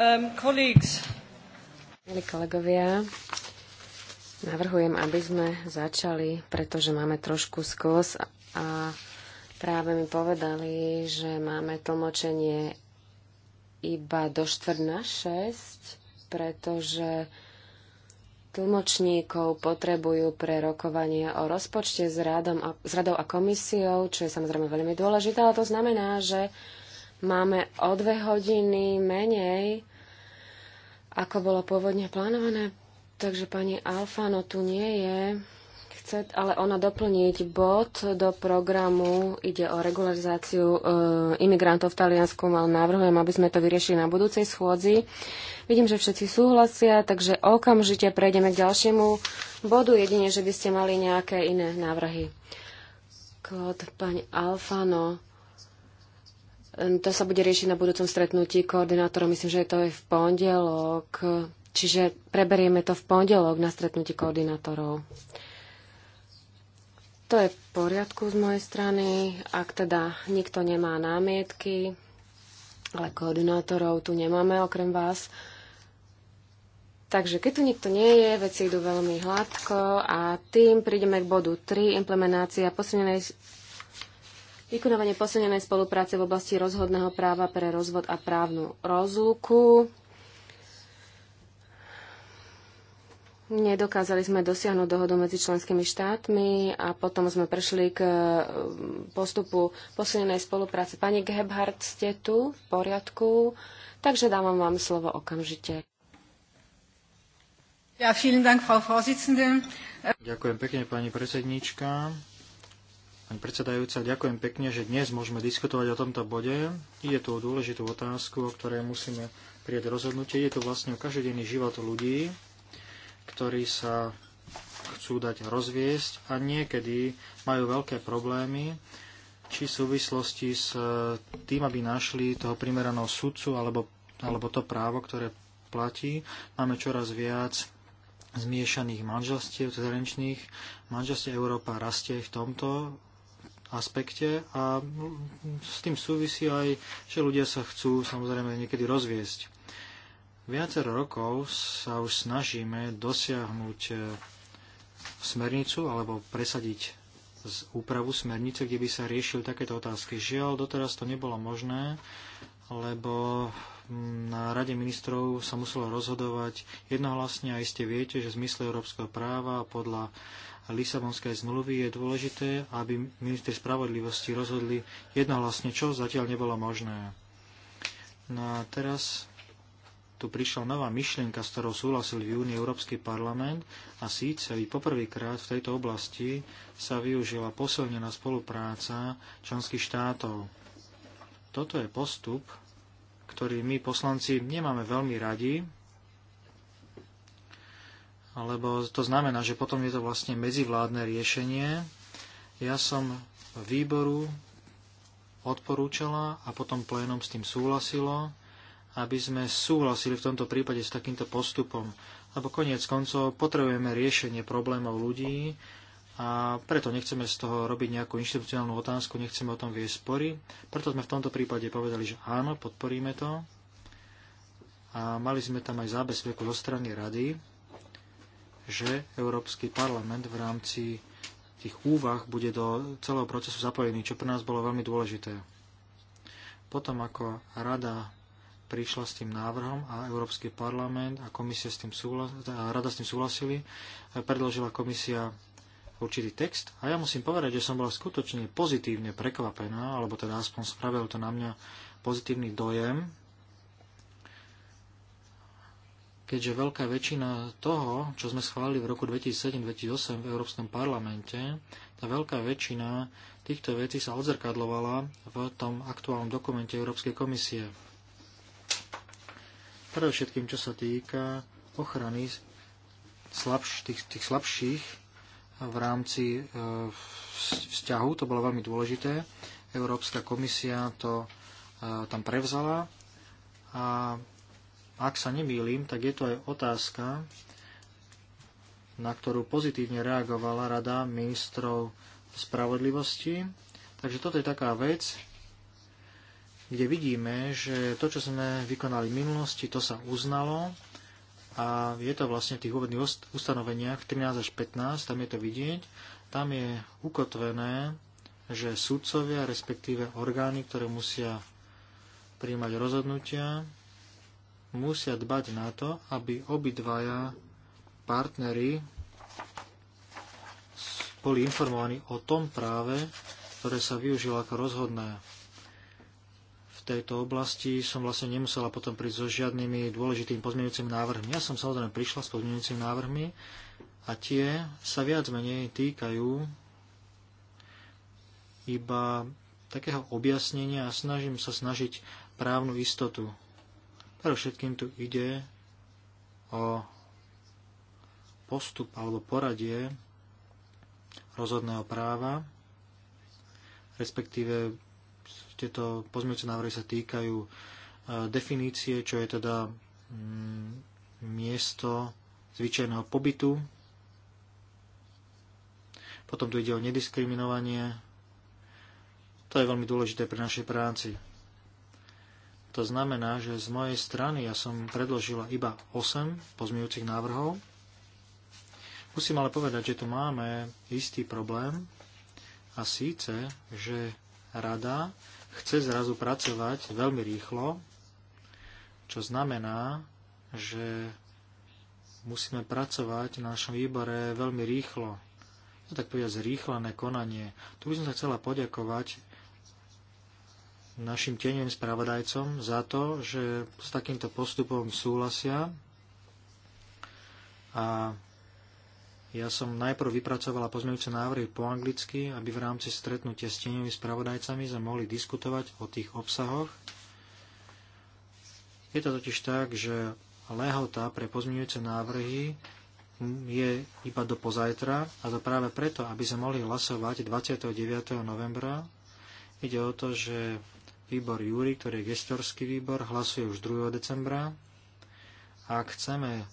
Um, colleagues. Milí kolegovia, navrhujem, aby sme začali, pretože máme trošku skos a práve mi povedali, že máme tlmočenie iba do štvrt na šesť, pretože tlmočníkov potrebujú pre rokovanie o rozpočte s, a, s radou a komisiou, čo je samozrejme veľmi dôležité, ale to znamená, že máme o dve hodiny menej ako bolo pôvodne plánované. Takže pani Alfano tu nie je. Chce ale ona doplniť bod do programu. Ide o regularizáciu e, imigrantov v Taliansku. Mal návrhujem, aby sme to vyriešili na budúcej schôdzi. Vidím, že všetci súhlasia, takže okamžite prejdeme k ďalšiemu bodu, jedine, že by ste mali nejaké iné návrhy. Kód, pani Alfano Hm, to sa bude riešiť na budúcom stretnutí koordinátorov, Myslím, že to je v pondelok. Čiže preberieme to v pondelok na stretnutí koordinátorov. To je v poriadku z mojej strany. Ak teda nikto nemá námietky, ale koordinátorov tu nemáme okrem vás, Takže keď tu nikto nie je, veci idú veľmi hladko a tým prídeme k bodu 3, implementácia posilnenej Vykonávanie posilnenej spolupráce v oblasti rozhodného práva pre rozvod a právnu rozluku. Nedokázali sme dosiahnuť dohodu medzi členskými štátmi a potom sme prešli k e, postupu posilnenej spolupráce. Pani Gebhardt, ste tu v poriadku, takže dávam vám slovo okamžite. Ja, Dank, Frau Ďakujem pekne, pani predsedníčka. Pani predsedajúca, ďakujem pekne, že dnes môžeme diskutovať o tomto bode. Ide tu o dôležitú otázku, o ktorej musíme prijať rozhodnutie. Je to vlastne o každodenný život ľudí, ktorí sa chcú dať rozviesť a niekedy majú veľké problémy, či v súvislosti s tým, aby našli toho primeraného sudcu alebo, alebo to právo, ktoré platí. Máme čoraz viac zmiešaných manželstiev, zahraničných manželstiev Európa rastie v tomto aspekte a s tým súvisí aj, že ľudia sa chcú samozrejme niekedy rozviesť. Viacero rokov sa už snažíme dosiahnuť e, smernicu alebo presadiť z úpravu smernice, kde by sa riešili takéto otázky. Žiaľ, doteraz to nebolo možné, lebo mm, na Rade ministrov sa muselo rozhodovať jednohlasne a iste viete, že v zmysle európskeho práva podľa Lisabonskej zmluvy, je dôležité, aby ministri spravodlivosti rozhodli jednohlasne, čo zatiaľ nebolo možné. No a teraz tu prišla nová myšlienka, s ktorou súhlasil v júni Európsky parlament a síce i poprvýkrát v tejto oblasti sa využila posilnená spolupráca členských štátov. Toto je postup, ktorý my poslanci nemáme veľmi radi, alebo to znamená, že potom je to vlastne medzivládne riešenie. Ja som výboru odporúčala a potom plénom s tým súhlasilo, aby sme súhlasili v tomto prípade s takýmto postupom. Lebo koniec koncov potrebujeme riešenie problémov ľudí a preto nechceme z toho robiť nejakú inštitucionálnu otázku, nechceme o tom viesť spory. Preto sme v tomto prípade povedali, že áno, podporíme to. A mali sme tam aj zábezpeku zo strany rady, že Európsky parlament v rámci tých úvah bude do celého procesu zapojený, čo pre nás bolo veľmi dôležité. Potom ako rada prišla s tým návrhom a Európsky parlament a komisia s tým súhlas, a rada s tým súhlasili, predložila komisia určitý text a ja musím povedať, že som bola skutočne pozitívne prekvapená, alebo teda aspoň spravil to na mňa pozitívny dojem, keďže veľká väčšina toho, čo sme schválili v roku 2007-2008 v Európskom parlamente, tá veľká väčšina týchto vecí sa odzrkadlovala v tom aktuálnom dokumente Európskej komisie. všetkým, čo sa týka ochrany slabš, tých, tých slabších v rámci e, vzťahu, to bolo veľmi dôležité. Európska komisia to e, tam prevzala a ak sa nemýlim, tak je to aj otázka, na ktorú pozitívne reagovala Rada ministrov spravodlivosti. Takže toto je taká vec, kde vidíme, že to, čo sme vykonali v minulosti, to sa uznalo a je to vlastne v tých úvodných ustanoveniach 13 až 15, tam je to vidieť, tam je ukotvené, že súdcovia, respektíve orgány, ktoré musia príjmať rozhodnutia, musia dbať na to, aby obidvaja partnery boli informovaní o tom práve, ktoré sa využilo ako rozhodné. V tejto oblasti som vlastne nemusela potom prísť so žiadnymi dôležitými pozmeňujúcimi návrhmi. Ja som samozrejme prišla s pozmeňujúcimi návrhmi a tie sa viac menej týkajú iba takého objasnenia a snažím sa snažiť právnu istotu pre všetkým tu ide o postup alebo poradie rozhodného práva, respektíve tieto pozmeňujúce návrhy sa týkajú e, definície, čo je teda mm, miesto zvyčajného pobytu. Potom tu ide o nediskriminovanie. To je veľmi dôležité pri našej práci. To znamená, že z mojej strany ja som predložila iba 8 pozmiujúcich návrhov. Musím ale povedať, že tu máme istý problém a síce, že rada chce zrazu pracovať veľmi rýchlo, čo znamená, že musíme pracovať na našom výbore veľmi rýchlo. To no tak povedať zrýchlené konanie. Tu by som sa chcela poďakovať našim tieňovým spravodajcom za to, že s takýmto postupom súhlasia. A ja som najprv vypracovala pozmeňujúce návrhy po anglicky, aby v rámci stretnutia s tenými spravodajcami sme mohli diskutovať o tých obsahoch. Je to totiž tak, že lehota pre pozmeňujúce návrhy je iba do pozajtra a to práve preto, aby sme mohli hlasovať 29. novembra. Ide o to, že Výbor Júri, ktorý je gestorský výbor, hlasuje už 2. decembra. Ak chceme e,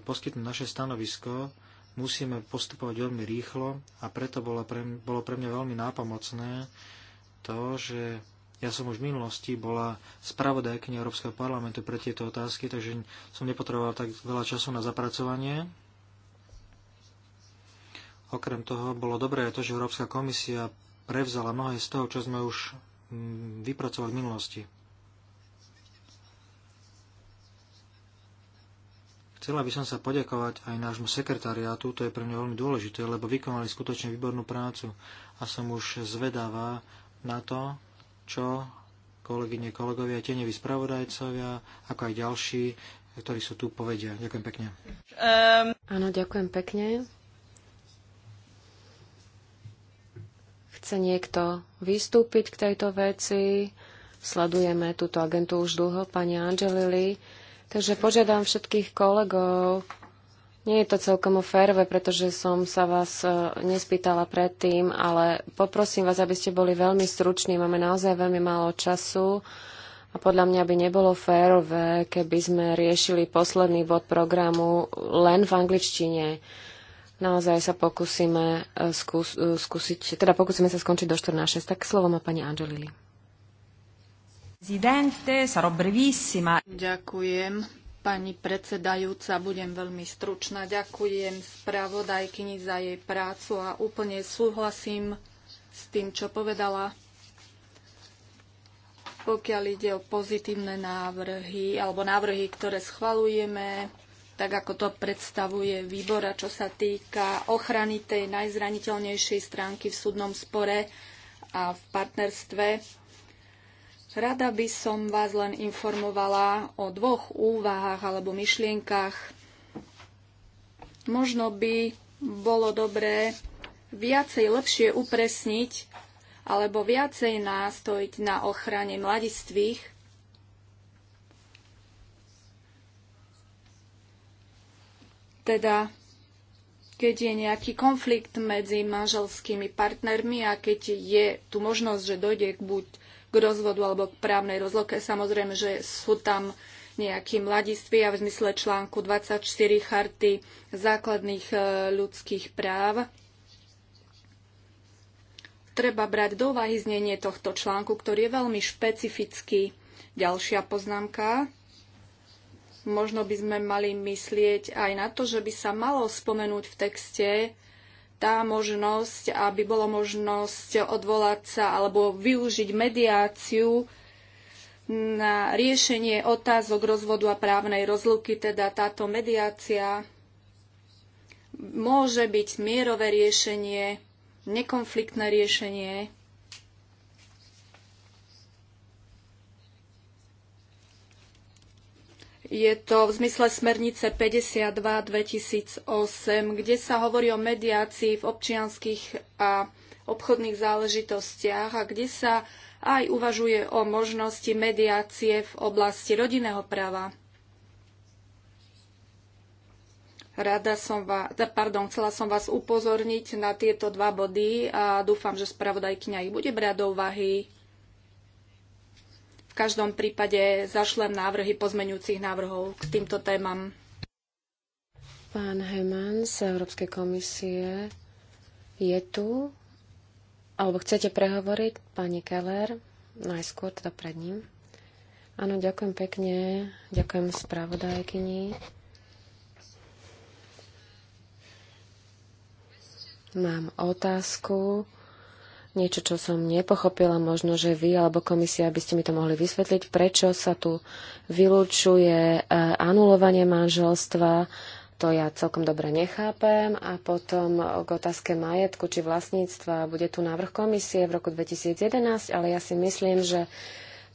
poskytnúť naše stanovisko, musíme postupovať veľmi rýchlo a preto bolo pre, bolo pre mňa veľmi nápomocné to, že ja som už v minulosti bola spravodajkňa Európskeho parlamentu pre tieto otázky, takže som nepotreboval tak veľa času na zapracovanie. Okrem toho bolo dobré to, že Európska komisia prevzala mnohé z toho, čo sme už Mm, vypracovať v minulosti. Chcela by som sa poďakovať aj nášmu sekretariátu, to je pre mňa veľmi dôležité, lebo vykonali skutočne výbornú prácu a som už zvedavá na to, čo kolegyne, kolegovia, tieňoví spravodajcovia, ako aj ďalší, ktorí sú tu, povedia. Ďakujem pekne. Um... Áno, ďakujem pekne. Chce niekto vystúpiť k tejto veci? Sledujeme túto agentu už dlho, pani Angelili. Takže požiadam všetkých kolegov. Nie je to celkom férve, pretože som sa vás e, nespýtala predtým, ale poprosím vás, aby ste boli veľmi struční. Máme naozaj veľmi málo času. A podľa mňa by nebolo férové, keby sme riešili posledný bod programu len v angličtine. Naozaj sa pokúsime e, skús, e, skúsiť, teda pokúsime sa skončiť do 14.6. Tak slovo má pani Angelili. Ďakujem, pani predsedajúca, budem veľmi stručná. Ďakujem spravodajkyni za jej prácu a úplne súhlasím s tým, čo povedala pokiaľ ide o pozitívne návrhy alebo návrhy, ktoré schvalujeme, tak ako to predstavuje výbora, čo sa týka ochrany tej najzraniteľnejšej stránky v súdnom spore a v partnerstve. Rada by som vás len informovala o dvoch úvahách alebo myšlienkach. Možno by bolo dobré viacej lepšie upresniť alebo viacej nástojiť na ochrane mladistvých Teda, keď je nejaký konflikt medzi manželskými partnermi a keď je tu možnosť, že dojde k buď k rozvodu alebo k právnej rozloke, samozrejme, že sú tam nejakí mladiství a v zmysle článku 24 charty základných e, ľudských práv treba brať do úvahy znenie tohto článku, ktorý je veľmi špecifický. Ďalšia poznámka. Možno by sme mali myslieť aj na to, že by sa malo spomenúť v texte tá možnosť, aby bolo možnosť odvolať sa alebo využiť mediáciu na riešenie otázok rozvodu a právnej rozluky, teda táto mediácia môže byť mierové riešenie, nekonfliktné riešenie Je to v zmysle smernice 52-2008, kde sa hovorí o mediácii v občianských a obchodných záležitostiach a kde sa aj uvažuje o možnosti mediácie v oblasti rodinného práva. Rada som vás, pardon, chcela som vás upozorniť na tieto dva body a dúfam, že spravodajkňa ich bude brať do úvahy každom prípade zašlem návrhy pozmeňujúcich návrhov k týmto témam. Pán Heman z Európskej komisie je tu. Alebo chcete prehovoriť, pani Keller? Najskôr teda pred ním. Áno, ďakujem pekne. Ďakujem spravodajkyni. Mám otázku niečo, čo som nepochopila, možno, že vy alebo komisia by ste mi to mohli vysvetliť, prečo sa tu vylúčuje e, anulovanie manželstva, to ja celkom dobre nechápem. A potom k otázke majetku či vlastníctva bude tu návrh komisie v roku 2011, ale ja si myslím, že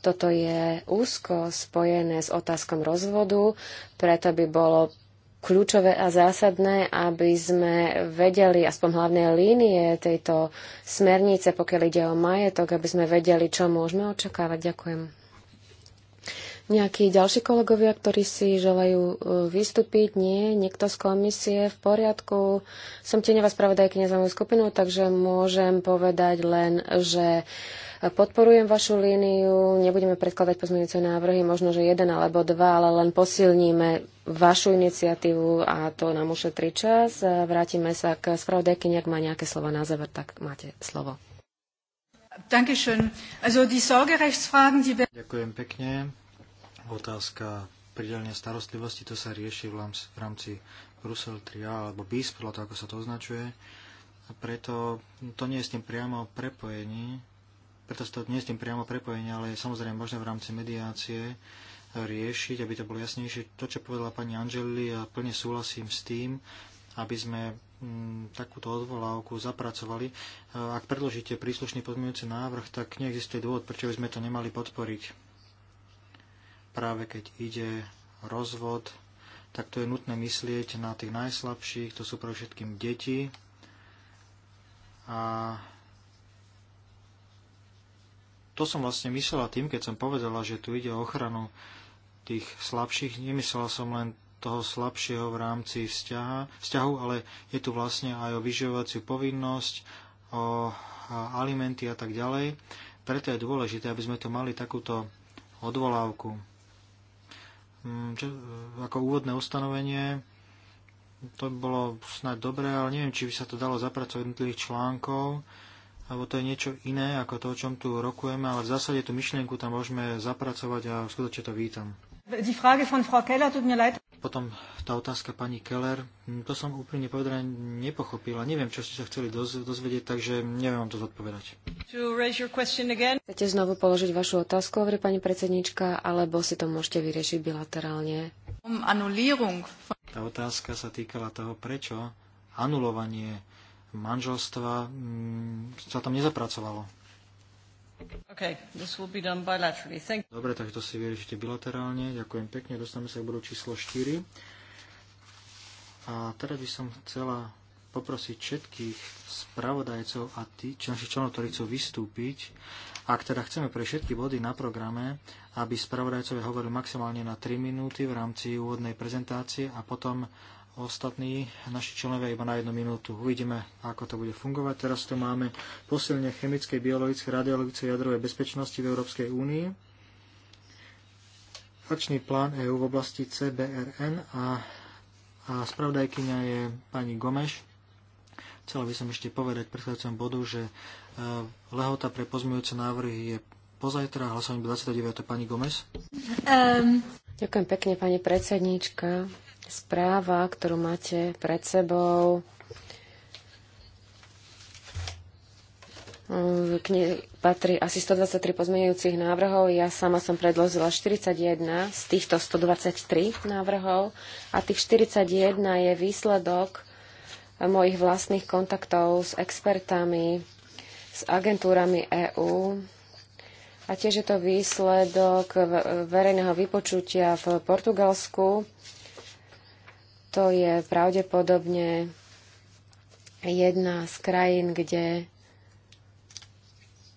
toto je úzko spojené s otázkom rozvodu, preto by bolo kľúčové a zásadné, aby sme vedeli aspoň hlavné línie tejto smernice, pokiaľ ide o majetok, aby sme vedeli, čo môžeme očakávať. Ďakujem. Nejakí ďalší kolegovia, ktorí si želajú e, vystúpiť? Nie, niekto z komisie v poriadku. Som tieňová spravodajky za moju skupinu, takže môžem povedať len, že podporujem vašu líniu, nebudeme predkladať pozmeňujúce návrhy, možno, že jeden alebo dva, ale len posilníme vašu iniciatívu a to nám ušetrí čas. Vrátime sa k spravodajke, Nejak má nejaké slova na záver, tak máte slovo. Ďakujem pekne. Otázka pridelenia starostlivosti, to sa rieši v rámci Brusel 3 alebo BIS, podľa toho, ako sa to označuje. A preto to nie je s tým priamo prepojení, preto to nie je s tým priamo prepojenie, ale je samozrejme možné v rámci mediácie riešiť, aby to bolo jasnejšie. To, čo povedala pani Angeli, ja plne súhlasím s tým, aby sme mm, takúto odvolávku zapracovali. E, ak predložíte príslušný podmienujúci návrh, tak neexistuje dôvod, prečo by sme to nemali podporiť. Práve keď ide rozvod, tak to je nutné myslieť na tých najslabších, to sú pre všetkým deti. A to som vlastne myslela tým, keď som povedala, že tu ide o ochranu tých slabších. Nemyslel som len toho slabšieho v rámci vzťaha, vzťahu, ale je tu vlastne aj o vyživovaciu povinnosť, o alimenty a tak ďalej. Preto je dôležité, aby sme tu mali takúto odvolávku. Mm, čo, ako úvodné ustanovenie to by bolo snáď dobré, ale neviem, či by sa to dalo zapracovať jednotlivých článkov, alebo to je niečo iné ako to, o čom tu rokujeme, ale v zásade tú myšlienku tam môžeme zapracovať a skutočne to vítam. Potom tá otázka pani Keller, to som úplne povedané nepochopila. Neviem, čo ste sa chceli dozvedieť, takže neviem vám to zodpovedať. Chcete znovu položiť vašu otázku, hovorí pani predsednička, alebo si to môžete vyriešiť bilaterálne? Tá otázka sa týkala toho, prečo anulovanie manželstva mm, sa tam nezapracovalo. Okay, this will be done bilaterally. Thank you. Dobre, tak to si vyriešite bilaterálne. Ďakujem pekne. Dostaneme sa k bodu číslo 4. A teraz by som chcela poprosiť všetkých spravodajcov a tí, či našich členov, ktorí chcú vystúpiť, ak teda chceme pre všetky body na programe, aby spravodajcovia hovorili maximálne na 3 minúty v rámci úvodnej prezentácie a potom ostatní naši členovia iba na jednu minútu. Uvidíme, ako to bude fungovať. Teraz tu máme posilne chemickej, biologickej, radiologickej jadrovej bezpečnosti v Európskej únii. Akčný plán EÚ v oblasti CBRN a, a spravodajkyňa je pani Gomeš. Chcela by som ešte povedať v predchádzajúcom bodu, že e, lehota pre pozmujúce návrhy je pozajtra, hlasovanie 29. pani Gomez. Um. Ďakujem pekne, pani predsedníčka. Správa, ktorú máte pred sebou, k nej patrí asi 123 pozmeňujúcich návrhov. Ja sama som predložila 41 z týchto 123 návrhov a tých 41 je výsledok mojich vlastných kontaktov s expertami, s agentúrami EÚ. A tiež je to výsledok verejného vypočutia v Portugalsku, to je pravdepodobne jedna z krajín, kde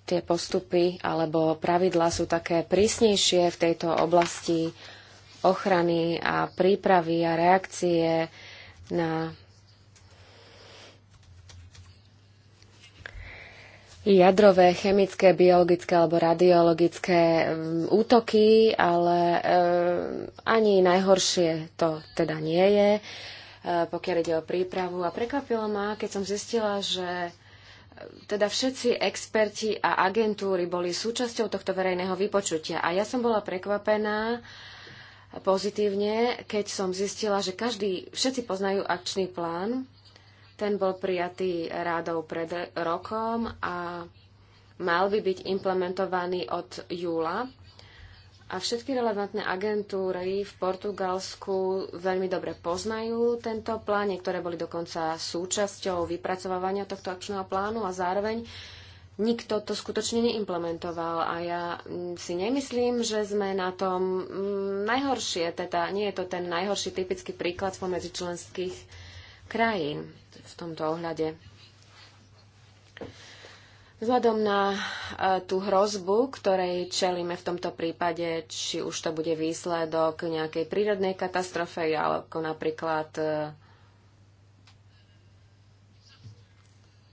tie postupy alebo pravidlá sú také prísnejšie v tejto oblasti ochrany a prípravy a reakcie na jadrové, chemické, biologické alebo radiologické mm, útoky, ale eh, ani najhoršie to teda nie je, eh, pokiaľ ide o prípravu. A prekvapilo ma, keď som zistila, že eh, teda všetci experti a agentúry boli súčasťou tohto verejného vypočutia. A ja som bola prekvapená pozitívne, keď som zistila, že každý, všetci poznajú akčný plán ten bol prijatý rádou pred rokom a mal by byť implementovaný od júla. A všetky relevantné agentúry v Portugalsku veľmi dobre poznajú tento plán. Niektoré boli dokonca súčasťou vypracovania tohto akčného plánu a zároveň nikto to skutočne neimplementoval. A ja mm, si nemyslím, že sme na tom mm, najhoršie. Teda nie je to ten najhorší typický príklad spomedzi členských krajín v tomto ohľade. Vzhľadom na e, tú hrozbu, ktorej čelíme v tomto prípade, či už to bude výsledok nejakej prírodnej katastrofe, ako napríklad e,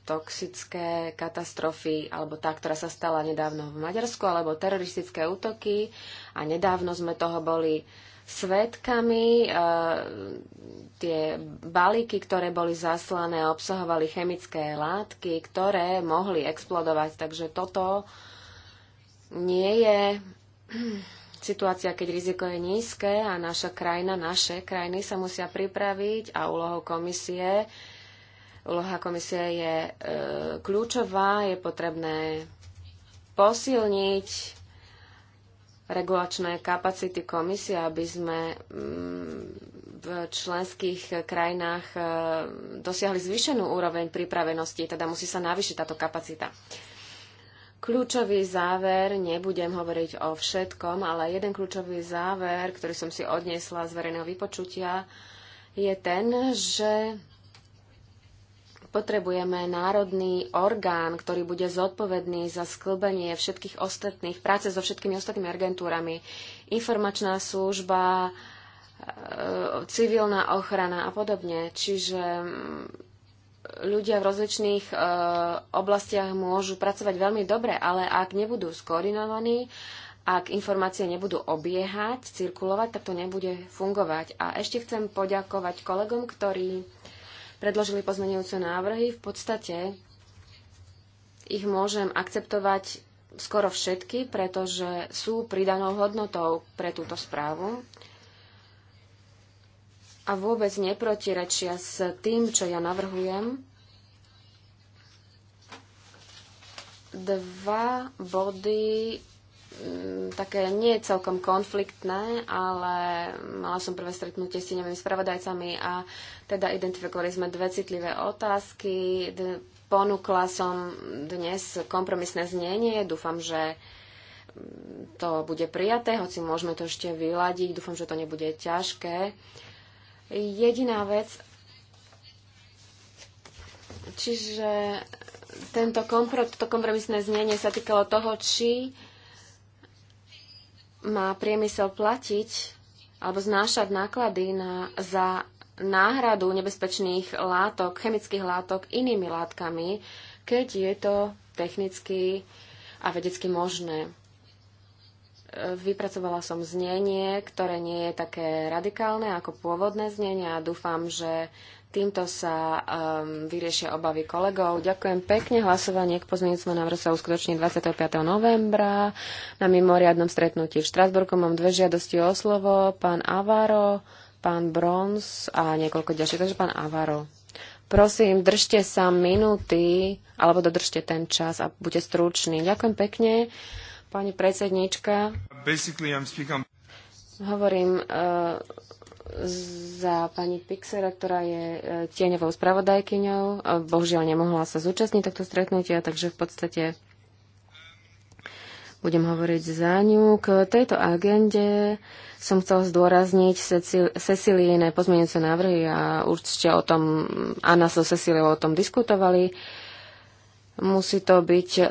toxické katastrofy, alebo tá, ktorá sa stala nedávno v Maďarsku, alebo teroristické útoky. A nedávno sme toho boli svetkami. E, eh, tie balíky, ktoré boli zaslané, obsahovali chemické látky, ktoré mohli explodovať. Takže toto nie je situácia, keď riziko je nízke a naša krajina, naše krajiny sa musia pripraviť a úlohou komisie, úloha komisie je e, kľúčová, je potrebné posilniť regulačné kapacity komisie, aby sme mm, v členských krajinách e, dosiahli zvýšenú úroveň pripravenosti, teda musí sa navýšiť táto kapacita. Kľúčový záver, nebudem hovoriť o všetkom, ale jeden kľúčový záver, ktorý som si odniesla z verejného vypočutia, je ten, že potrebujeme národný orgán, ktorý bude zodpovedný za sklbenie všetkých ostatných, práce so všetkými ostatnými agentúrami, informačná služba, e, civilná ochrana a podobne. Čiže mm, ľudia v rozličných e, oblastiach môžu pracovať veľmi dobre, ale ak nebudú skoordinovaní, ak informácie nebudú obiehať, cirkulovať, tak to nebude fungovať. A ešte chcem poďakovať kolegom, ktorí predložili pozmenujúce návrhy. V podstate ich môžem akceptovať skoro všetky, pretože sú pridanou hodnotou pre túto správu a vôbec neprotirečia s tým, čo ja navrhujem. Dva body Mm, také nie je celkom konfliktné, ale mala som prvé stretnutie s tieňovými spravodajcami a teda identifikovali sme dve citlivé otázky. Ponúkla som dnes kompromisné znenie. Dúfam, že to bude prijaté, hoci môžeme to ešte vyladiť. Dúfam, že to nebude ťažké. Jediná vec, čiže tento kompro, toto kompromisné znenie sa týkalo toho, či má priemysel platiť alebo znášať náklady na, za náhradu nebezpečných látok, chemických látok inými látkami, keď je to technicky a vedecky možné. Vypracovala som znenie, ktoré nie je také radikálne ako pôvodné znenie a dúfam, že týmto sa um, vyriešia obavy kolegov. Ďakujem pekne. Hlasovanie k pozmeňujúcemu návrhu sa uskutoční 25. novembra na mimoriadnom stretnutí v Štrasburku Mám dve žiadosti o slovo. Pán Avaro, pán Brons a niekoľko ďalších. Takže pán Avaro. Prosím, držte sa minúty, alebo dodržte ten čas a buďte stručný. Ďakujem pekne pani predsedníčka. Hovorím uh, za pani Pixera, ktorá je e, tieňovou spravodajkyňou. E, bohužiaľ nemohla sa zúčastniť tohto stretnutia, takže v podstate budem hovoriť za ňu. K tejto agende som chcel zdôrazniť Cecilíne pozmienujúce návrhy a určite o tom Anna so Cecíliou o tom diskutovali. Uh, Musí to byť e,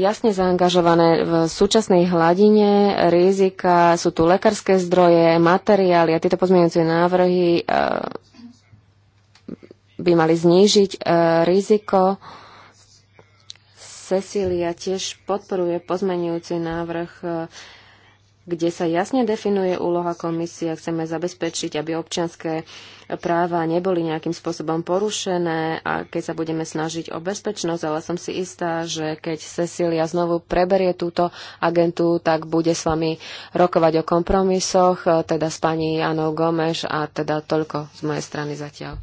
jasne zaangažované v súčasnej hladine rizika. Sú tu lekárske zdroje, materiály a tieto pozmeňujúce návrhy e, by mali znížiť e, riziko. Cecília tiež podporuje pozmeňujúci návrh e, kde sa jasne definuje úloha komisie. Chceme zabezpečiť, aby občianské práva neboli nejakým spôsobom porušené a keď sa budeme snažiť o bezpečnosť, ale som si istá, že keď Cecilia znovu preberie túto agentu, tak bude s vami rokovať o kompromisoch, e, teda s pani Anou Gomeš a teda toľko z mojej strany zatiaľ.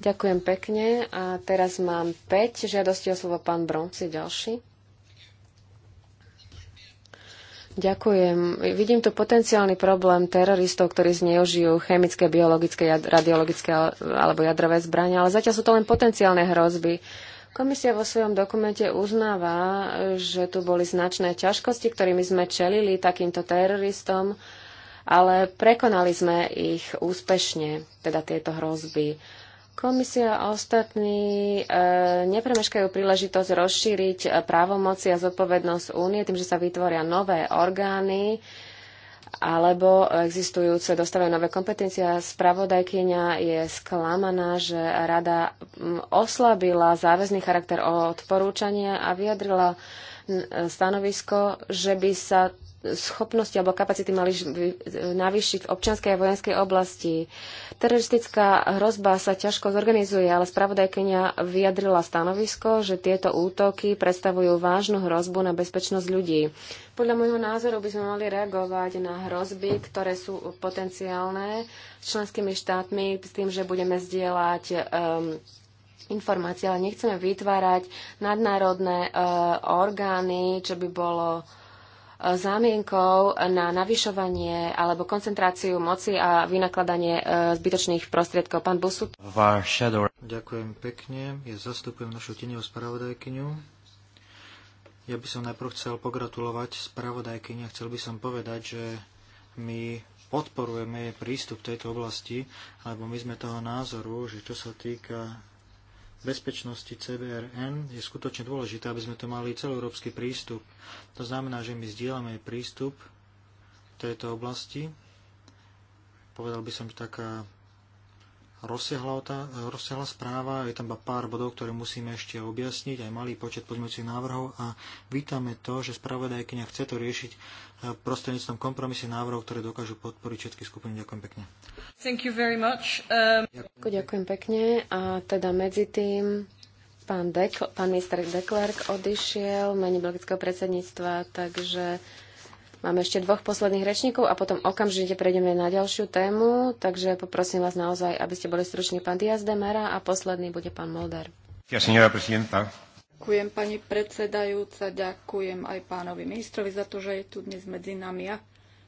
Ďakujem pekne a teraz mám 5 žiadosti o slovo pán Bronci, ďalší. Ďakujem. Vidím tu potenciálny problém teroristov, ktorí zneužijú chemické, biologické, radiologické alebo jadrové zbrania, ale zatiaľ sú to len potenciálne hrozby. Komisia vo svojom dokumente uznáva, že tu boli značné ťažkosti, ktorými sme čelili takýmto teroristom, ale prekonali sme ich úspešne, teda tieto hrozby. Komisia a ostatní e, nepremeškajú príležitosť rozšíriť e, právomoci a zodpovednosť únie tým, že sa vytvoria nové orgány alebo existujúce dostávajú nové kompetencie. Spravodajkyňa je sklamaná, že rada oslabila záväzný charakter odporúčania a vyjadrila e, stanovisko, že by sa schopnosti alebo kapacity mali navýšiť v občianskej a vojenskej oblasti. Teroristická hrozba sa ťažko zorganizuje, ale spravodajkenia vyjadrila stanovisko, že tieto útoky predstavujú vážnu hrozbu na bezpečnosť ľudí. Podľa môjho názoru by sme mali reagovať na hrozby, ktoré sú potenciálne s členskými štátmi, s tým, že budeme zdieľať um, informácie, ale nechceme vytvárať nadnárodné uh, orgány, čo by bolo zámienkou na navyšovanie alebo koncentráciu moci a vynakladanie e, zbytočných prostriedkov. Pán Busut. Ďakujem pekne. Ja zastupujem našu tenevú spravodajkyňu. Ja by som najprv chcel pogratulovať spravodajkyni a chcel by som povedať, že my podporujeme prístup tejto oblasti, lebo my sme toho názoru, že čo sa týka bezpečnosti CBRN je skutočne dôležité, aby sme to mali celoeurópsky prístup. To znamená, že my zdieľame prístup v tejto oblasti. Povedal by som, taká rozsiahla, rozsiahla správa, je tam iba pár bodov, ktoré musíme ešte objasniť, aj malý počet pozmeňujúcich návrhov a vítame to, že spravodajkynia chce to riešiť eh, prostredníctvom kompromisy návrhov, ktoré dokážu podporiť všetky skupiny. Ďakujem pekne. Thank you very much. Um... Ďakujem. Ďakujem pekne a teda medzi tým pán, Dekl- pán minister Deklerk odišiel mení belgického predsedníctva, takže Máme ešte dvoch posledných rečníkov a potom okamžite prejdeme na ďalšiu tému, takže poprosím vás naozaj, aby ste boli struční pán Diaz de Mera a posledný bude pán Molder. Ja, ďakujem pani predsedajúca, ďakujem aj pánovi ministrovi za to, že je tu dnes medzi nami.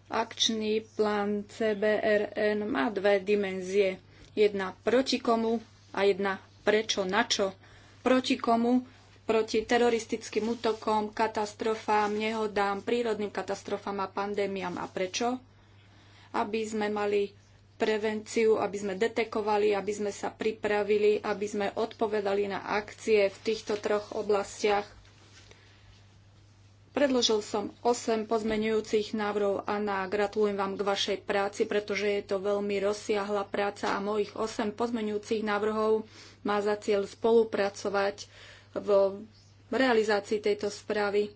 Akčný plán CBRN má dve dimenzie. Jedna proti komu a jedna prečo, na čo. Proti komu proti teroristickým útokom, katastrofám, nehodám, prírodným katastrofám a pandémiám. A prečo? Aby sme mali prevenciu, aby sme detekovali, aby sme sa pripravili, aby sme odpovedali na akcie v týchto troch oblastiach. Predložil som 8 pozmenujúcich návrhov a na gratulujem vám k vašej práci, pretože je to veľmi rozsiahla práca a mojich 8 pozmenujúcich návrhov má za cieľ spolupracovať v realizácii tejto správy.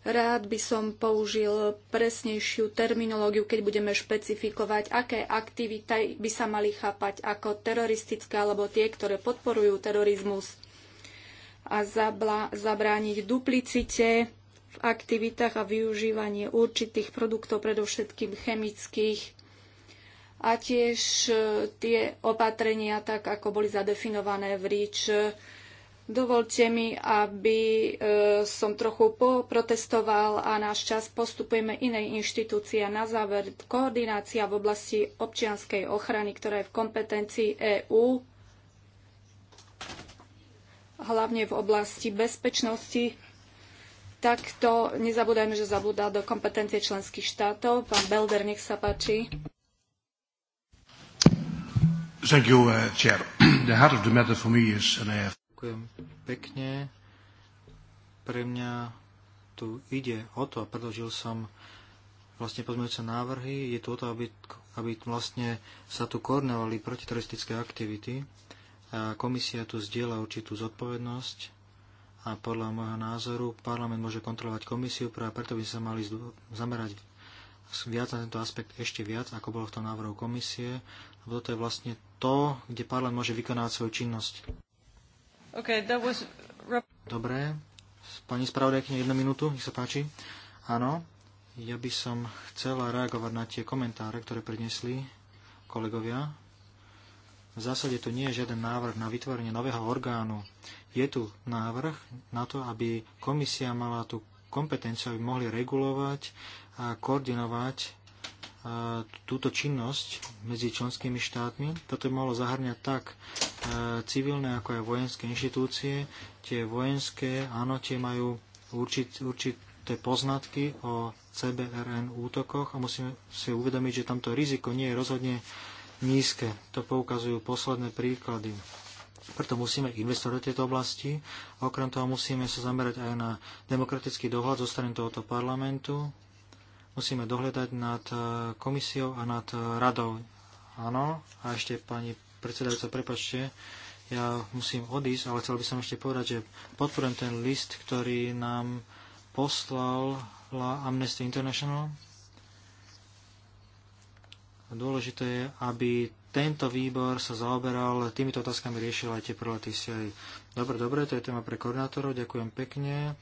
Rád by som použil presnejšiu terminológiu, keď budeme špecifikovať, aké aktivity by sa mali chápať ako teroristické alebo tie, ktoré podporujú terorizmus a zabrániť duplicite v aktivitách a využívanie určitých produktov, predovšetkým chemických a tiež e, tie opatrenia, tak ako boli zadefinované v REACH, Dovolte mi, aby e, som trochu poprotestoval a náš čas postupujeme inej inštitúcii. A na záver, koordinácia v oblasti občianskej ochrany, ktorá je v kompetencii EÚ, hlavne v oblasti bezpečnosti. Takto nezabúdajme, že zabúda do kompetencie členských štátov. Pán Belder, nech sa páči. Thank you, uh, Chair. The heart of the matter for me is, uh, Ďakujem pekne. Pre mňa tu ide o to, a predložil som vlastne pozmeňujúce návrhy, je tu o to, aby, aby vlastne sa tu koordinovali protiteroristické aktivity. A komisia tu zdieľa určitú zodpovednosť a podľa môjho názoru parlament môže kontrolovať komisiu, práve preto by sa mali zamerať viac na tento aspekt ešte viac, ako bolo v tom návrhu komisie, lebo toto je vlastne to, kde parlament môže vykonávať svoju činnosť. Okay, that was... Dobre, pani spravodajkyňa, jednu minútu, nech sa páči. Áno, ja by som chcela reagovať na tie komentáre, ktoré prinesli kolegovia. V zásade tu nie je žiaden návrh na vytvorenie nového orgánu. Je tu návrh na to, aby komisia mala tú kompetenciu, aby mohli regulovať a koordinovať túto činnosť medzi členskými štátmi. Toto by malo zahrňať tak e, civilné ako aj vojenské inštitúcie. Tie vojenské, áno, tie majú určit, určité poznatky o CBRN útokoch a musíme si uvedomiť, že tamto riziko nie je rozhodne nízke. To poukazujú posledné príklady. Preto musíme investovať do tejto oblasti. Okrem toho musíme sa zamerať aj na demokratický dohľad zo strany tohoto parlamentu, musíme dohľadať nad e, komisiou a nad e, radou. Áno, a ešte pani predsedajúca, prepačte, ja musím odísť, ale chcel by som ešte povedať, že podporujem ten list, ktorý nám poslal Amnesty International. Dôležité je, aby tento výbor sa zaoberal týmito otázkami, riešil aj tie prelety Dobre, dobre, to je téma pre koordinátorov, ďakujem pekne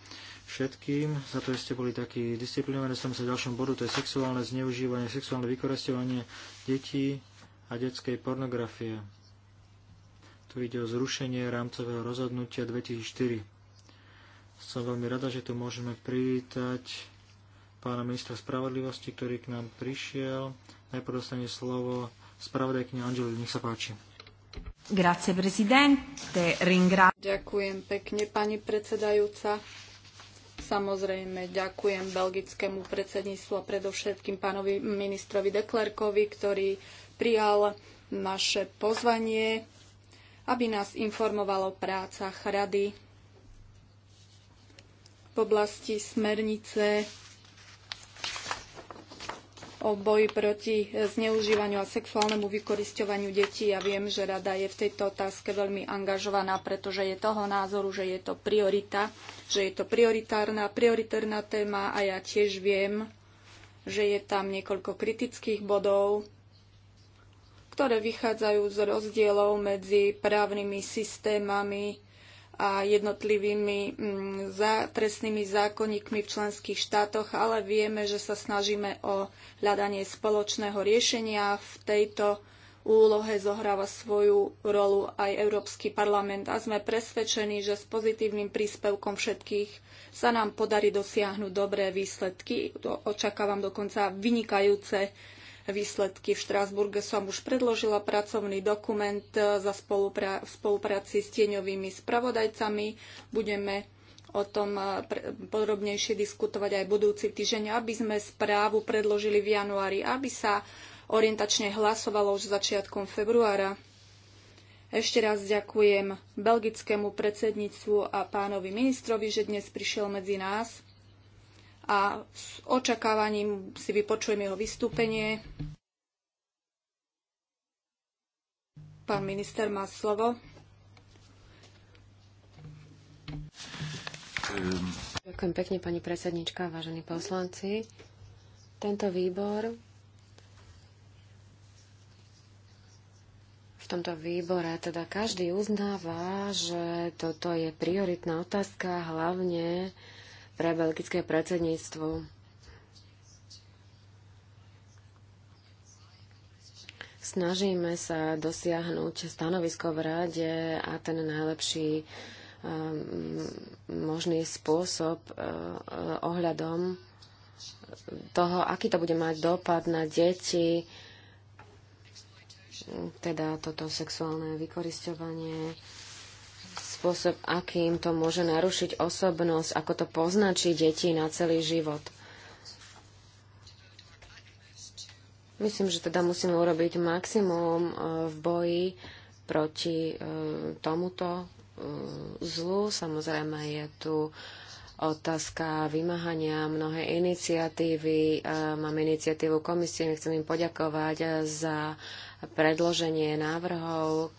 všetkým za to, že ste boli takí disciplinovaní. Som sa v ďalšom bodu, to je sexuálne zneužívanie, sexuálne vykoresťovanie detí a detskej pornografie. Tu ide o zrušenie rámcového rozhodnutia 2004. Som veľmi rada, že tu môžeme privítať pána ministra spravodlivosti, ktorý k nám prišiel. Najprv dostane slovo spravodajkňa Anželi, nech sa páči. Grazie, prezidente. Ringra... Ďakujem pekne, pani predsedajúca. Samozrejme, ďakujem belgickému predsedníctvu a predovšetkým pánovi ministrovi Deklerkovi, ktorý prijal naše pozvanie, aby nás informovalo o prácach rady v oblasti smernice o boji proti zneužívaniu a sexuálnemu vykoristovaniu detí. Ja viem, že rada je v tejto otázke veľmi angažovaná, pretože je toho názoru, že je to priorita, že je to prioritárna, prioritárna téma a ja tiež viem, že je tam niekoľko kritických bodov, ktoré vychádzajú z rozdielov medzi právnymi systémami a jednotlivými mm, trestnými zákonníkmi v členských štátoch, ale vieme, že sa snažíme o hľadanie spoločného riešenia. V tejto úlohe zohráva svoju rolu aj Európsky parlament a sme presvedčení, že s pozitívnym príspevkom všetkých sa nám podarí dosiahnuť dobré výsledky. Očakávam dokonca vynikajúce výsledky. V Štrásburge som už predložila pracovný dokument e, za spolupra- v spolupráci s tieňovými spravodajcami. Budeme o tom e, podrobnejšie diskutovať aj budúci týždeň, aby sme správu predložili v januári, aby sa orientačne hlasovalo už začiatkom februára. Ešte raz ďakujem belgickému predsedníctvu a pánovi ministrovi, že dnes prišiel medzi nás a s očakávaním si vypočujem jeho vystúpenie. Pán minister má slovo. Ďakujem pekne, pani predsednička, vážení poslanci. Tento výbor v tomto výbore teda každý uznáva, že toto je prioritná otázka, hlavne pre belgické predsedníctvo. Snažíme sa dosiahnuť stanovisko v rade a ten najlepší um, možný spôsob uh, uh, ohľadom toho, aký to bude mať dopad na deti, teda toto sexuálne vykorisťovanie spôsob, akým to môže narušiť osobnosť, ako to poznačí deti na celý život. Myslím, že teda musíme urobiť maximum e, v boji proti e, tomuto e, zlu. Samozrejme je tu otázka vymáhania mnohé iniciatívy. Mám iniciatívu komisie, chcem im poďakovať za predloženie návrhov,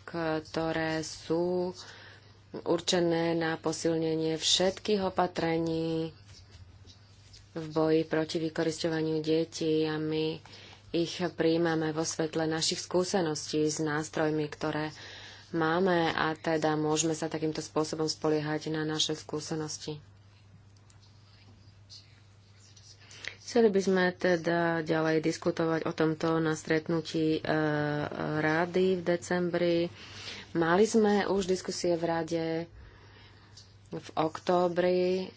ktoré sú určené na posilnenie všetkých opatrení v boji proti vykoristovaniu detí a my ich príjmame vo svetle našich skúseností s nástrojmi, ktoré máme a teda môžeme sa takýmto spôsobom spoliehať na naše skúsenosti. Chceli by sme teda ďalej diskutovať o tomto na stretnutí e, e rády v decembri. Mali sme už diskusie v rade v októbri.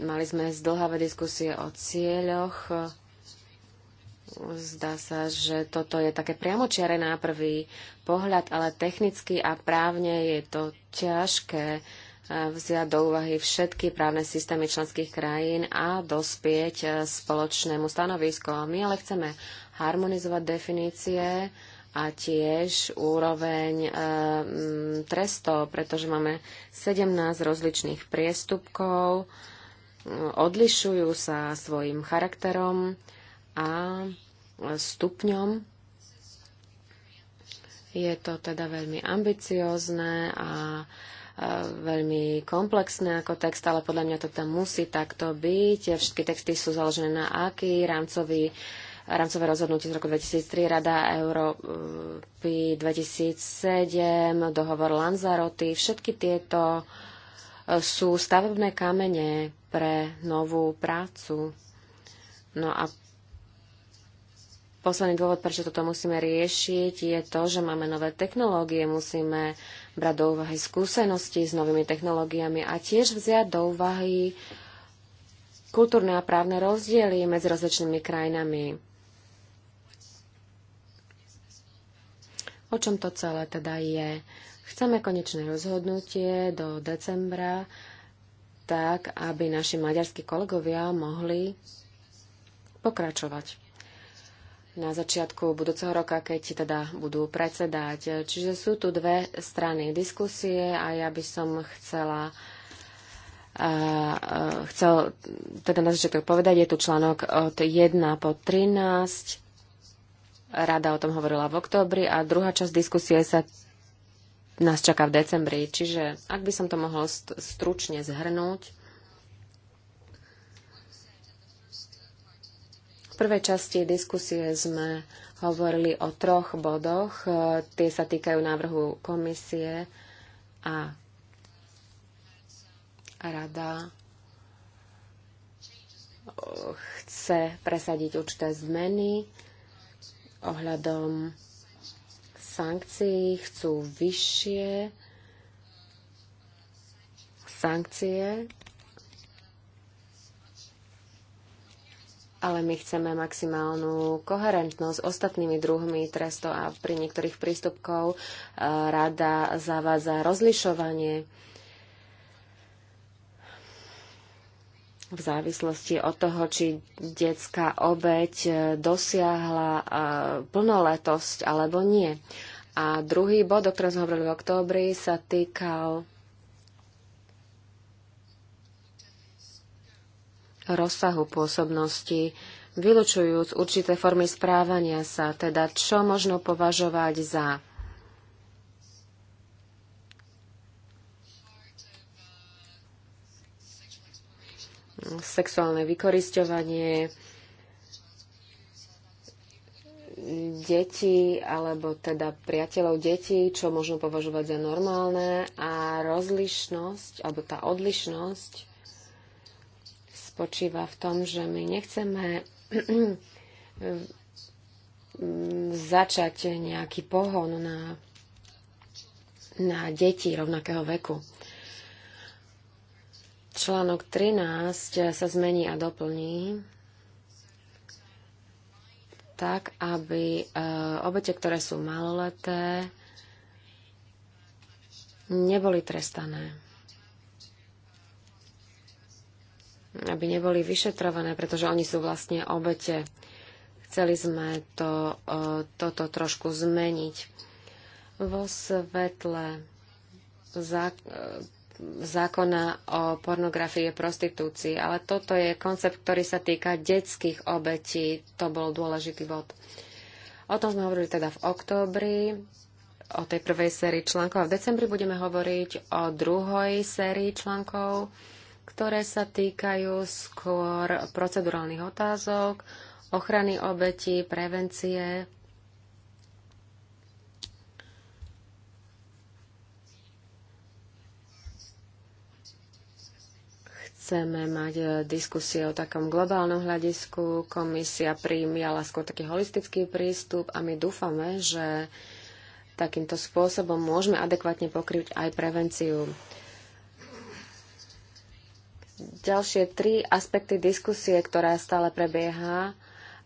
Mali sme zdlhavé diskusie o cieľoch. Zdá sa, že toto je také priamočiare na prvý pohľad, ale technicky a právne je to ťažké eh, vziať do úvahy všetky právne systémy členských krajín a dospieť eh, spoločnému stanovisku. My ale chceme harmonizovať definície, a tiež úroveň e, trestov, pretože máme 17 rozličných priestupkov, eh, odlišujú sa svojim charakterom a eh, stupňom. Je to teda veľmi ambiciozne a veľmi komplexné ako text, ale podľa mňa to tam musí takto byť. Všetky texty sú založené na aký rámcový uh, rámcové rozhodnutie z roku 2003, Rada Európy 2007, dohovor Lanzaroty, všetky tieto e, sú stavebné kamene pre novú prácu. No a posledný dôvod, prečo toto musíme riešiť, je to, že máme nové technológie, musíme brať do úvahy skúsenosti s novými technológiami a tiež vziať do úvahy kultúrne a právne rozdiely medzi rozličnými krajinami. O čom to celé teda je? Chceme konečné rozhodnutie do decembra, tak aby naši maďarskí kolegovia mohli pokračovať na začiatku budúceho roka, keď teda budú predsedať. Čiže sú tu dve strany diskusie a ja by som chcela a, a, chcel teda na začiatok povedať, je tu článok od 1 po 13 Rada o tom hovorila v októbri a druhá časť diskusie sa nás čaká v decembri. Čiže ak by som to mohol stručne zhrnúť, v prvej časti diskusie sme hovorili o troch bodoch. E, tie sa týkajú návrhu komisie a rada e, chce presadiť určité zmeny ohľadom sankcií, chcú vyššie sankcie, ale my chceme maximálnu koherentnosť s ostatnými druhmi trestov a pri niektorých prístupkov eh, rada zavádza rozlišovanie v závislosti od toho, či detská obeď e, dosiahla e, plnoletosť alebo nie. A druhý bod, o ktorom sme hovorili v októbri, sa týkal rozsahu pôsobnosti, vylučujúc určité formy správania sa, teda čo možno považovať za sexuálne vykorisťovanie detí alebo teda priateľov detí, čo možno považovať za normálne a rozlišnosť alebo tá odlišnosť spočíva v tom, že my nechceme začať nejaký pohon na, na deti rovnakého veku. Článok 13 sa zmení a doplní tak, aby e, obete, ktoré sú maloleté, neboli trestané. Aby neboli vyšetrované, pretože oni sú vlastne obete. Chceli sme to, e, toto trošku zmeniť vo svetle zákona o pornografii a prostitúcii, ale toto je koncept, ktorý sa týka detských obetí. To bol dôležitý bod. O tom sme hovorili teda v októbri, o tej prvej sérii článkov a v decembri budeme hovoriť o druhej sérii článkov, ktoré sa týkajú skôr procedurálnych otázok, ochrany obetí, prevencie chceme mať e, diskusie o takom globálnom hľadisku. Komisia prijímala skôr taký holistický prístup a my dúfame, že takýmto spôsobom môžeme adekvátne pokryť aj prevenciu. Ďalšie tri aspekty diskusie, ktorá stále prebieha,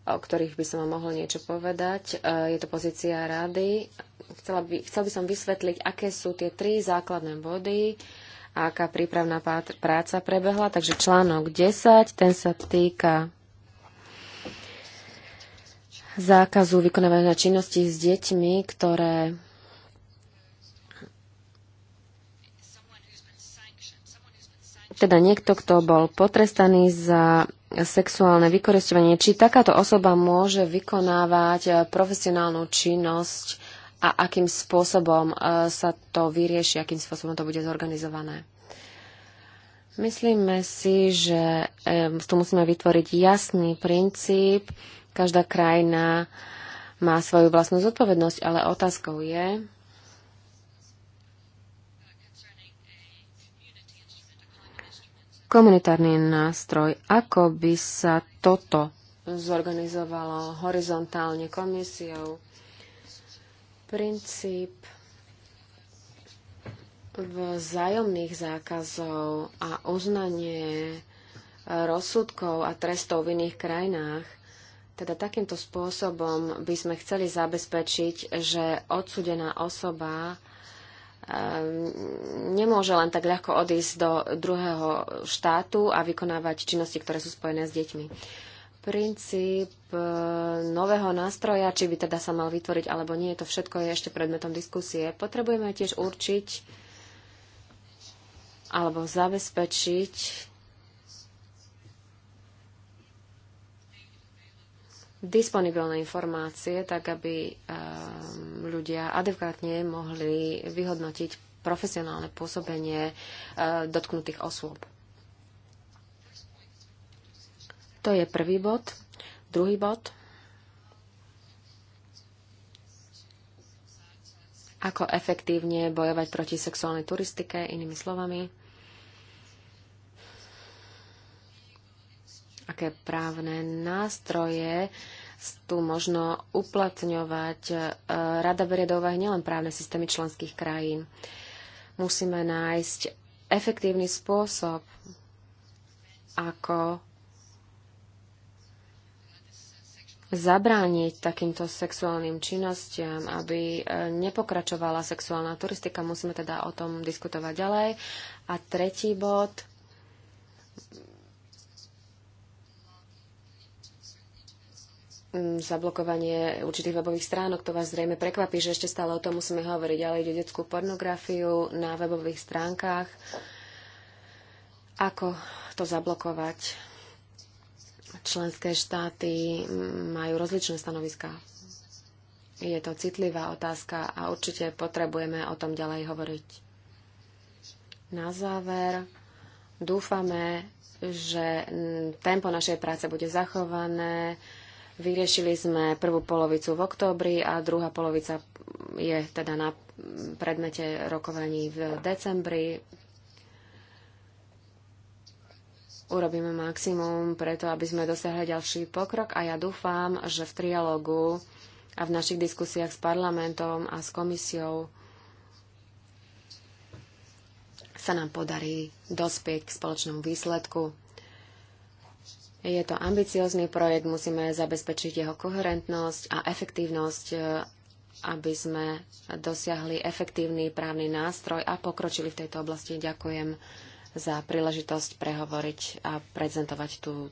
o ktorých by som vám mohol niečo povedať. E, je to pozícia rady. Chcela by, chcel by som vysvetliť, aké sú tie tri základné body, a aká prípravná práca prebehla. Takže článok 10, ten sa týka zákazu vykonávania činnosti s deťmi, ktoré teda niekto, kto bol potrestaný za sexuálne vykoristovanie, či takáto osoba môže vykonávať profesionálnu činnosť a akým spôsobom e, sa to vyrieši, akým spôsobom to bude zorganizované. Myslíme si, že e, tu musíme vytvoriť jasný princíp. Každá krajina má svoju vlastnú zodpovednosť, ale otázkou je, komunitárny nástroj, ako by sa toto zorganizovalo horizontálne komisiou princíp vzájomných zákazov a uznanie rozsudkov a trestov v iných krajinách. Teda takýmto spôsobom by sme chceli zabezpečiť, že odsudená osoba ehm, nemôže len tak ľahko odísť do druhého štátu a vykonávať činnosti, ktoré sú spojené s deťmi princíp e, nového nástroja, či by teda sa mal vytvoriť alebo nie, to všetko je ešte predmetom diskusie. Potrebujeme tiež určiť alebo zabezpečiť disponibilné informácie, tak aby e, ľudia adekvátne mohli vyhodnotiť profesionálne pôsobenie e, dotknutých osôb. To je prvý bod. Druhý bod. Ako efektívne bojovať proti sexuálnej turistike, inými slovami. Aké právne nástroje tu možno uplatňovať. E, rada berie do úvahy nielen právne systémy členských krajín. Musíme nájsť efektívny spôsob, ako zabrániť takýmto sexuálnym činnostiam, aby e, nepokračovala sexuálna turistika. Musíme teda o tom diskutovať ďalej. A tretí bod. Mm, zablokovanie určitých webových stránok. To vás zrejme prekvapí, že ešte stále o tom musíme hovoriť, ale ide o detskú pornografiu na webových stránkach. Ako to zablokovať? Členské štáty majú rozličné stanoviská. Je to citlivá otázka a určite potrebujeme o tom ďalej hovoriť. Na záver dúfame, že tempo našej práce bude zachované. Vyriešili sme prvú polovicu v októbri a druhá polovica je teda na predmete rokovaní v decembri urobíme maximum preto, aby sme dosiahli ďalší pokrok a ja dúfam, že v trialogu a v našich diskusiách s parlamentom a s komisiou sa nám podarí dospieť k spoločnému výsledku. Je to ambiciózny projekt, musíme zabezpečiť jeho koherentnosť a efektívnosť, aby sme dosiahli efektívny právny nástroj a pokročili v tejto oblasti. Ďakujem za príležitosť prehovoriť a prezentovať tú,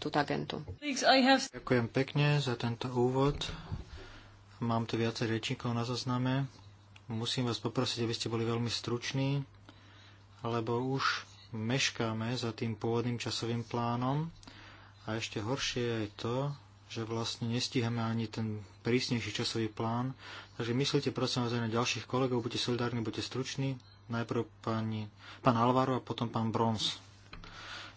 túto agentu. Ďakujem pekne za tento úvod. Mám tu viacej rečníkov na zozname. Musím vás poprosiť, aby ste boli veľmi struční, lebo už meškáme za tým pôvodným časovým plánom. A ešte horšie je to, že vlastne nestíhame ani ten prísnejší časový plán. Takže myslíte prosím vás aj na ďalších kolegov, buďte solidárni, buďte struční, Najprv pani, pán Alvaro a potom pán Brons.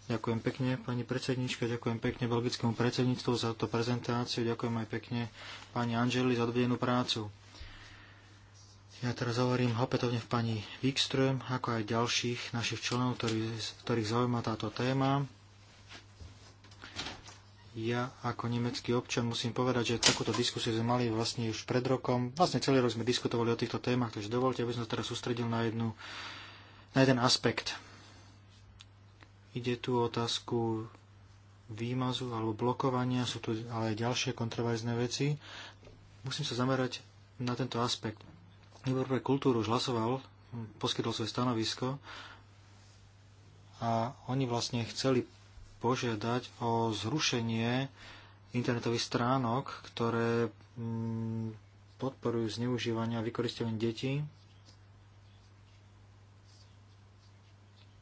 Ďakujem pekne, pani predsednička, ďakujem pekne belgickému predsedníctvu za túto prezentáciu, ďakujem aj pekne pani Angeli za odvedenú prácu. Ja teraz hovorím opätovne v pani Wikström, ako aj ďalších našich členov, ktorých, ktorých zaujíma táto téma ja ako nemecký občan musím povedať, že takúto diskusiu sme mali vlastne už pred rokom. Vlastne celý rok sme diskutovali o týchto témach, takže dovolte, aby som sa teraz sústredil na, jednu, na jeden aspekt. Ide tu o otázku výmazu alebo blokovania, sú tu ale aj ďalšie kontroverzné veci. Musím sa zamerať na tento aspekt. Výbor pre kultúru už hlasoval, poskytol svoje stanovisko a oni vlastne chceli požiadať o zrušenie internetových stránok, ktoré mm, podporujú zneužívanie a vykoristovanie detí.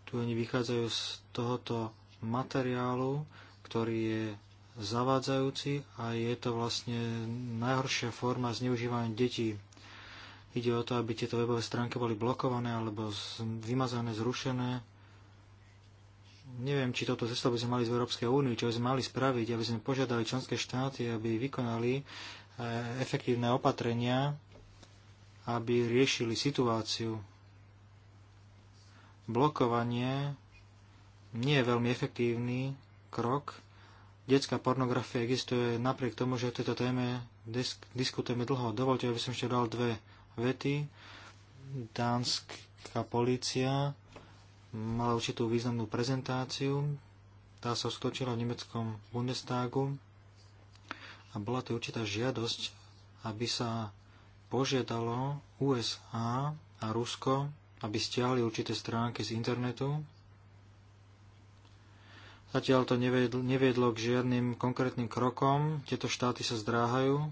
Tu oni vychádzajú z tohoto materiálu, ktorý je zavádzajúci a je to vlastne najhoršia forma zneužívania detí. Ide o to, aby tieto webové stránky boli blokované alebo vymazané, zrušené, neviem, či toto cesto by sme mali z Európskej únie, čo by sme mali spraviť, aby sme požiadali členské štáty, aby vykonali e, efektívne opatrenia, aby riešili situáciu. Blokovanie nie je veľmi efektívny krok. Detská pornografia existuje napriek tomu, že o tejto téme disk- diskutujeme dlho. Dovolte, aby som ešte dal dve vety. Dánska polícia mala určitú významnú prezentáciu. Tá sa uskutočila v nemeckom Bundestagu a bola to určitá žiadosť, aby sa požiadalo USA a Rusko, aby stiahli určité stránky z internetu. Zatiaľ to neviedlo, neviedlo k žiadnym konkrétnym krokom. Tieto štáty sa zdráhajú.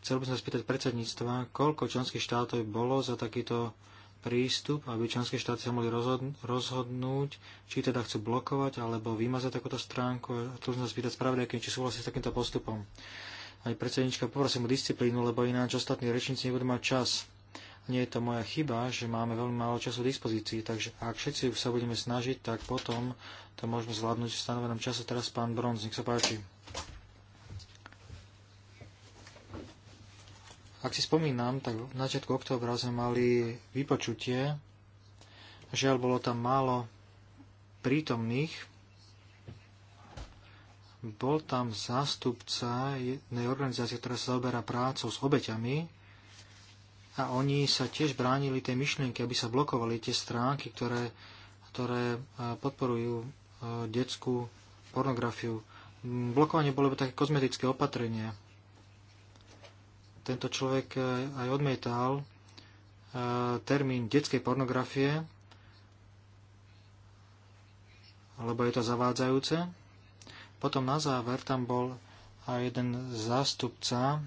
Chcel by som spýtať predsedníctva, koľko členských štátov bolo za takýto prístup, aby členské štáty sa mohli rozhodnúť, či teda chcú blokovať alebo vymazať takúto stránku. a Tu sme sa spýtať spravodajky, či súhlasí s takýmto postupom. Aj predsednička, poprosím o disciplínu, lebo ináč ostatní rečníci nebudú mať čas. Nie je to moja chyba, že máme veľmi málo času v dispozícii, takže ak všetci sa budeme snažiť, tak potom to môžeme zvládnuť v stanovenom čase. Teraz pán Bronz, nech sa páči. Ak si spomínam, tak v začiatku októbra sme mali vypočutie. Žiaľ, bolo tam málo prítomných. Bol tam zástupca jednej organizácie, ktorá sa zaoberá prácou s obeťami a oni sa tiež bránili tej myšlienky, aby sa blokovali tie stránky, ktoré, ktoré e, podporujú e, detskú pornografiu. Blokovanie bolo by také kozmetické opatrenie tento človek e, aj odmietal e, termín detskej pornografie, lebo je to zavádzajúce. Potom na záver tam bol aj jeden zástupca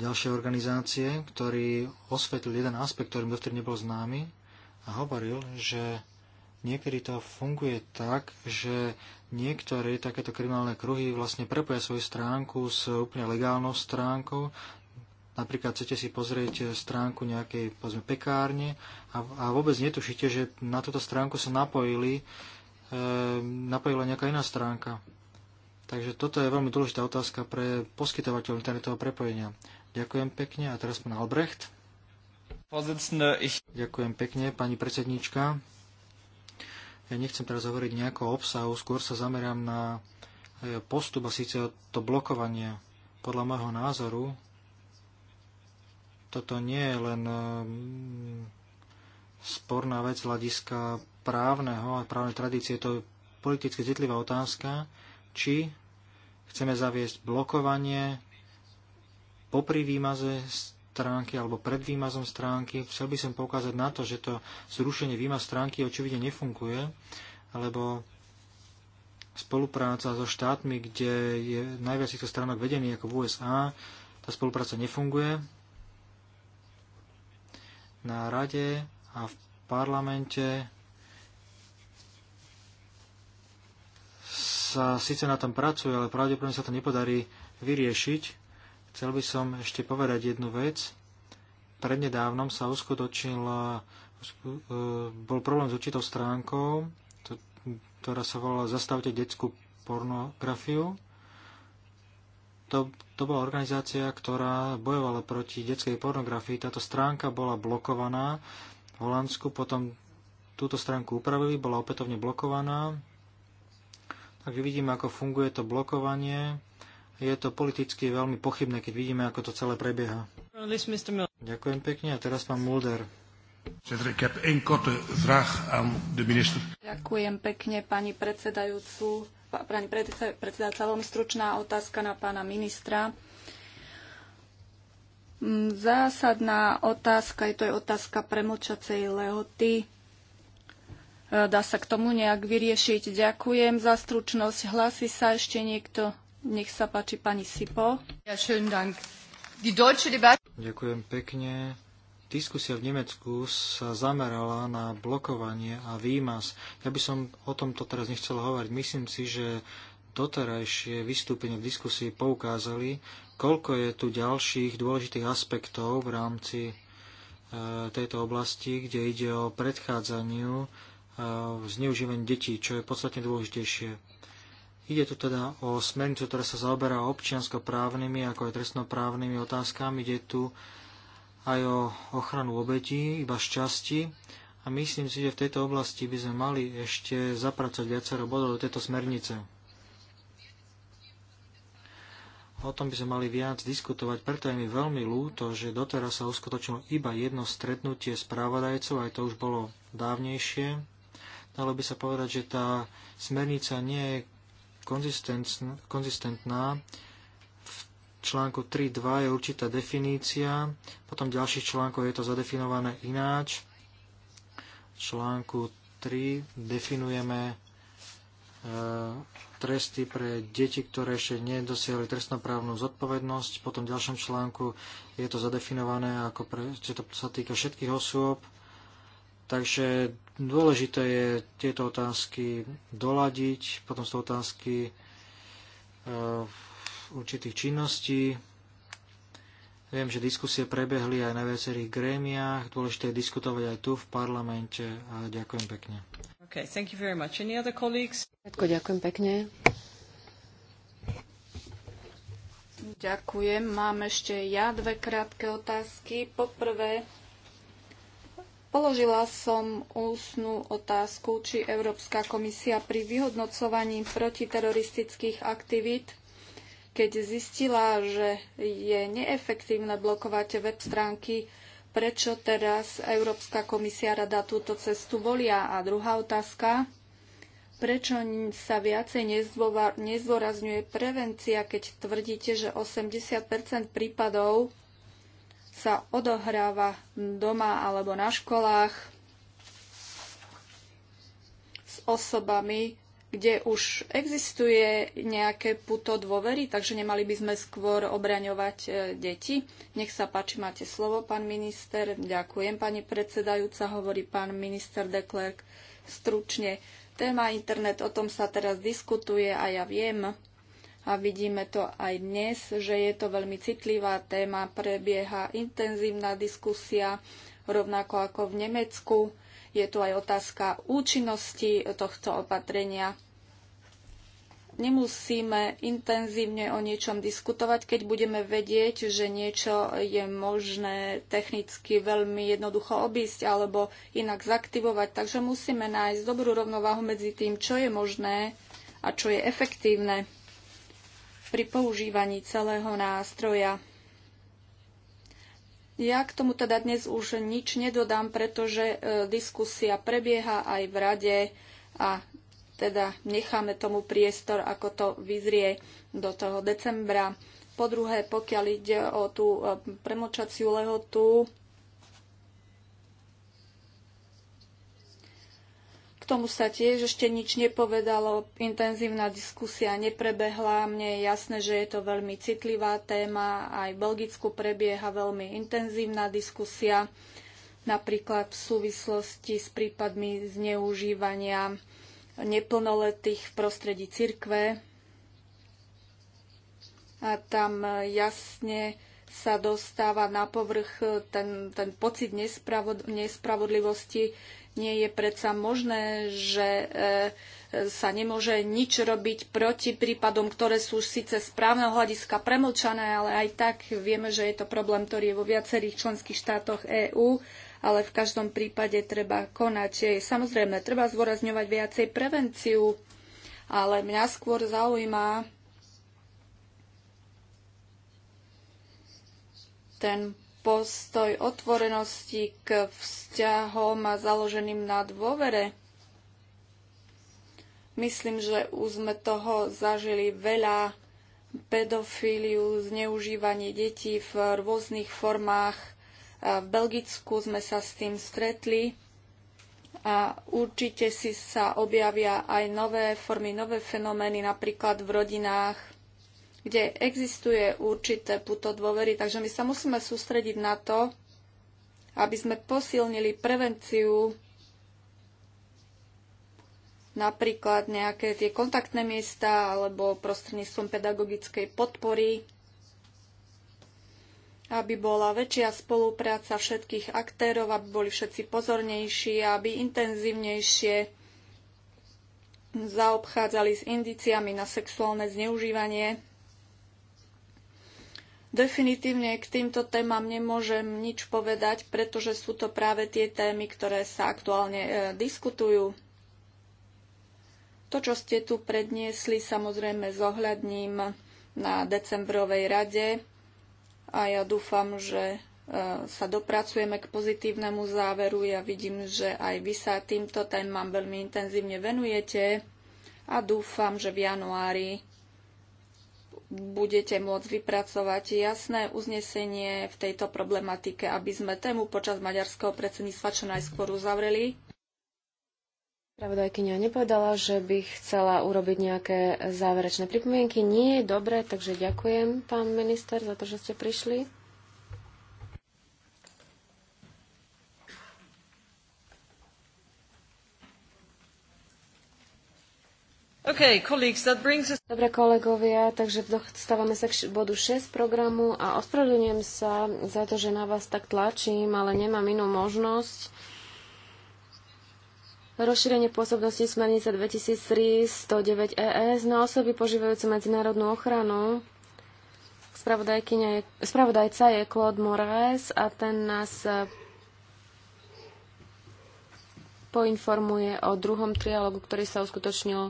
ďalšej organizácie, ktorý osvetlil jeden aspekt, ktorým dovtedy nebol známy a hovoril, že niekedy to funguje tak, že niektoré takéto kriminálne kruhy vlastne prepoja svoju stránku s úplne legálnou stránkou. Napríklad chcete si pozrieť stránku nejakej povedzme, pekárne a, a vôbec netušíte, že na túto stránku sa napojili, e, napojila nejaká iná stránka. Takže toto je veľmi dôležitá otázka pre poskytovateľov internetového prepojenia. Ďakujem pekne a teraz pán Albrecht. Ďakujem pekne, pani predsedníčka. Ja nechcem teraz hovoriť nejako o obsahu, skôr sa zamerám na e, postup a síce to blokovanie. Podľa môjho názoru toto nie je len e, sporná vec hľadiska právneho a právnej tradície. Je to politicky citlivá otázka, či chceme zaviesť blokovanie popri výmaze z stránky alebo pred výmazom stránky. Chcel by som poukázať na to, že to zrušenie výmaz stránky očividne nefunguje, lebo spolupráca so štátmi, kde je najviac týchto stránok vedený ako v USA, tá spolupráca nefunguje. Na rade a v parlamente sa síce na tom pracuje, ale pravdepodobne sa to nepodarí vyriešiť. Chcel by som ešte povedať jednu vec. Prednedávnom sa uskutočnil, e, e, bol problém s určitou stránkou, ktorá sa volala Zastavte detskú pornografiu. To, to bola organizácia, ktorá bojovala proti detskej pornografii. Táto stránka bola blokovaná v Holandsku, potom túto stránku upravili, bola opätovne blokovaná. Takže vidíme, ako funguje to blokovanie je to politicky veľmi pochybné, keď vidíme, ako to celé prebieha. Ďakujem pekne a teraz pán Mulder. Ďakujem pekne, pani predsedajúcu. Pani predsedajúca, veľmi stručná otázka na pána ministra. Mm, zásadná otázka, je to je otázka premlčacej lehoty. E, dá sa k tomu nejak vyriešiť. Ďakujem za stručnosť. Hlási sa ešte niekto? Nech sa páči pani Sipo. Ja, Dank. Die deutsche Debatte... Ďakujem pekne. Diskusia v Nemecku sa zamerala na blokovanie a výmaz. Ja by som o tomto teraz nechcel hovoriť. Myslím si, že doterajšie vystúpenia v diskusii poukázali, koľko je tu ďalších dôležitých aspektov v rámci e, tejto oblasti, kde ide o predchádzaniu e, zneužívaniu detí, čo je podstatne dôležitejšie. Ide tu teda o smernicu, ktorá sa zaoberá občianskoprávnymi ako aj trestnoprávnymi otázkami. Ide tu aj o ochranu obetí, iba šťastí. A myslím si, že v tejto oblasti by sme mali ešte zapracovať viacero bodov do tejto smernice. O tom by sme mali viac diskutovať, preto je mi veľmi ľúto, že doteraz sa uskutočnilo iba jedno stretnutie právodajcov, aj to už bolo dávnejšie. Dalo by sa povedať, že tá smernica nie je konzistentná. V článku 3.2 je určitá definícia, potom v ďalších článkoch je to zadefinované ináč. V článku 3 definujeme e, tresty pre deti, ktoré ešte nedosiahli trestnoprávnu zodpovednosť. Potom v ďalšom článku je to zadefinované, ako pre, čo to sa týka všetkých osôb. Takže dôležité je tieto otázky doladiť, potom sú otázky e, určitých činností. Viem, že diskusie prebehli aj na viacerých grémiách. Dôležité je diskutovať aj tu v parlamente. A ďakujem pekne. Okay, thank you very much. Any other colleagues? Všetko ďakujem pekne. Ďakujem. Mám ešte ja dve krátke otázky. Poprvé, Položila som úsnu otázku, či Európska komisia pri vyhodnocovaní protiteroristických aktivít, keď zistila, že je neefektívne blokovať web stránky, prečo teraz Európska komisia rada túto cestu volia. A druhá otázka, prečo sa viacej nezdôrazňuje prevencia, keď tvrdíte, že 80 prípadov sa odohráva doma alebo na školách s osobami, kde už existuje nejaké puto dôvery, takže nemali by sme skôr obraňovať e, deti. Nech sa páči, máte slovo, pán minister. Ďakujem, pani predsedajúca, hovorí pán minister Declerc stručne. Téma internet, o tom sa teraz diskutuje a ja viem, a vidíme to aj dnes, že je to veľmi citlivá téma, prebieha intenzívna diskusia, rovnako ako v Nemecku. Je tu aj otázka účinnosti tohto opatrenia. Nemusíme intenzívne o niečom diskutovať, keď budeme vedieť, že niečo je možné technicky veľmi jednoducho obísť alebo inak zaktivovať. Takže musíme nájsť dobrú rovnováhu medzi tým, čo je možné a čo je efektívne pri používaní celého nástroja. Ja k tomu teda dnes už nič nedodám, pretože e, diskusia prebieha aj v rade a teda necháme tomu priestor, ako to vyzrie do toho decembra. Po druhé, pokiaľ ide o tú e, premočaciu lehotu, tomu sa tiež ešte nič nepovedalo, intenzívna diskusia neprebehla. Mne je jasné, že je to veľmi citlivá téma. Aj v Belgicku prebieha veľmi intenzívna diskusia, napríklad v súvislosti s prípadmi zneužívania neplnoletých v prostredí cirkve. A tam jasne sa dostáva na povrch ten, ten pocit nespravod- nespravodlivosti. Nie je predsa možné, že e, sa nemôže nič robiť proti prípadom, ktoré sú síce správneho hľadiska premlčané, ale aj tak vieme, že je to problém, ktorý je vo viacerých členských štátoch EÚ, ale v každom prípade treba konať. Samozrejme, treba zvorazňovať viacej prevenciu, ale mňa skôr zaujíma ten postoj otvorenosti k vzťahom a založeným na dôvere. Myslím, že už sme toho zažili veľa pedofíliu, zneužívanie detí v rôznych formách. V Belgicku sme sa s tým stretli a určite si sa objavia aj nové formy, nové fenomény, napríklad v rodinách kde existuje určité puto dôvery. Takže my sa musíme sústrediť na to, aby sme posilnili prevenciu napríklad nejaké tie kontaktné miesta alebo prostredníctvom pedagogickej podpory, aby bola väčšia spolupráca všetkých aktérov, aby boli všetci pozornejší, aby intenzívnejšie zaobchádzali s indiciami na sexuálne zneužívanie. Definitívne k týmto témam nemôžem nič povedať, pretože sú to práve tie témy, ktoré sa aktuálne e, diskutujú. To, čo ste tu predniesli, samozrejme zohľadním na decembrovej rade a ja dúfam, že e, sa dopracujeme k pozitívnemu záveru. Ja vidím, že aj vy sa týmto témam veľmi intenzívne venujete a dúfam, že v januári budete môcť vypracovať jasné uznesenie v tejto problematike, aby sme tému počas maďarského predsedníctva čo najskôr uzavreli? Pravodajkynia nepovedala, že by chcela urobiť nejaké záverečné pripomienky. Nie je dobre, takže ďakujem, pán minister, za to, že ste prišli. Okay, us... Dobre kolegovia, takže dostávame sa k bodu 6 programu a ospravedlňujem sa za to, že na vás tak tlačím, ale nemám inú možnosť. Rozšírenie pôsobnosti smernice 2003-109 ES na osoby požívajúce medzinárodnú ochranu. Je, spravodajca je Claude Moraes a ten nás e, poinformuje o druhom trialogu, ktorý sa uskutočnil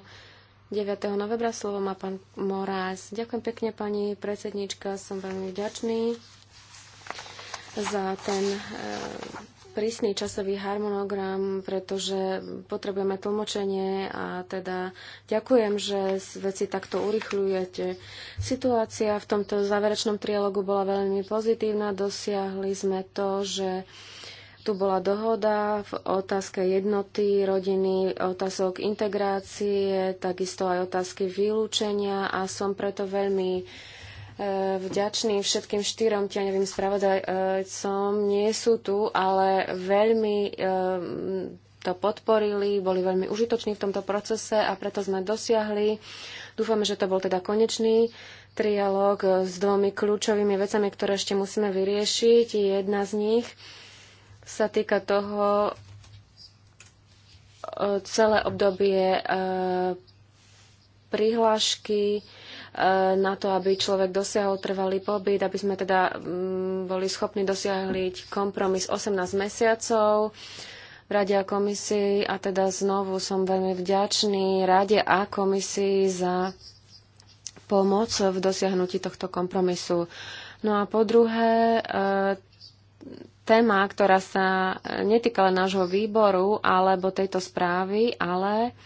9. novembra. Slovo má pán Moráz. Ďakujem pekne, pani predsednička. Som veľmi vďačný za ten e, prísny časový harmonogram, pretože potrebujeme tlmočenie a teda ďakujem, že veci takto urychľujete. Situácia v tomto záverečnom trialogu bola veľmi pozitívna. Dosiahli sme to, že tu bola dohoda v otázke jednoty, rodiny, otázok integrácie, takisto aj otázky vylúčenia a som preto veľmi e, vďačný všetkým štyrom tieňovým spravodajcom. Nie sú tu, ale veľmi e, to podporili, boli veľmi užitoční v tomto procese a preto sme dosiahli. Dúfame, že to bol teda konečný trialog s dvomi kľúčovými vecami, ktoré ešte musíme vyriešiť. Jedna z nich sa týka toho e, celé obdobie e, prihlášky e, na to, aby človek dosiahol trvalý pobyt, aby sme teda mm, boli schopní dosiahliť kompromis 18 mesiacov v Rade a komisii a teda znovu som veľmi vďačný Rade a komisii za pomoc v dosiahnutí tohto kompromisu. No a po druhé, téma, ktorá sa e, netýka len nášho výboru alebo tejto správy, ale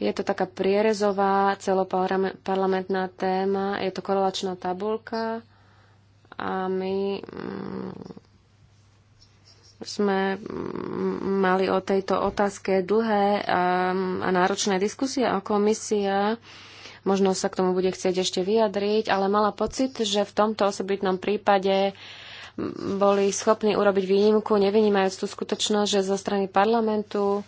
je to taká prierezová celoparlamentná téma, je to korelačná tabulka a my mm, sme mm, mali o tejto otázke dlhé ehm, a, náročné diskusie a komisia možno sa k tomu bude chcieť ešte vyjadriť, ale mala pocit, že v tomto osobitnom prípade uh, boli schopní urobiť výnimku, nevynímajúc tú skutočnosť, že zo strany parlamentu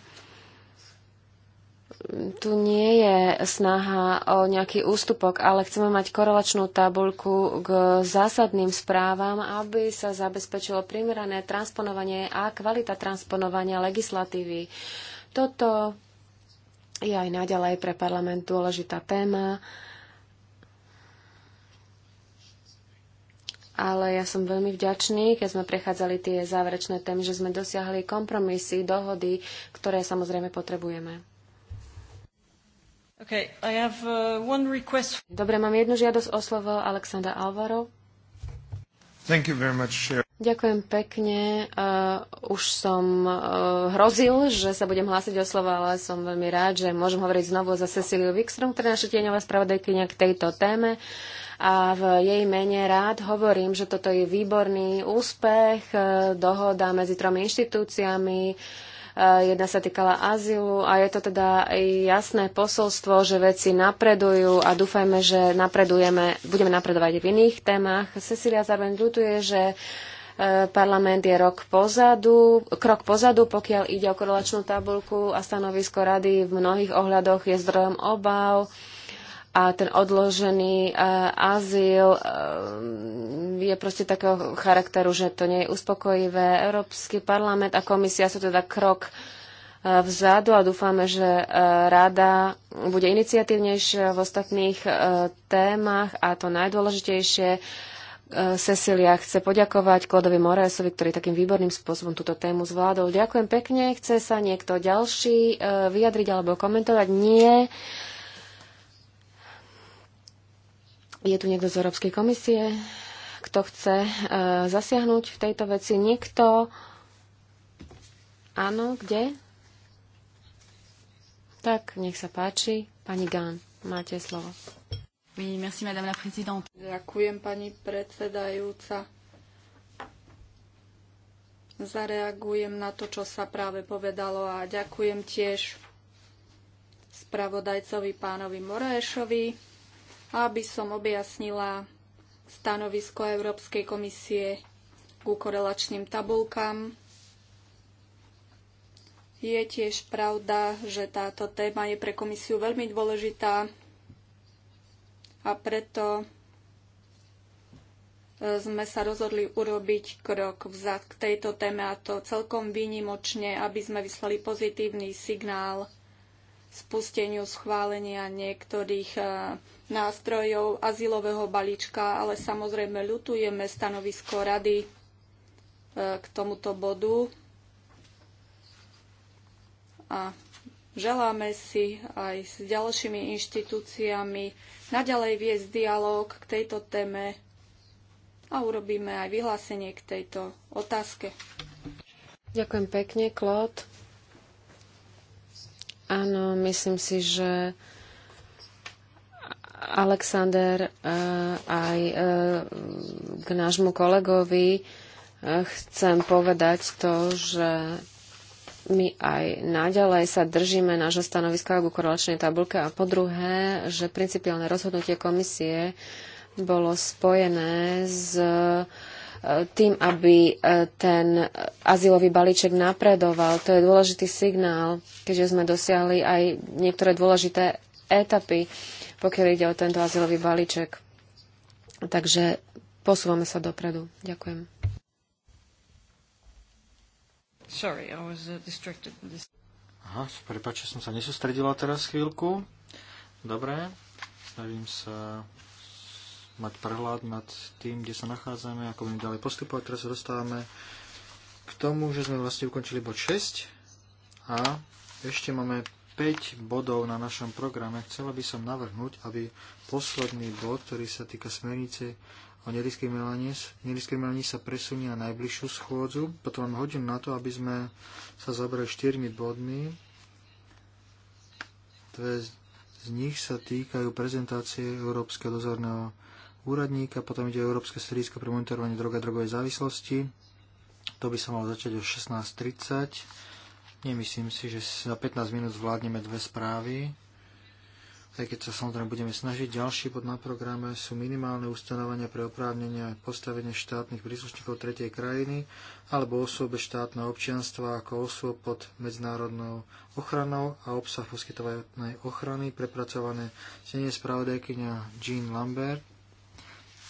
tu nie je snaha o nejaký ústupok, ale chceme mať korelačnú tabuľku k zásadným správam, aby sa zabezpečilo primerané transponovanie a kvalita transponovania legislatívy. Toto je aj naďalej pre parlament dôležitá téma. ale ja som veľmi vďačný, keď sme prechádzali tie záverečné témy, že sme dosiahli kompromisy, dohody, ktoré samozrejme potrebujeme. Okay, I have, uh, one request. Dobre, mám jednu žiadosť o slovo Alexandra Alvaro. Thank you very much. Ďakujem pekne. Uh, už som uh, hrozil, že sa budem hlásiť o slovo, ale som veľmi rád, že môžem hovoriť znovu za Ceciliu Wikström, ktorá je naša tieňová spravodajkynia k tejto téme. Uh, a v jej mene rád hovorím, že toto je výborný úspech, e, dohoda medzi tromi inštitúciami, e, jedna sa týkala azylu a je to teda jasné posolstvo, že veci napredujú a dúfajme, že napredujeme, budeme napredovať v iných témach. Cecilia zároveň ľutuje, že e, parlament je rok pozadu, krok pozadu, pokiaľ ide o korelačnú tabulku a stanovisko rady v mnohých ohľadoch je zdrojom obav a ten odložený e, azyl e, je proste takého charakteru, že to nie je uspokojivé. Európsky parlament a komisia sú teda krok e, vzadu a dúfame, že rada bude iniciatívnejšia v ostatných témach a to najdôležitejšie. Cecilia chce poďakovať Klodovi Moraesovi, ktorý takým výborným spôsobom túto tému zvládol. Ďakujem pekne. Chce sa niekto ďalší vyjadriť alebo komentovať? Nie. Je tu niekto z Európskej komisie, kto chce e, zasiahnuť v tejto veci? Niekto? Áno, kde? Tak, nech sa páči. Pani Gán, máte slovo. Oui, merci, madame la présidente. Ďakujem, pani predsedajúca. Zareagujem na to, čo sa práve povedalo a ďakujem tiež spravodajcovi pánovi Moraešovi aby som objasnila stanovisko Európskej komisie ku korelačným tabulkám. Je tiež pravda, že táto téma je pre komisiu veľmi dôležitá a preto e, sme sa rozhodli urobiť krok vzad k tejto téme a to celkom výnimočne, aby sme vyslali pozitívny signál spusteniu schválenia niektorých e, nástrojov azylového balíčka, ale samozrejme ľutujeme stanovisko rady e, k tomuto bodu a želáme si aj s ďalšími inštitúciami naďalej viesť dialog k tejto téme a urobíme aj vyhlásenie k tejto otázke. Ďakujem pekne, Klód. Áno, myslím si, že Alexander eh, aj eh, k nášmu kolegovi eh, chcem povedať to, že my aj naďalej sa držíme nášho stanoviska k korelačnej tabulke a po druhé, že principiálne rozhodnutie komisie bolo spojené s uh, tým, aby e, ten azylový balíček napredoval. To je dôležitý signál, keďže sme dosiahli aj niektoré dôležité etapy, pokiaľ ide o tento azylový balíček. Takže posúvame sa dopredu. Ďakujem. Sorry, I was uh, distracted. Aha, prepáč, som sa nesústredila teraz chvíľku. Dobre, stavím sa mať prehľad nad tým, kde sa nachádzame, ako budeme ďalej postupovať. Teraz sa dostávame k tomu, že sme vlastne ukončili bod 6 a ešte máme 5 bodov na našom programe. Chcela by som navrhnúť, aby posledný bod, ktorý sa týka smernice o nediskriminovaní, sa presunie na najbližšiu schôdzu. Potom mám hodinu na to, aby sme sa zabrali 4 bodmi. Dve z nich sa týkajú prezentácie Európskeho dozorného úradníka, potom ide o Európske stredisko pre monitorovanie droga a drogovej závislosti. To by sa malo začať o 16.30. Nemyslím si, že za 15 minút zvládneme dve správy. Aj keď sa samozrejme budeme snažiť, ďalší bod na programe sú minimálne ustanovenia pre oprávnenia a postavenie štátnych príslušníkov tretej krajiny alebo osobe štátneho občianstva ako osôb pod medzinárodnou ochranou a obsah poskytovanej ochrany prepracované senie spravodajkynia Jean Lambert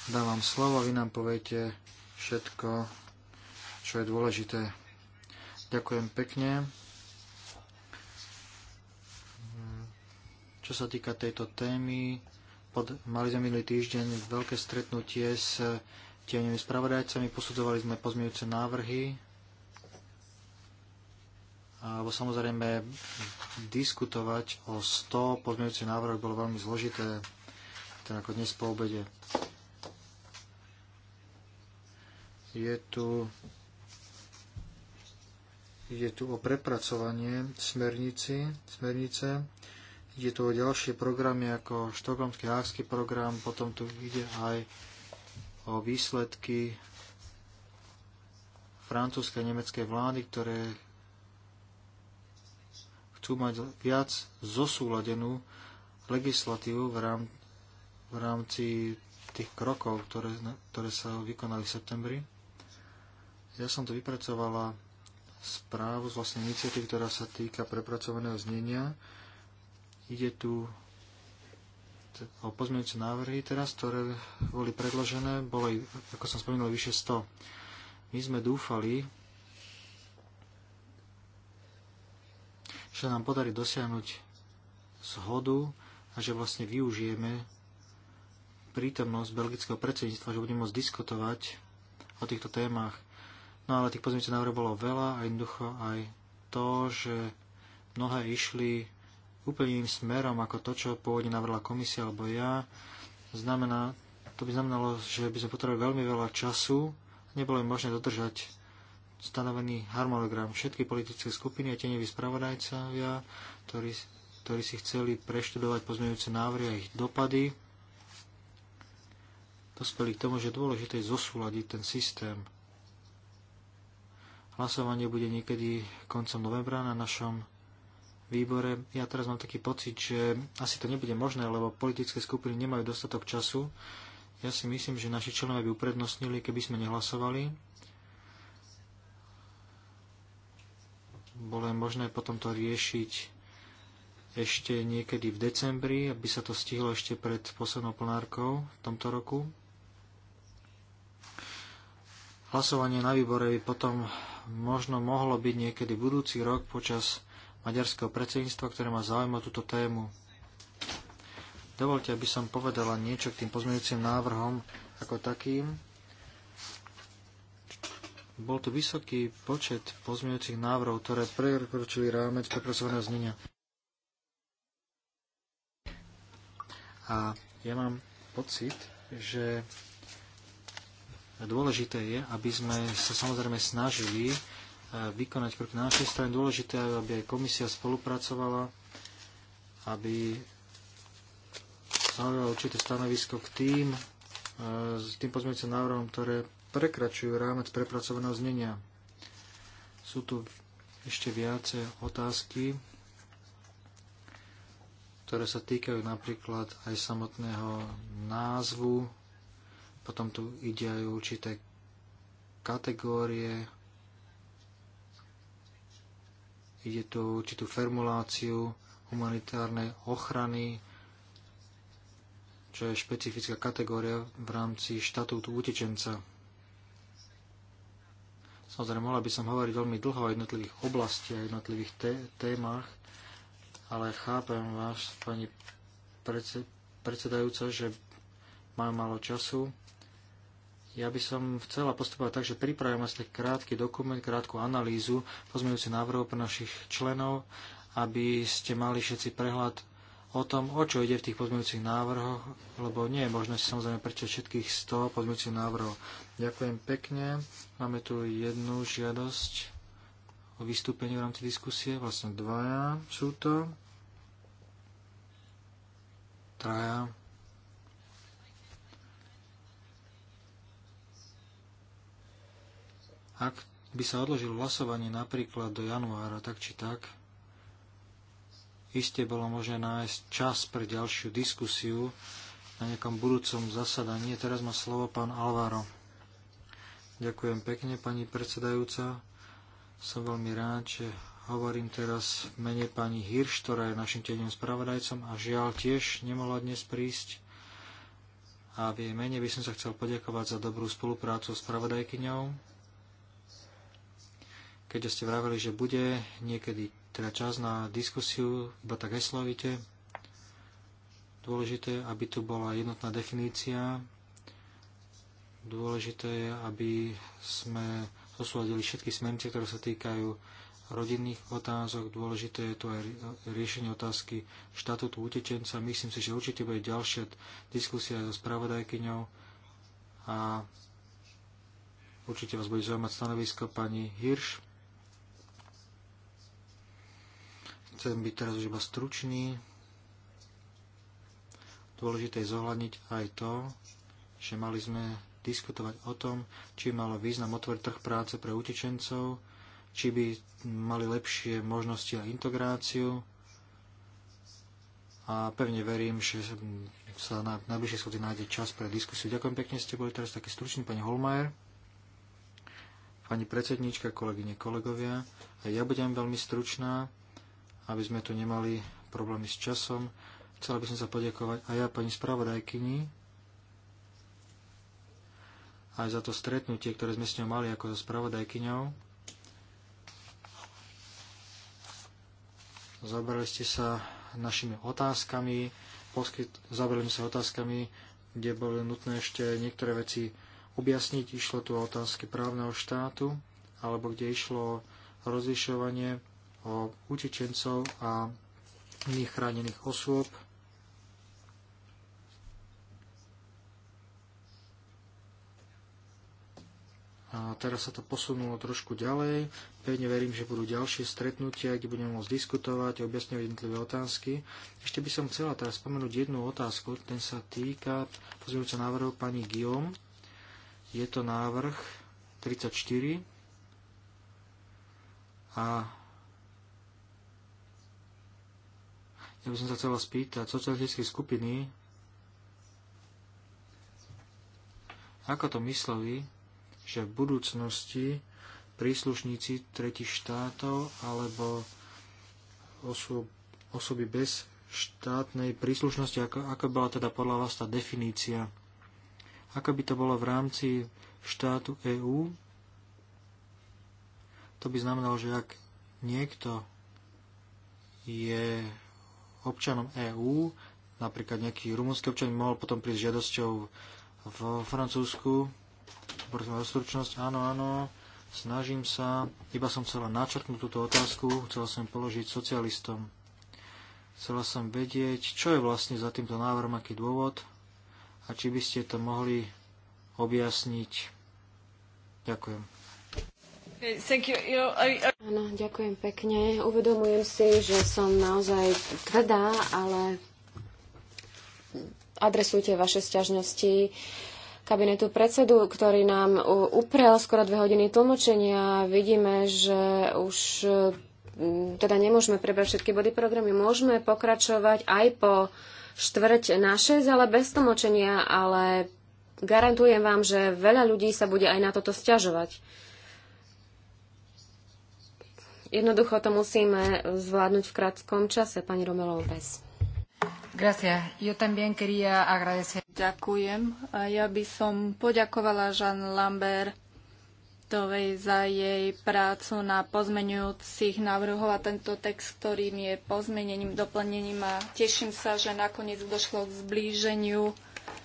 Dávam slovo, vy nám poviete všetko, čo je dôležité. Ďakujem pekne. Čo sa týka tejto témy, pod, mali sme minulý týždeň veľké stretnutie s tieňovými spravodajcami, posudzovali sme pozmeňujúce návrhy, alebo samozrejme diskutovať o 100 pozmeňujúcich návrhoch bolo veľmi zložité, teda ako dnes po obede. Je tu, je tu o prepracovanie smernici, smernice. Ide tu o ďalšie programy ako štokholmský hákský program, potom tu ide aj o výsledky francúzskej a nemeckej vlády, ktoré chcú mať viac zosúladenú legislatívu v, rám, v rámci tých krokov, ktoré, ktoré sa vykonali v septembri. Ja som tu vypracovala správu z vlastnej iniciatívy, ktorá sa týka prepracovaného znenia. Ide tu o pozmeňujúce návrhy teraz, ktoré boli predložené, bolo, ako som spomínal, vyše 100. My sme dúfali, že nám podarí dosiahnuť zhodu a že vlastne využijeme prítomnosť belgického predsedníctva, že budeme môcť diskutovať o týchto témach. No ale tých pozmeňujúcich návrhov bolo veľa a jednoducho aj to, že mnohé išli úplne iným smerom ako to, čo pôvodne navrhla komisia alebo ja, znamená, to by znamenalo, že by sme potrebovali veľmi veľa času, nebolo im možné dodržať stanovený harmonogram. Všetky politické skupiny a teneví spravodajcovia, ktorí, ktorí si chceli preštudovať pozmeňujúce návrhy a ich dopady, dospeli k tomu, že dôležité je dôležité zosúľadiť ten systém. Hlasovanie bude niekedy koncom novembra na našom výbore. Ja teraz mám taký pocit, že asi to nebude možné, lebo politické skupiny nemajú dostatok času. Ja si myslím, že naši členovia by uprednostnili, keby sme nehlasovali. Bolo možné potom to riešiť ešte niekedy v decembri, aby sa to stihlo ešte pred poslednou plnárkou v tomto roku. Hlasovanie na výbore by potom možno mohlo byť niekedy budúci rok počas maďarského predsedníctva, ktoré má záujem o túto tému. Dovolte, aby som povedala niečo k tým pozmeňujúcim návrhom ako takým. Bol tu vysoký počet pozmeňujúcich návrhov, ktoré prekročili rámec prepracovaného znenia. A ja mám pocit, že Dôležité je, aby sme sa samozrejme snažili eh, vykonať krok na našej strane. Dôležité je, aby aj komisia spolupracovala, aby zaujala určité stanovisko k tým, eh, s tým pozmeňujúcim návrhom, ktoré prekračujú rámec prepracovaného znenia. Sú tu ešte viacej otázky, ktoré sa týkajú napríklad aj samotného názvu potom tu ide aj určité kategórie, ide tu určitú formuláciu humanitárnej ochrany, čo je špecifická kategória v rámci štatútu utečenca. Samozrejme, mohla by som hovoriť veľmi dlho o jednotlivých oblastiach, a jednotlivých témach, ale chápem vás, pani predsedajúca, že máme málo času. Ja by som chcela postupovať tak, že pripravím vlastne krátky dokument, krátku analýzu pozmeňujúcich návrhov pre našich členov, aby ste mali všetci prehľad o tom, o čo ide v tých pozmeňujúcich návrhoch, lebo nie je možné si samozrejme prečítať všetkých 100 pozmeňujúcich návrhov. Ďakujem pekne. Máme tu jednu žiadosť o vystúpenie v rámci diskusie. Vlastne dvaja sú to. Traja. Ak by sa odložilo hlasovanie napríklad do januára, tak či tak, iste bolo možné nájsť čas pre ďalšiu diskusiu na nejakom budúcom zasadaní. Teraz má slovo pán Alvaro. Ďakujem pekne, pani predsedajúca. Som veľmi rád, že hovorím teraz v mene pani Hirš, ktorá je našim tieňom spravodajcom a žiaľ tiež nemohla dnes prísť. A v jej mene by som sa chcel poďakovať za dobrú spoluprácu s spravodajkyňou keďže ste vraveli, že bude niekedy teda čas na diskusiu, iba tak heslovite. Dôležité, aby tu bola jednotná definícia. Dôležité je, aby sme zosúladili všetky smernice, ktoré sa týkajú rodinných otázok. Dôležité je tu aj riešenie otázky štatútu utečenca. Myslím si, že určite bude ďalšia diskusia so spravodajkyňou a určite vás bude zaujímať stanovisko pani Hirš. chcem byť teraz už iba stručný. Dôležité je zohľadniť aj to, že mali sme diskutovať o tom, či malo význam otvoriť trh práce pre utečencov, či by mali lepšie možnosti a integráciu. A pevne verím, že sa na najbližšie schody nájde čas pre diskusiu. Ďakujem pekne, ste boli teraz taký stručný, pani Holmajer. Pani predsednička, kolegyne, kolegovia, A ja budem veľmi stručná aby sme tu nemali problémy s časom. Chcela by som sa poďakovať aj ja pani spravodajkyni aj za to stretnutie, ktoré sme s ňou mali ako so spravodajkyňou. Zabrali ste sa našimi otázkami, poskyt, zabrali sa otázkami, kde boli nutné ešte niektoré veci objasniť. Išlo tu o otázky právneho štátu, alebo kde išlo o rozlišovanie o utečencov a iných chránených osôb. A teraz sa to posunulo trošku ďalej. Pevne verím, že budú ďalšie stretnutia, kde budeme môcť diskutovať, objasňovať jednotlivé otázky. Ešte by som chcela teraz spomenúť jednu otázku. Ten sa týka pozmeňujúceho návrhu pani Guillaume. Je to návrh 34. A Ja by som sa chcela spýtať, socialistické skupiny, ako to mysleli, že v budúcnosti príslušníci tretich štátov alebo osob, osoby bez štátnej príslušnosti, ako, ako bola teda podľa vás tá definícia? Ako by to bolo v rámci štátu EÚ? To by znamenalo, že ak niekto je občanom EÚ, napríklad nejaký rumunský občan mohol potom prísť žiadosťou v Francúzsku, prosím vás stručnosť, áno, áno, snažím sa, iba som chcela načrtnúť túto otázku, chcela som položiť socialistom. Chcela som vedieť, čo je vlastne za týmto návrhom, aký dôvod a či by ste to mohli objasniť. Ďakujem. Áno, ďakujem pekne. Uvedomujem si, že som naozaj tvrdá, ale adresujte vaše sťažnosti kabinetu predsedu, ktorý nám uprel skoro dve hodiny tlmočenia. Vidíme, že už mm, teda nemôžeme prebrať všetky body programy. Môžeme pokračovať aj po štvrť na šesť, ale bez tlmočenia, ale garantujem vám, že veľa ľudí sa bude aj na toto sťažovať. Jednoducho to musíme zvládnuť v krátkom čase, pani Romelo López. Ďakujem. A ja by som poďakovala Jean Lambert Tovej za jej prácu na pozmeňujúcich návrhov a tento text, ktorým je pozmenením, doplnením a teším sa, že nakoniec došlo k zblíženiu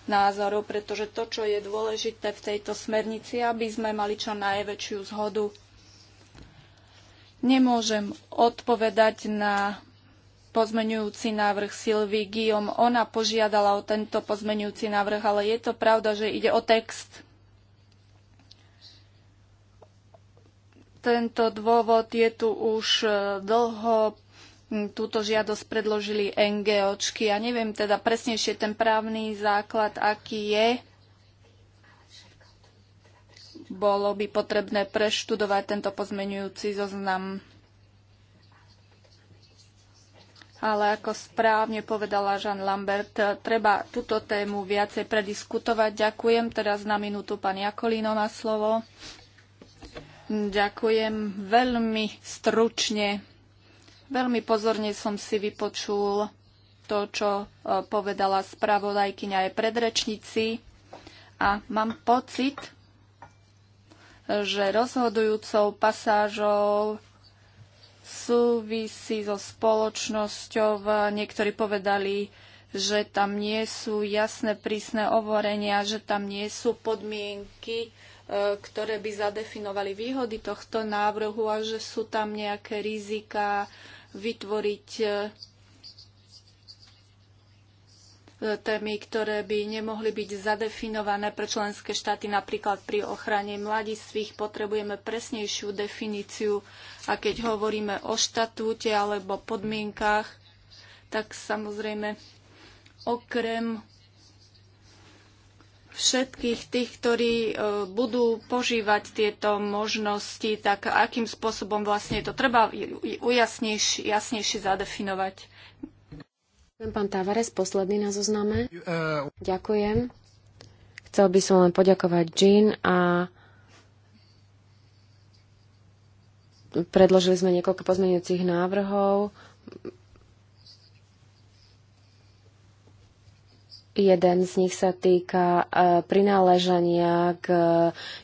názorov, pretože to, čo je dôležité v tejto smernici, aby sme mali čo najväčšiu zhodu Nemôžem odpovedať na pozmenujúci návrh Silvy Guillaume. Ona požiadala o tento pozmenujúci návrh, ale je to pravda, že ide o text. Tento dôvod je tu už e, dlho. Hm, túto žiadosť predložili NGOčky. Ja neviem teda presnejšie ten právny základ, aký je bolo by potrebné preštudovať tento pozmenujúci zoznam. Ale ako správne povedala Jean Lambert, treba túto tému viacej prediskutovať. Ďakujem teraz na minútu pán Jakolino má slovo. Ďakujem veľmi stručne. Veľmi pozorne som si vypočul to, čo e, povedala spravodajkyňa aj predrečníci. A mám pocit, že rozhodujúcou pasážou súvisí so spoločnosťou. Niektorí povedali, že tam nie sú jasné prísne ovorenia, že tam nie sú podmienky, e, ktoré by zadefinovali výhody tohto návrhu a že sú tam nejaké rizika vytvoriť e, témy, ktoré by nemohli byť zadefinované pre členské štáty. Napríklad pri ochrane mladistvých potrebujeme presnejšiu definíciu a keď hovoríme o štatúte alebo podmienkách, tak samozrejme okrem všetkých tých, ktorí e, budú požívať tieto možnosti, tak akým spôsobom vlastne to treba jasnejšie, jasnejšie zadefinovať. Ďakujem Pán Tavares, posledný na zozname. Uh, Ďakujem. Chcel by som len poďakovať Jean a predložili sme niekoľko pozmeňujúcich návrhov. Jeden z nich sa týka uh, prináležania k uh,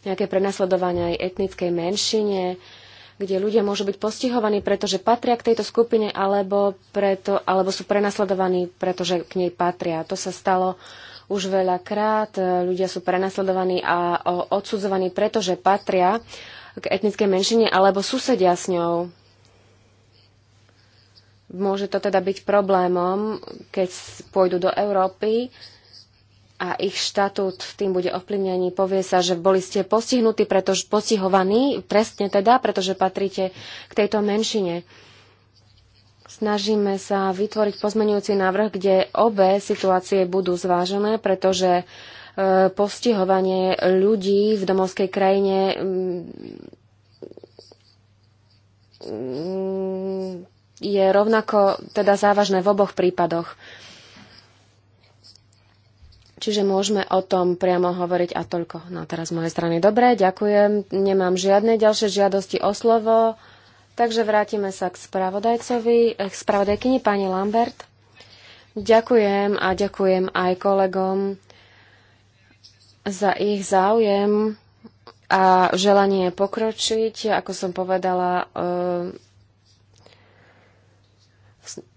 nejaké prenasledovania aj etnickej menšine kde ľudia môžu byť postihovaní, pretože patria k tejto skupine, alebo, preto, alebo sú prenasledovaní, pretože k nej patria. To sa stalo už veľakrát. Ľudia sú prenasledovaní a odsudzovaní, pretože patria k etnickej menšine alebo susedia s ňou. Môže to teda byť problémom, keď pôjdu do Európy, a ich štatút tým bude ovplyvnený. Povie sa, že boli ste postihnutí, pretože postihovaní, trestne teda, pretože patríte k tejto menšine. Snažíme sa vytvoriť pozmenujúci návrh, kde obe situácie budú zvážené, pretože e, postihovanie ľudí v domovskej krajine mm, mm, je rovnako teda závažné v oboch prípadoch. Čiže môžeme o tom priamo hovoriť a toľko. No teraz z mojej strany. Dobre, ďakujem. Nemám žiadne ďalšie žiadosti o slovo. Takže vrátime sa k spravodajcovi, eh, k spravodajkyni pani Lambert. Ďakujem a ďakujem aj kolegom za ich záujem a želanie pokročiť. Ako som povedala, eh,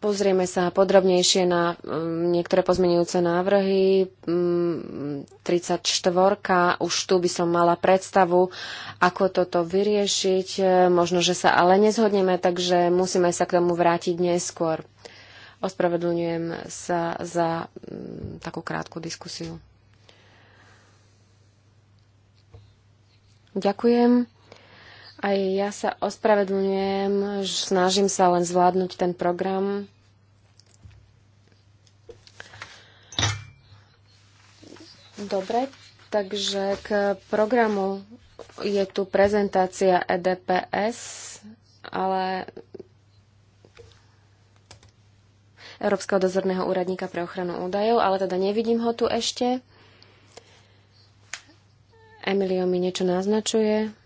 Pozrieme sa podrobnejšie na mm, niektoré pozmenujúce návrhy. 34. Mm, už tu by som mala predstavu, ako toto vyriešiť. Možno, že sa ale nezhodneme, takže musíme sa k tomu vrátiť neskôr. Ospravedlňujem sa za mm, takú krátku diskusiu. Ďakujem. Aj ja sa ospravedlňujem, snažím sa len zvládnuť ten program. Dobre, takže k programu je tu prezentácia EDPS, ale Európskeho dozorného úradníka pre ochranu údajov, ale teda nevidím ho tu ešte. Emilio mi niečo naznačuje.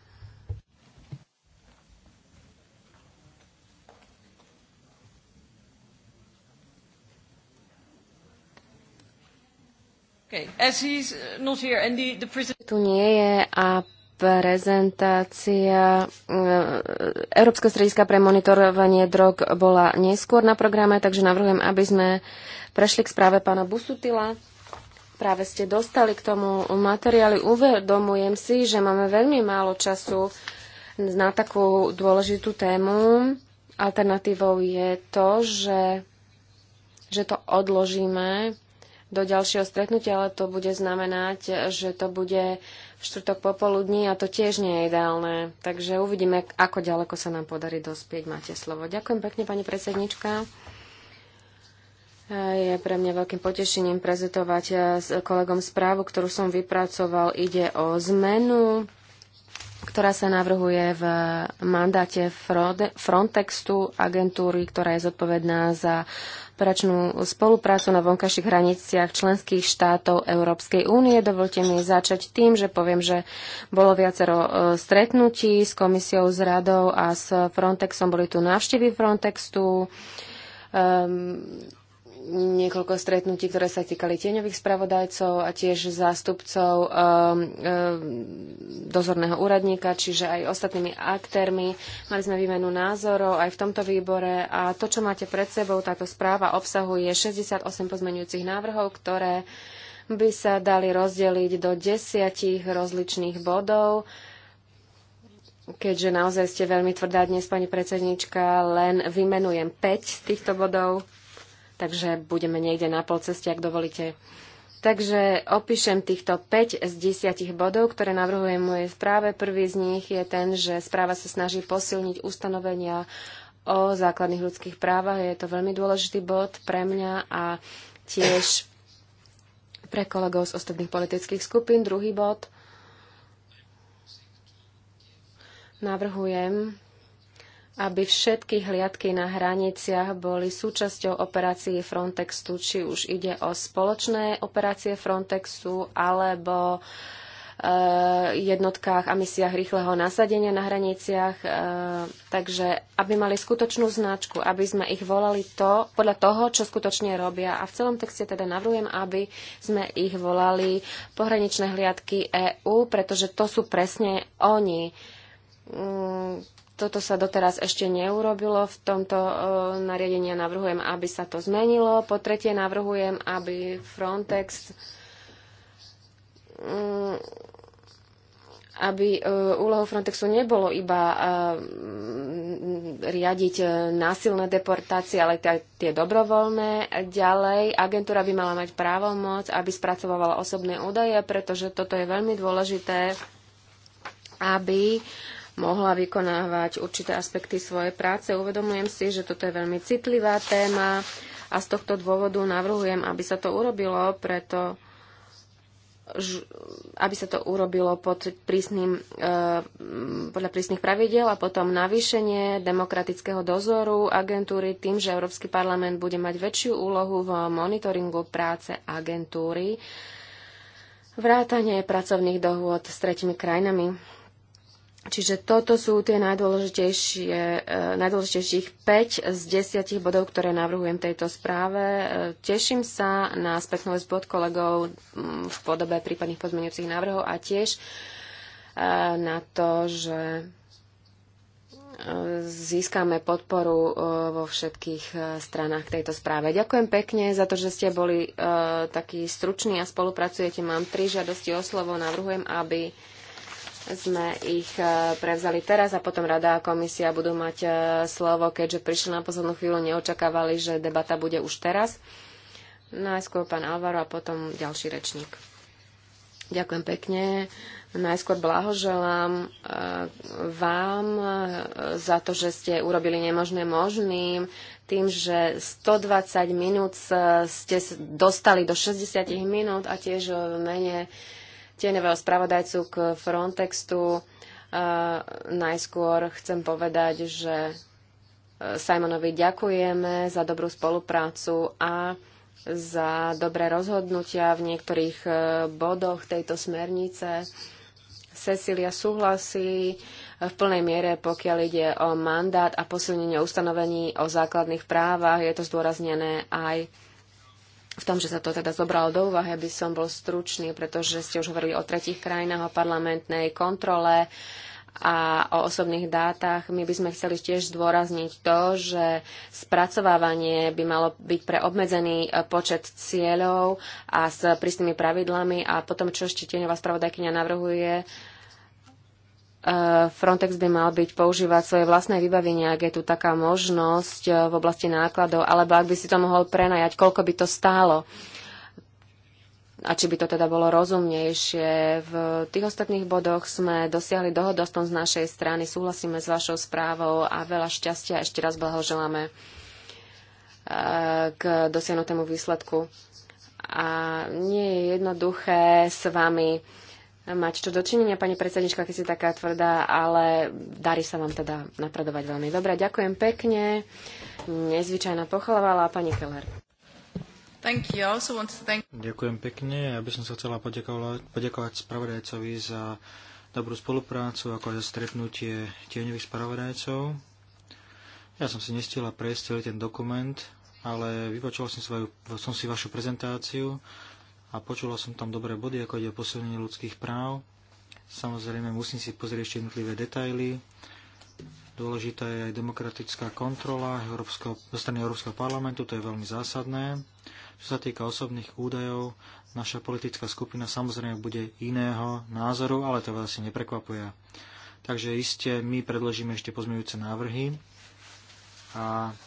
Eh, tu nie je a prezentácia eh, Európskeho strediska pre monitorovanie drog bola neskôr na programe, takže navrhujem, aby sme prešli k správe pána Busutila. Práve ste dostali k tomu materiály. Uvedomujem si, že máme veľmi málo času na takú dôležitú tému. Alternatívou je to, že, že to odložíme do ďalšieho stretnutia, ale to bude znamenať, že to bude v štvrtok popoludní a to tiež nie je ideálne. Takže uvidíme, ako ďaleko sa nám podarí dospieť. Máte slovo. Ďakujem pekne, pani predsednička. Je pre mňa veľkým potešením prezentovať s kolegom správu, ktorú som vypracoval. Ide o zmenu ktorá sa navrhuje v mandáte Frontextu, agentúry, ktorá je zodpovedná za operačnú spoluprácu na vonkajších hraniciach členských štátov Európskej únie. Dovolte mi začať tým, že poviem, že bolo viacero e, stretnutí s komisiou, s radou a s Frontexom. Boli tu návštevy Frontextu. Um, niekoľko stretnutí, ktoré sa týkali tieňových spravodajcov a tiež zástupcov um, um, dozorného úradníka, čiže aj ostatnými aktérmi. Mali sme výmenu názorov aj v tomto výbore a to, čo máte pred sebou, táto správa obsahuje 68 pozmeňujúcich návrhov, ktoré by sa dali rozdeliť do desiatich rozličných bodov. Keďže naozaj ste veľmi tvrdá dnes, pani predsednička, len vymenujem 5 z týchto bodov takže budeme niekde na pol ceste, ak dovolíte. Takže opíšem týchto 5 z 10 bodov, ktoré navrhujem v mojej správe. Prvý z nich je ten, že správa sa snaží posilniť ustanovenia o základných ľudských právach. Je to veľmi dôležitý bod pre mňa a tiež pre kolegov z ostatných politických skupín. Druhý bod. Navrhujem aby všetky hliadky na hraniciach boli súčasťou operácií Frontexu, či už ide o spoločné operácie Frontexu alebo eh, jednotkách a misiách rýchleho nasadenia na hraniciach. Eh, takže aby mali skutočnú značku, aby sme ich volali to, podľa toho, čo skutočne robia. A v celom texte teda navrhujem, aby sme ich volali pohraničné hliadky EÚ, pretože to sú presne oni. Mm, toto sa doteraz ešte neurobilo. V tomto e, nariadení navrhujem, aby sa to zmenilo. Po tretie navrhujem, aby Frontex mm, aby e, úlohou Frontexu nebolo iba e, mm, riadiť násilné deportácie, ale tie dobrovoľné. Ďalej, agentúra by mala mať právomoc, aby spracovovala osobné údaje, pretože toto je veľmi dôležité, aby mohla vykonávať určité aspekty svojej práce. Uvedomujem si, že toto je veľmi citlivá téma a z tohto dôvodu navrhujem, aby sa to urobilo, preto aby sa to urobilo pod prísnym, e, podľa prísnych pravidiel a potom navýšenie demokratického dozoru agentúry tým, že Európsky parlament bude mať väčšiu úlohu v monitoringu práce agentúry, vrátanie pracovných dohôd s tretimi krajinami. Čiže toto sú tie najdôležitejšie, e, najdôležitejších 5 z 10 bodov, ktoré navrhujem tejto správe. E, teším sa na spätnú väzbu od kolegov v podobe prípadných pozmeňujúcich návrhov a tiež e, na to, že získame podporu vo všetkých stranách tejto správe. Ďakujem pekne za to, že ste boli takí struční a spolupracujete. Mám tri žiadosti o slovo. Navrhujem, aby sme ich e, prevzali teraz a potom rada a komisia budú mať e, slovo, keďže prišli na poslednú chvíľu, neočakávali, že debata bude už teraz. Najskôr pán Alvaro a potom ďalší rečník. Ďakujem pekne. Najskôr blahoželám e, vám za to, že ste urobili nemožné možným tým, že 120 minút ste dostali do 60 minút a tiež v mene tieňového spravodajcu k Frontextu. E, najskôr chcem povedať, že e, Simonovi ďakujeme za dobrú spoluprácu a za dobré rozhodnutia v niektorých e, bodoch tejto smernice. Cecilia súhlasí v plnej miere, pokiaľ ide o mandát a posilnenie ustanovení o základných právach. Je to zdôraznené aj v tom, že sa to teda zobralo do úvahy, aby som bol stručný, pretože ste už hovorili o tretich krajinách, o parlamentnej kontrole a o osobných dátach. My by sme chceli tiež zdôrazniť to, že spracovávanie by malo byť pre obmedzený e, počet cieľov a s prísnymi pravidlami a potom, čo ešte tieňová spravodajkynia navrhuje, Eh, Frontex by mal byť používať svoje vlastné vybavenie, ak je tu taká možnosť eh, v oblasti nákladov, alebo ak by si to mohol prenajať, koľko by to stálo a či by to teda bolo rozumnejšie. V tých ostatných bodoch sme dosiahli dohodu aspoň z našej strany, súhlasíme s vašou správou a veľa šťastia ešte raz blahoželáme eh, k dosiahnutému výsledku. A nie je jednoduché s vami mať čo dočinenia, pani predsednička, keď si taká tvrdá, ale darí sa vám teda napredovať veľmi dobre. Ďakujem pekne. Nezvyčajná pochvalovala pani Keller. Thank... Ďakujem pekne. Ja by som sa chcela poďakovať, poďakovať spravodajcovi za dobrú spoluprácu, ako aj za stretnutie tieňových spravodajcov. Ja som si nestihla prejsť celý ten dokument, ale vypočul som, svoju, som si vašu prezentáciu a počula som tam dobré body, ako ide o posilnenie ľudských práv. Samozrejme, musím si pozrieť ešte jednotlivé detaily. Dôležitá je aj demokratická kontrola Európskeho, zo strany Európskeho parlamentu, to je veľmi zásadné. Čo sa týka osobných údajov, naša politická skupina samozrejme bude iného názoru, ale to vás asi neprekvapuje. Takže iste my predložíme ešte pozmeňujúce návrhy a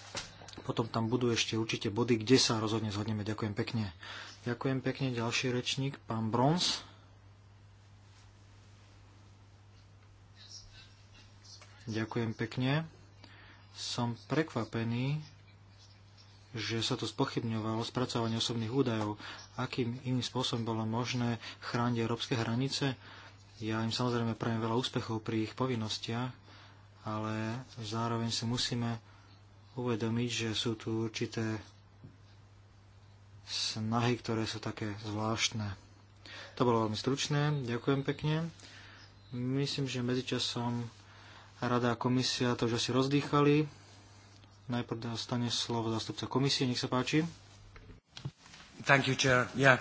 potom tam budú ešte určite body, kde sa rozhodne zhodneme. Ďakujem pekne. Ďakujem pekne. Ďalší rečník, pán Brons. Ďakujem pekne. Som prekvapený, že sa tu spochybňovalo spracovanie osobných údajov. Akým iným spôsobom bolo možné chrániť európske hranice? Ja im samozrejme prajem veľa úspechov pri ich povinnostiach, ale zároveň si musíme uvedomiť, že sú tu určité snahy, ktoré sú také zvláštne. To bolo veľmi stručné, ďakujem pekne. Myslím, že medzičasom rada a komisia to už asi rozdýchali. Najprv dostane slovo zastupca komisie, nech sa páči. Thank you, Chair. Yeah.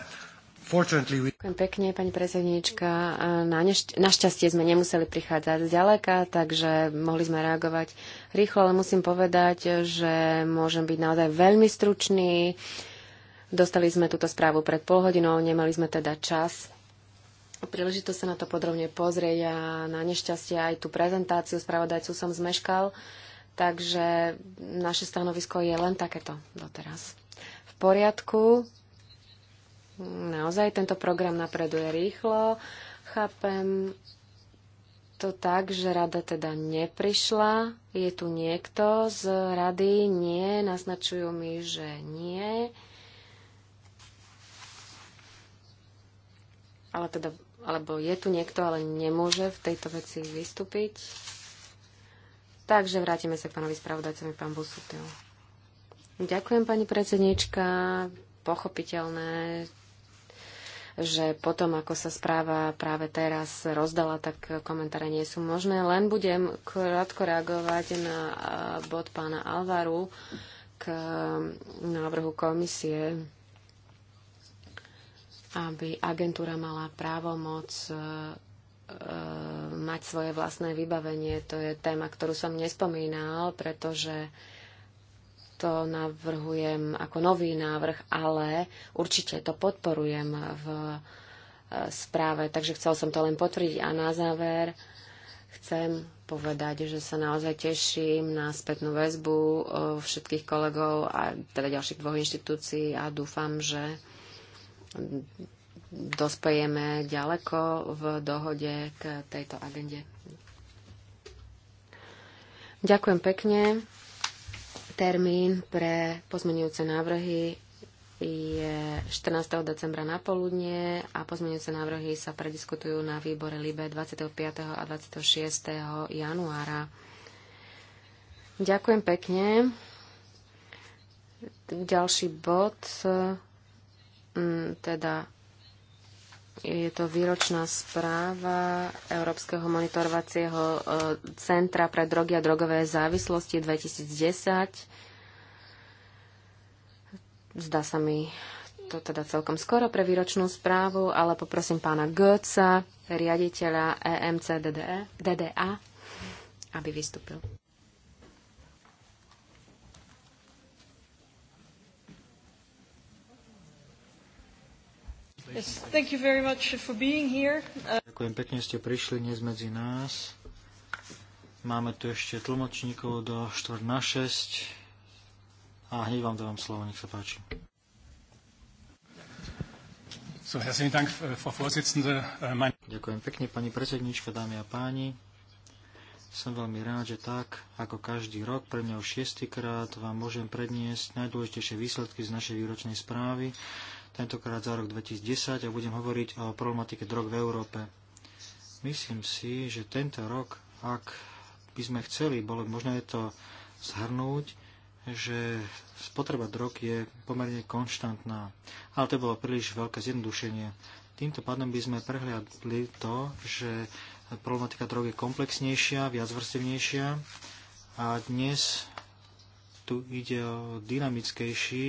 Ďakujem pekne, pani predsedníčka. E, na nešť- našťastie sme nemuseli prichádzať zďaleka, takže mohli sme reagovať rýchlo, ale musím povedať, že môžem byť naozaj veľmi stručný. Uh, Dostali sme túto správu pred pol hodinou, nemali sme teda čas. Príležitosť sa na to podrobne pozrieť a na nešťastie aj tú prezentáciu spravodajcu som zmeškal, takže naše stanovisko je len takéto doteraz. V poriadku, naozaj tento program napreduje rýchlo. Chápem to tak, že rada teda neprišla. Je tu niekto z rady? Nie, naznačujú mi, že nie. ale teda, alebo je tu niekto, ale nemôže v tejto veci vystúpiť. Takže vrátime sa k pánovi spravodajcovi, pán Busutil. Ďakujem, pani predsednička. Pochopiteľné, že potom, ako sa správa práve teraz rozdala, tak komentáre nie sú možné. Len budem krátko reagovať na eh, bod pána Alvaru k eh, návrhu komisie aby agentúra mala právomoc e, e, mať svoje vlastné vybavenie. To je téma, ktorú som nespomínal, pretože to navrhujem ako nový návrh, ale určite to podporujem v e, správe, takže chcel som to len potvrdiť. A na záver chcem povedať, že sa naozaj teším na spätnú väzbu všetkých kolegov a teda ďalších dvoch inštitúcií a dúfam, že dospejeme ďaleko v dohode k tejto agende. Ďakujem pekne. Termín pre pozmenujúce návrhy je 14. decembra na poludne a pozmenujúce návrhy sa prediskutujú na výbore LIBE 25. a 26. januára. Ďakujem pekne. Ďalší bod Mm, teda je to výročná správa Európskeho monitorovacieho e, centra pre drogy a drogové závislosti 2010. Zdá sa mi to teda celkom skoro pre výročnú správu, ale poprosím pána Götza, riaditeľa EMC DDA, e, aby vystúpil. Yes, thank you very much for being here. Uh... Ďakujem pekne, ste prišli dnes medzi nás. Máme tu ešte tlmočníkov do 4 na 6. A hneď vám dávam slovo, nech sa páči. So, herzlichen Dank, äh, Frau Vorsitzende. Äh, Ďakujem pekne, pani predsednička, dámy a páni. Som veľmi rád, že tak, ako každý rok, pre mňa už šiestýkrát vám môžem predniesť najdôležitejšie výsledky z našej výročnej správy tentokrát za rok 2010 a budem hovoriť o problematike drog v Európe. Myslím si, že tento rok, ak by sme chceli, bolo možné to zhrnúť, že spotreba drog je pomerne konštantná. Ale to bolo príliš veľké zjednodušenie. Týmto pádom by sme prehliadli to, že problematika drog je komplexnejšia, viacvrstevnejšia a dnes tu ide o dynamickejší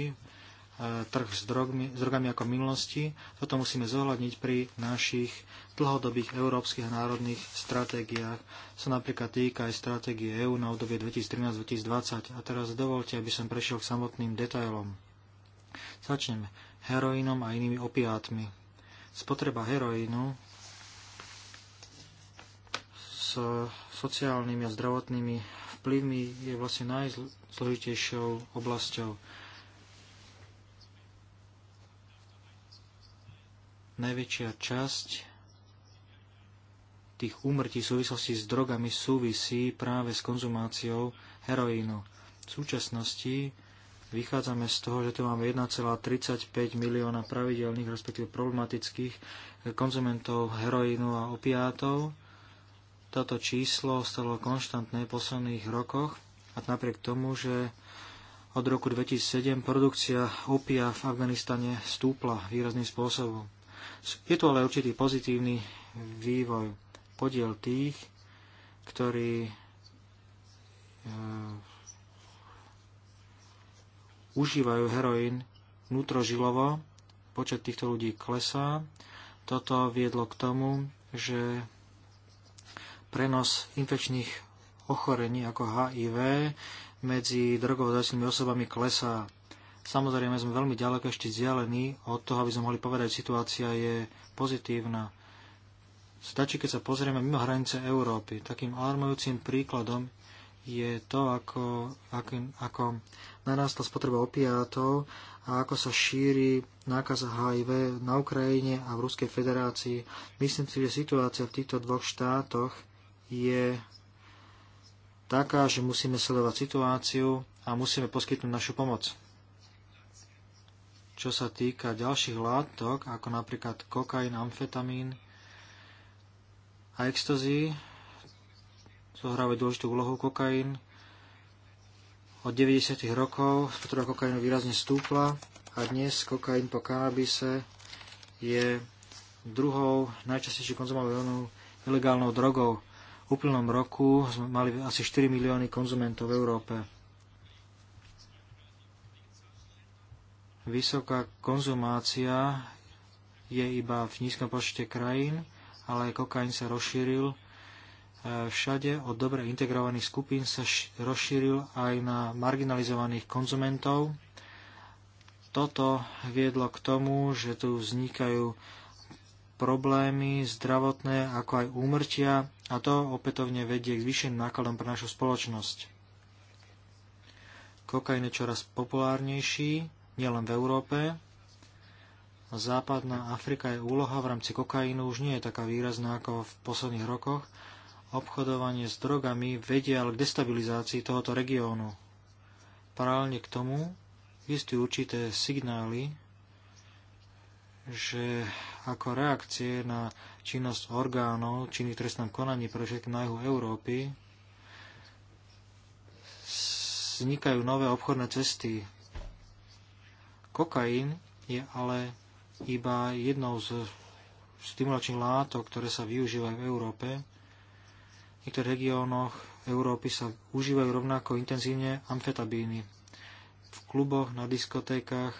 E, trh s drogmi, s drogami ako minulosti. Toto musíme zohľadniť pri našich dlhodobých európskych a národných stratégiách. Sa napríklad týka aj stratégie EÚ na obdobie 2013-2020. A teraz dovolte, aby som prešiel k samotným detailom. Začneme heroínom a inými opiátmi. Spotreba heroínu s sociálnymi a zdravotnými vplyvmi je vlastne najzložitejšou oblasťou Najväčšia časť tých úmrtí v súvislosti s drogami súvisí práve s konzumáciou heroínu. V súčasnosti vychádzame z toho, že tu máme 1,35 milióna pravidelných, respektíve problematických eh, konzumentov heroínu a opiátov. Toto číslo stalo konštantné v posledných rokoch a napriek tomu, že od roku 2007 produkcia opia v Afganistane stúpla výrazným spôsobom. Je tu ale určitý pozitívny vývoj, podiel tých, ktorí eh, užívajú heroín vnútrožilovo, počet týchto ľudí klesá. Toto viedlo k tomu, že prenos infekčných ochorení ako HIV medzi drogovodajúcimi osobami klesá. Samozrejme sme veľmi ďaleko ešte vzdialení od toho, aby sme mohli povedať, že situácia je pozitívna. Stačí, keď sa pozrieme mimo hranice Európy. Takým alarmujúcim príkladom je to, ako, ako, ako narastla spotreba opiátov a ako sa šíri nákaz HIV na Ukrajine a v Ruskej federácii. Myslím si, že situácia v týchto dvoch štátoch je taká, že musíme sledovať situáciu a musíme poskytnúť našu pomoc čo sa týka ďalších látok, ako napríklad kokain, amfetamín a extazí, zohrávajú dôležitú úlohu kokain. Od 90. rokov spotreba kokainu výrazne stúpla a dnes kokain po kanabise je druhou najčastejšie konzumovanou ilegálnou drogou. V úplnom roku sme mali asi 4 milióny konzumentov v Európe. Vysoká konzumácia je iba v nízkom počte krajín, ale kokain sa rozšíril e, všade od dobre integrovaných skupín sa rozšíril aj na marginalizovaných konzumentov. Toto viedlo k tomu, že tu vznikajú problémy zdravotné, ako aj úmrtia a to opätovne vedie k zvýšeným nákladom pre našu spoločnosť. Kokain je čoraz populárnejší nielen v Európe. Západná Afrika je úloha v rámci kokainu už nie je taká výrazná ako v posledných rokoch. Obchodovanie s drogami vedie ale k destabilizácii tohoto regiónu. Paralelne k tomu existujú určité signály, že ako reakcie na činnosť orgánov činy v trestnom konaní pre všetky na juhu Európy vznikajú nové obchodné cesty Kokain je ale iba jednou z stimulačných látok, ktoré sa využívajú v Európe. V niektorých regiónoch Európy sa užívajú rovnako intenzívne amfetabíny. V kluboch, na diskotékach,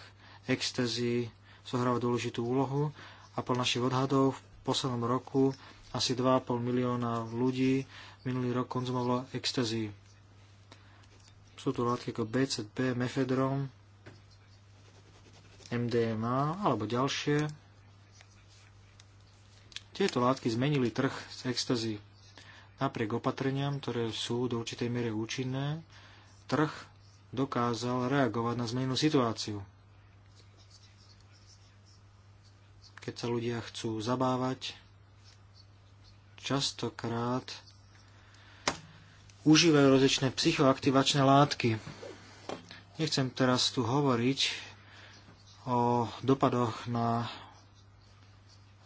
extazy zohráva dôležitú úlohu a podľa našich odhadov v poslednom roku asi 2,5 milióna ľudí minulý rok konzumovalo extazy. Sú tu látky ako BCP, mefedrom, MDMA alebo ďalšie. Tieto látky zmenili trh z extazy. Napriek opatreniam, ktoré sú do určitej miery účinné, trh dokázal reagovať na zmenú situáciu. Keď sa ľudia chcú zabávať, častokrát užívajú rozličné psychoaktivačné látky. Nechcem teraz tu hovoriť o dopadoch na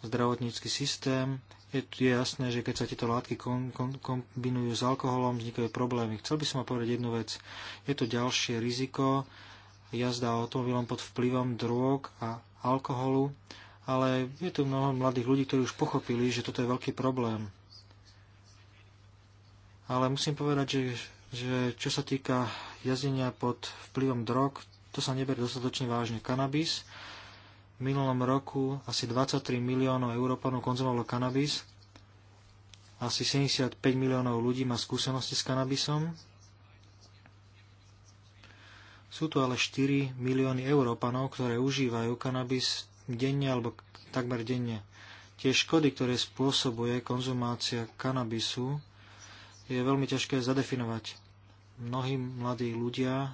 zdravotnícky systém. Je, je jasné, že keď sa tieto látky kon, kon, kombinujú s alkoholom, vznikajú problémy. Chcel by som vám povedať jednu vec. Je to ďalšie riziko, jazda automobilom pod vplyvom drog a alkoholu, ale je tu mnoho mladých ľudí, ktorí už pochopili, že toto je veľký problém. Ale musím povedať, že, že čo sa týka jazdenia pod vplyvom drog, to sa neberie dostatočne vážne. Kanabis. V minulom roku asi 23 miliónov Európanov konzumovalo kanabis. Asi 75 miliónov ľudí má skúsenosti s kanabisom. Sú tu ale 4 milióny Európanov, ktoré užívajú kanabis denne alebo takmer denne. Tie škody, ktoré spôsobuje konzumácia kanabisu, je veľmi ťažké zadefinovať. Mnohí mladí ľudia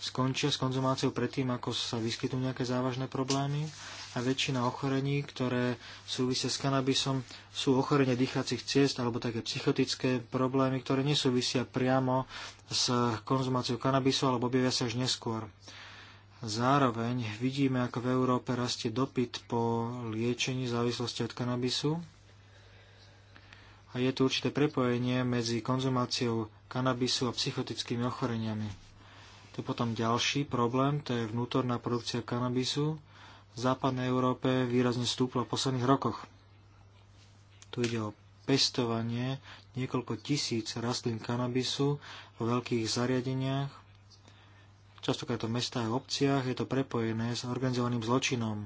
skončia s konzumáciou predtým, ako sa vyskytnú nejaké závažné problémy a väčšina ochorení, ktoré súvisia s kanabisom, sú ochorenie dýchacích ciest alebo také psychotické problémy, ktoré nesúvisia priamo s konzumáciou kanabisu alebo objavia sa až neskôr. Zároveň vidíme, ako v Európe rastie dopyt po liečení závislosti od kanabisu, a je tu určité prepojenie medzi konzumáciou kanabisu a psychotickými ochoreniami. To je potom ďalší problém, to je vnútorná produkcia kanabisu. V západnej Európe výrazne stúpla v posledných rokoch. Tu ide o pestovanie niekoľko tisíc rastlín kanabisu vo veľkých zariadeniach. Častokrát to v mestách a obciach je to prepojené s organizovaným zločinom.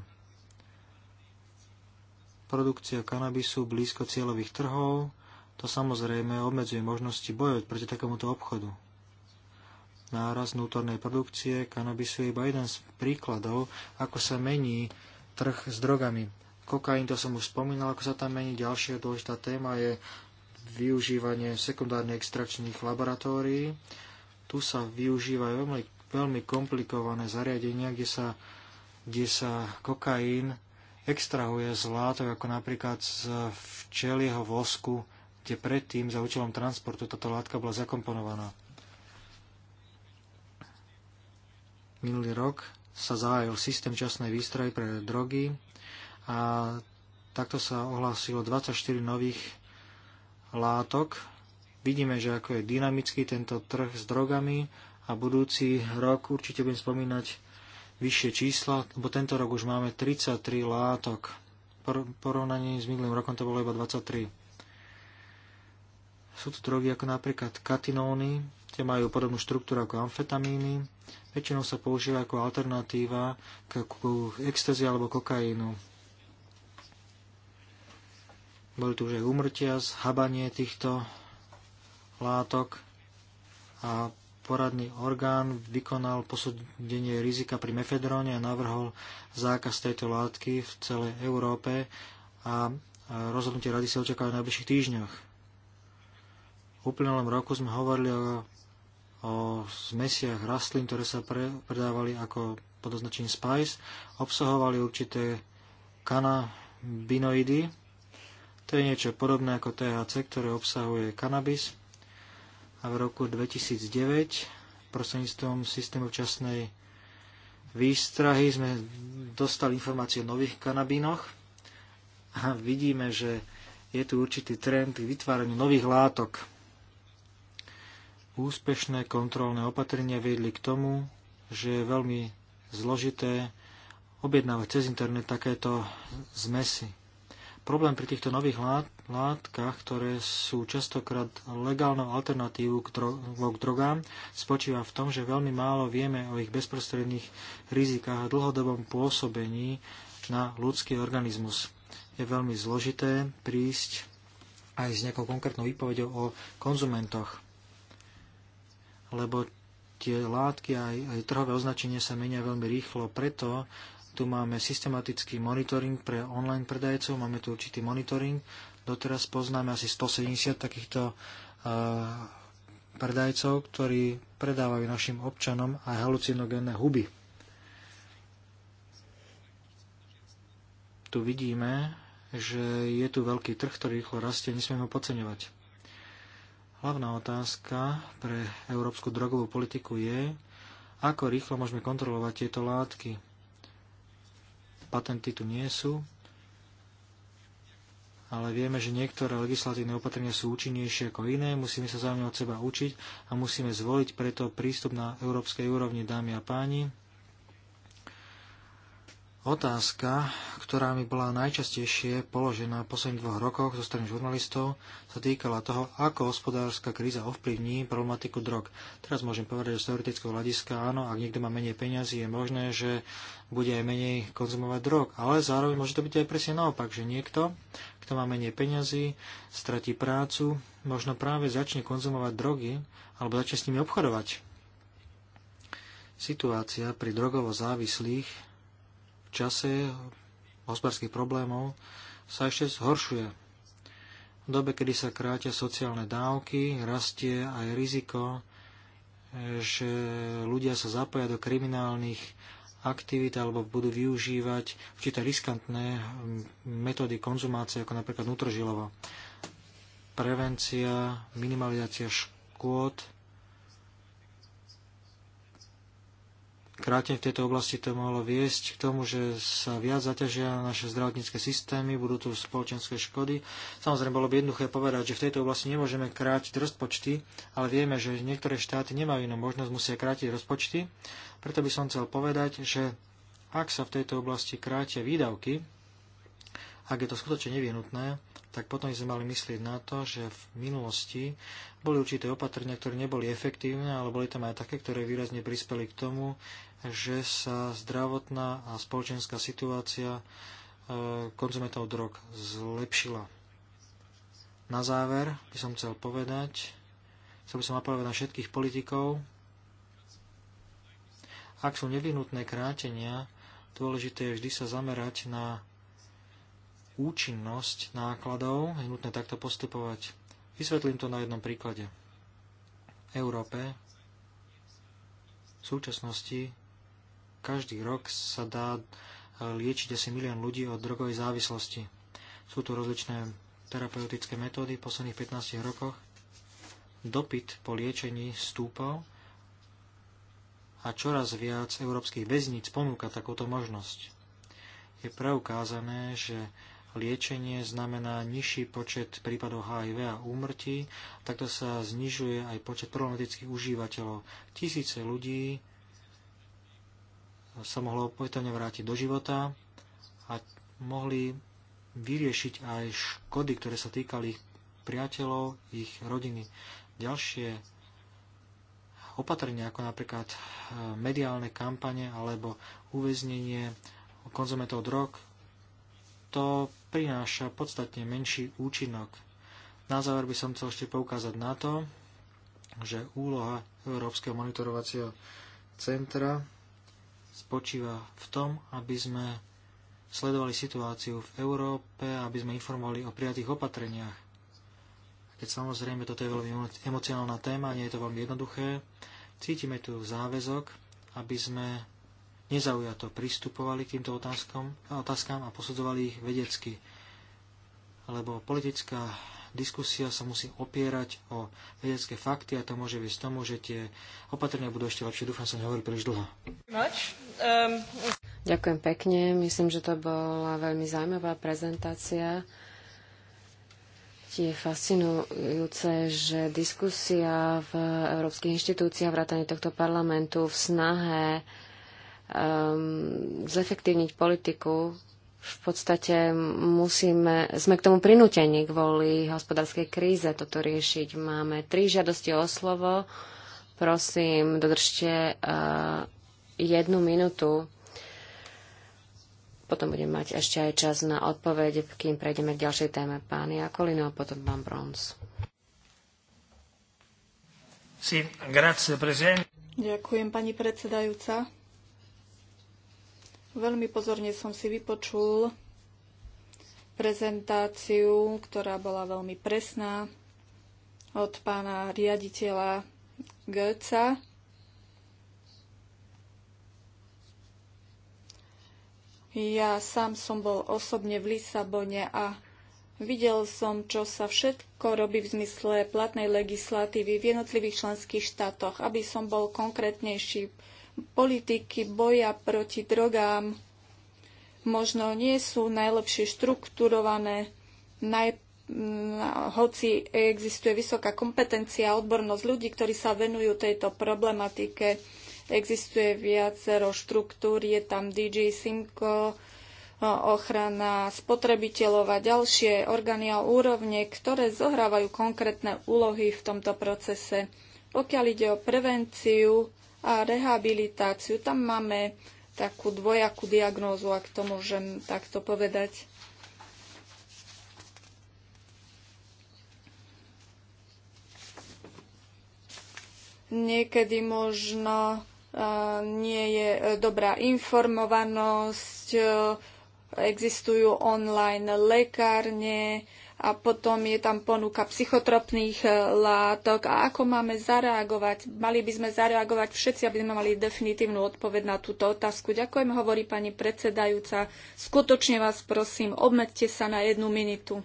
Produkcia kanabisu blízko cieľových trhov, to samozrejme obmedzuje možnosti bojovať proti takémuto obchodu náraz vnútornej produkcie. Kanabisu je iba jeden z príkladov, ako sa mení trh s drogami. Kokain, to som už spomínal, ako sa tam mení. Ďalšia dôležitá téma je využívanie sekundárnych extrakčných laboratórií. Tu sa využívajú veľmi, veľmi komplikované zariadenia, kde sa, kde sa kokain extrahuje z látok, ako napríklad z včelieho vosku, kde predtým za účelom transportu táto látka bola zakomponovaná. Minulý rok sa zahájil systém časnej výstroj pre drogy a takto sa ohlásilo 24 nových látok. Vidíme, že ako je dynamický tento trh s drogami a budúci rok určite budem spomínať vyššie čísla, lebo tento rok už máme 33 látok. Por- porovnaní s minulým rokom to bolo iba 23. Sú to drogy ako napríklad katinóny, tie majú podobnú štruktúru ako amfetamíny Väčšinou sa používa ako alternatíva k, k alebo kokainu. Boli tu už aj umrtia, zhabanie týchto látok a poradný orgán vykonal posúdenie rizika pri mefedróne a navrhol zákaz tejto látky v celej Európe a rozhodnutie rady sa očakáva v najbližších týždňoch. V uplynulom roku sme hovorili o o zmesiach rastlín, ktoré sa pre, predávali ako pod označením Spice, obsahovali určité kanabinoidy. To je niečo podobné ako THC, ktoré obsahuje kanabis. A v roku 2009 prostredníctvom systému včasnej výstrahy sme dostali informácie o nových kanabínoch a vidíme, že je tu určitý trend k vytváraniu nových látok Úspešné kontrolné opatrenia viedli k tomu, že je veľmi zložité objednávať cez internet takéto zmesy. Problém pri týchto nových látkach, ktoré sú častokrát legálnou alternatívou k, dro- k drogám, spočíva v tom, že veľmi málo vieme o ich bezprostredných rizikách a dlhodobom pôsobení na ľudský organizmus. Je veľmi zložité prísť aj s nejakou konkrétnou výpovedou o konzumentoch lebo tie látky aj, aj trhové označenie sa menia veľmi rýchlo, preto tu máme systematický monitoring pre online predajcov, máme tu určitý monitoring, doteraz poznáme asi 170 takýchto uh, predajcov, ktorí predávajú našim občanom aj halucinogénne huby. Tu vidíme, že je tu veľký trh, ktorý rýchlo rastie, nesmieme ho podceňovať. Hlavná otázka pre európsku drogovú politiku je, ako rýchlo môžeme kontrolovať tieto látky. Patenty tu nie sú, ale vieme, že niektoré legislatívne opatrenia sú účinnejšie ako iné, musíme sa zájomne od seba učiť a musíme zvoliť preto prístup na európskej úrovni, dámy a páni. Otázka, ktorá mi bola najčastejšie položená v posledných dvoch rokoch zo strany žurnalistov, sa týkala toho, ako hospodárska kríza ovplyvní problematiku drog. Teraz môžem povedať, že z teoretického hľadiska áno, ak niekto má menej peňazí, je možné, že bude aj menej konzumovať drog. Ale zároveň môže to byť aj presne naopak, že niekto, kto má menej peňazí, stratí prácu, možno práve začne konzumovať drogy alebo začne s nimi obchodovať. Situácia pri drogovo závislých čase hospodárskych problémov sa ešte zhoršuje. V dobe, kedy sa krátia sociálne dávky, rastie aj riziko, že ľudia sa zapoja do kriminálnych aktivít alebo budú využívať určité riskantné metódy konzumácie, ako napríklad nutrožilovo. Prevencia, minimalizácia škôd, krátenie v tejto oblasti to mohlo viesť k tomu, že sa viac zaťažia naše zdravotnícke systémy, budú tu spoločenské škody. Samozrejme, bolo by jednoduché povedať, že v tejto oblasti nemôžeme krátiť rozpočty, ale vieme, že niektoré štáty nemajú inú možnosť, musia krátiť rozpočty. Preto by som chcel povedať, že ak sa v tejto oblasti krátia výdavky, ak je to skutočne nevyhnutné, tak potom sme mali myslieť na to, že v minulosti boli určité opatrenia, ktoré neboli efektívne, ale boli tam aj také, ktoré výrazne prispeli k tomu, že sa zdravotná a spoločenská situácia e, konzumentov drog zlepšila. Na záver by som chcel povedať, chcel by som apelovať na všetkých politikov, ak sú nevyhnutné krátenia, dôležité je vždy sa zamerať na účinnosť nákladov, je nutné takto postupovať. Vysvetlím to na jednom príklade. V Európe v súčasnosti každý rok sa dá e, liečiť asi milión ľudí od drogovej závislosti. Sú tu rozličné terapeutické metódy v posledných 15 rokoch. Dopyt po liečení stúpal a čoraz viac európskych väzníc ponúka takúto možnosť. Je preukázané, že liečenie znamená nižší počet prípadov HIV a úmrtí, takto sa znižuje aj počet problematických užívateľov. Tisíce ľudí sa mohlo opätovne vrátiť do života a mohli vyriešiť aj škody, ktoré sa týkali ich priateľov, ich rodiny. Ďalšie opatrenia, ako napríklad e, mediálne kampane alebo uväznenie konzumentov drog, to prináša podstatne menší účinok. Na záver by som chcel ešte poukázať na to, že úloha Európskeho monitorovacieho centra spočíva v tom, aby sme sledovali situáciu v Európe, aby sme informovali o prijatých opatreniach. Keď samozrejme toto je veľmi emocionálna téma, nie je to veľmi jednoduché, cítime tu záväzok, aby sme nezaujato pristupovali k týmto otázkom, otázkam a posudzovali ich vedecky. Lebo politická diskusia sa musí opierať o vedecké fakty a to môže viesť tomu, že tie opatrenia budú ešte lepšie. Dúfam, som nehovoril príliš dlho. Um, Ďakujem pekne. Myslím, že to bola veľmi zaujímavá prezentácia. Je fascinujúce, že diskusia v európskych inštitúciách, vrátane tohto parlamentu v snahe um, zefektívniť politiku v podstate musíme, sme k tomu prinútení kvôli hospodárskej kríze toto riešiť. Máme tri žiadosti o slovo. Prosím, dodržte uh, jednu minútu. Potom budem mať ešte aj čas na odpoveď, kým prejdeme k ďalšej téme. Pán Jakolino a potom pán Bronz. Sí, grazie, Ďakujem, pani predsedajúca. Veľmi pozorne som si vypočul prezentáciu, ktorá bola veľmi presná od pána riaditeľa Goetza. Ja sám som bol osobne v Lisabone a videl som, čo sa všetko robí v zmysle platnej legislatívy v jednotlivých členských štátoch. Aby som bol konkrétnejší, politiky boja proti drogám možno nie sú najlepšie štrukturované, naj, hoci existuje vysoká kompetencia a odbornosť ľudí, ktorí sa venujú tejto problematike. Existuje viacero štruktúr, je tam DJ Simco, ochrana spotrebiteľov a ďalšie orgány a úrovne, ktoré zohrávajú konkrétne úlohy v tomto procese. Pokiaľ ide o prevenciu, a rehabilitáciu. Tam máme takú dvojakú diagnózu, ak to môžem takto povedať. Niekedy možno nie je e, dobrá informovanosť, e, existujú online lekárne, a potom je tam ponuka psychotropných e, látok a ako máme zareagovať. Mali by sme zareagovať všetci, aby sme mali definitívnu odpoveď na túto otázku. Ďakujem, hovorí pani predsedajúca. Skutočne vás prosím, obmedte sa na jednu minutu.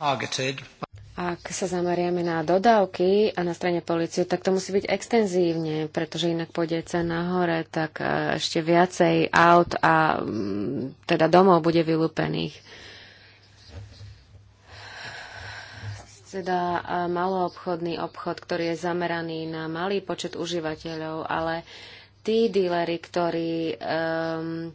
Ak sa zameriame na dodávky a na strane policiu, tak to musí byť extenzívne, pretože inak pôjde cena hore, tak e, ešte viacej aut a mm, teda domov bude vylúpených. teda maloobchodný obchod, ktorý je zameraný na malý počet užívateľov, ale tí díleri, ktorí um,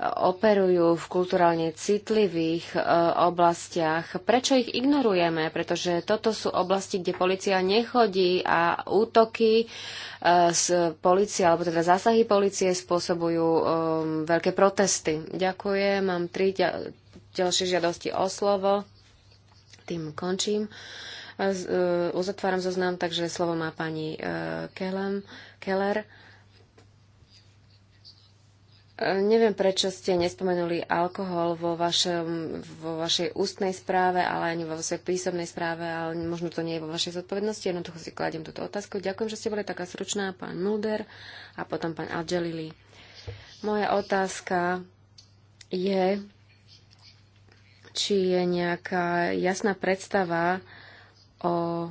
operujú v kulturálne citlivých uh, oblastiach. Prečo ich ignorujeme? Pretože toto sú oblasti, kde policia nechodí a útoky uh, z policie, alebo teda zásahy policie spôsobujú um, veľké protesty. Ďakujem. Mám tri ďalšie žiadosti o slovo tým končím. E, uzatváram zoznam, takže slovo má pani e, Keller. E, neviem, prečo ste nespomenuli alkohol vo, vašom, vo vašej ústnej správe, ale ani vo svojej písomnej správe, ale možno to nie je vo vašej zodpovednosti. Jednoducho si kladiem túto otázku. Ďakujem, že ste boli taká sručná, pán Mulder a potom pán Algelili. Moja otázka je, či je nejaká jasná predstava o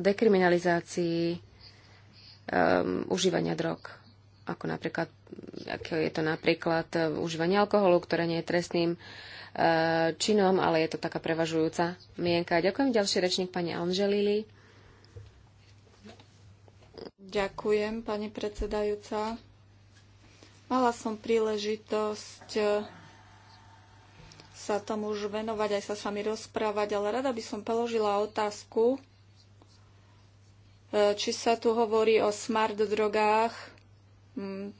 dekriminalizácii um, užívania drog. Ako napríklad, ako je to napríklad e, užívanie alkoholu, ktoré nie je trestným uh, činom, ale je to taká prevažujúca mienka. Ďakujem ďalší rečník pani Anželili. Ďakujem, pani predsedajúca. Mala som príležitosť e, sa tomu už venovať, aj sa s vami rozprávať, ale rada by som položila otázku, e, či sa tu hovorí o smart drogách mm,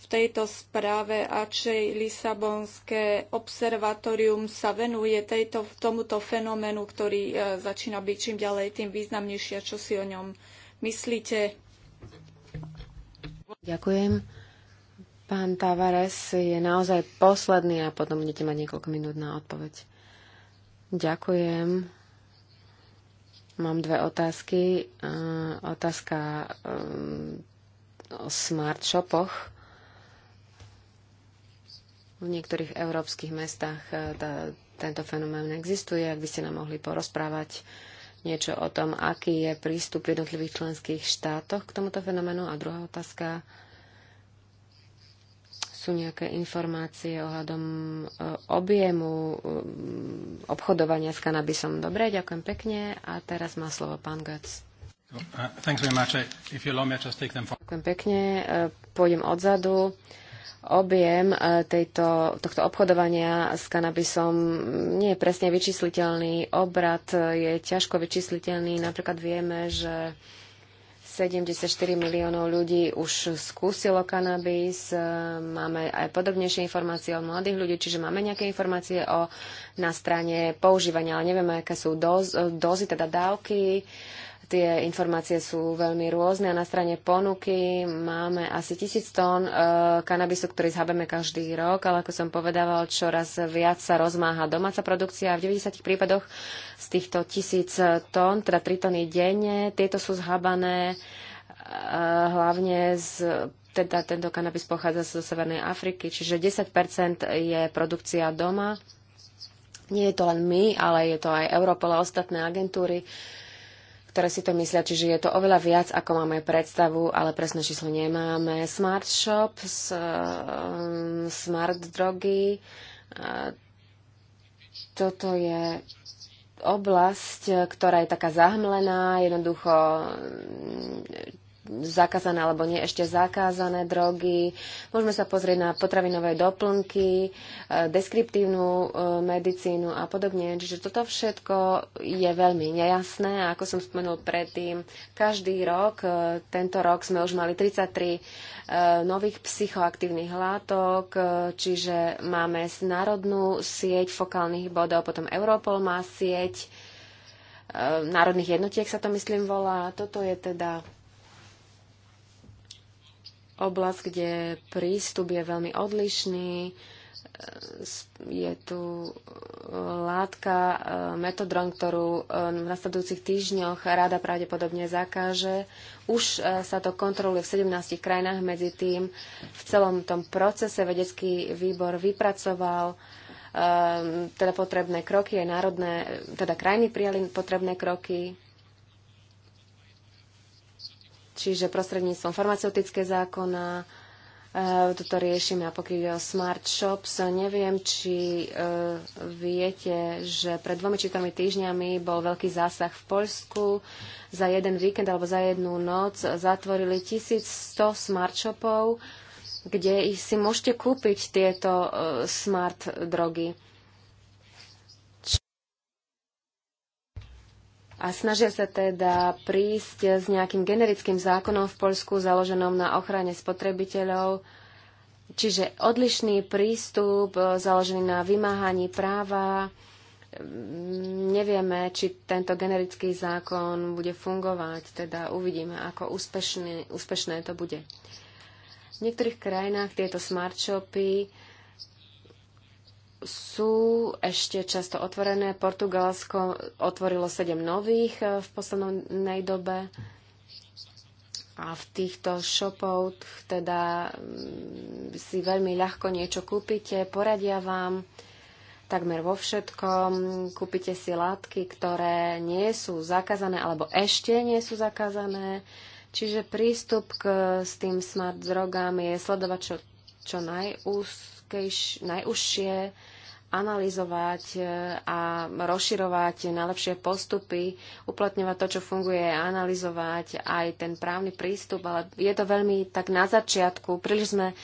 v tejto správe a či Lisabonské observatórium sa venuje tejto, tomuto fenoménu, ktorý e, začína byť čím ďalej tým významnejšie, čo si o ňom myslíte. Ďakujem. Pán Tavares je naozaj posledný a potom budete mať niekoľko minút na odpoveď. Ďakujem. Mám dve otázky. Otázka ehm, o smart shopoch. V niektorých európskych mestách e, tá, tento fenomén existuje. Ak by ste nám mohli porozprávať niečo o tom, aký je prístup v jednotlivých členských štátoch k tomuto fenoménu. A druhá otázka sú nejaké informácie ohľadom e, objemu e, obchodovania s kanabisom. Dobre, ďakujem pekne. A teraz má slovo pán Götz. Uh, ďakujem pekne. E, pôjdem odzadu. Objem tejto, tohto obchodovania s kanabisom nie je presne vyčísliteľný. Obrad je ťažko vyčísliteľný. Napríklad vieme, že 74 miliónov ľudí už skúsilo kanabis, e, máme aj podobnejšie informácie o mladých ľudí, čiže máme nejaké informácie o, na strane používania, ale nevieme, aké sú doz, dozy, teda dávky. Uh, Tie informácie sú veľmi rôzne a na strane ponuky máme asi tisíc tón e, kanabisu, ktorý zhabeme každý rok, ale ako som povedával, čoraz viac sa rozmáha domáca produkcia a v 90 prípadoch z týchto tisíc tón, teda 3 tony denne, tieto sú zhabané e, hlavne z teda tento kanabis pochádza zo Severnej Afriky, čiže 10% je produkcia doma. Nie je to len my, ale je to aj Európa a ostatné agentúry, ktoré si to myslia, čiže je to oveľa viac, ako máme predstavu, ale presné číslo nemáme. Smart shops, um, smart drogy, toto je oblasť, ktorá je taká zahmlená, jednoducho zakázané alebo nie ešte zakázané drogy. Môžeme sa pozrieť na potravinové doplnky, e, deskriptívnu e, medicínu a podobne. Čiže toto všetko je veľmi nejasné a ako som spomenul predtým, každý rok, e, tento rok sme už mali 33 nových psychoaktívnych látok, čiže máme národnú sieť fokálnych bodov, potom Europol má sieť národných jednotiek sa to myslím volá. Toto je teda oblasť, kde prístup je veľmi odlišný. E, je tu e, látka e, metodron, ktorú v nasledujúcich týždňoch rada pravdepodobne zakáže. Už sa to kontroluje v 17 krajinách, medzi tým v celom tom procese vedecký výbor vypracoval teda potrebné kroky, aj národné, teda krajiny prijali potrebné kroky, Čiže prostredníctvom farmaceutické zákona e, toto riešime a pokiaľ o smart shops, neviem, či e, viete, že pred dvomi či tromi týždňami bol veľký zásah v Poľsku. Za jeden víkend alebo za jednu noc zatvorili 1100 smart shopov, kde si môžete kúpiť tieto e, smart drogy. a snažia sa teda prísť s nejakým generickým zákonom v Poľsku založenom na ochrane spotrebiteľov, čiže odlišný prístup e, založený na vymáhaní práva. Mm, nevieme, či tento generický zákon bude fungovať, teda uvidíme, ako úspešné, úspešné to bude. V niektorých krajinách tieto smart shopy sú ešte často otvorené. Portugalsko otvorilo 7 nových eh, v poslednej dobe. A v týchto shopoch teda mm, si veľmi ľahko niečo kúpite, poradia vám takmer vo všetkom. Kúpite si látky, ktoré nie sú zakázané, alebo ešte nie sú zakázané. Čiže prístup k, s tým smart drogám je sledovať čo, čo najúskejš, najúžšie analyzovať e, a rozširovať najlepšie postupy, uplatňovať to, čo funguje, analyzovať aj ten právny prístup, ale je to veľmi tak na začiatku. Príliš sme,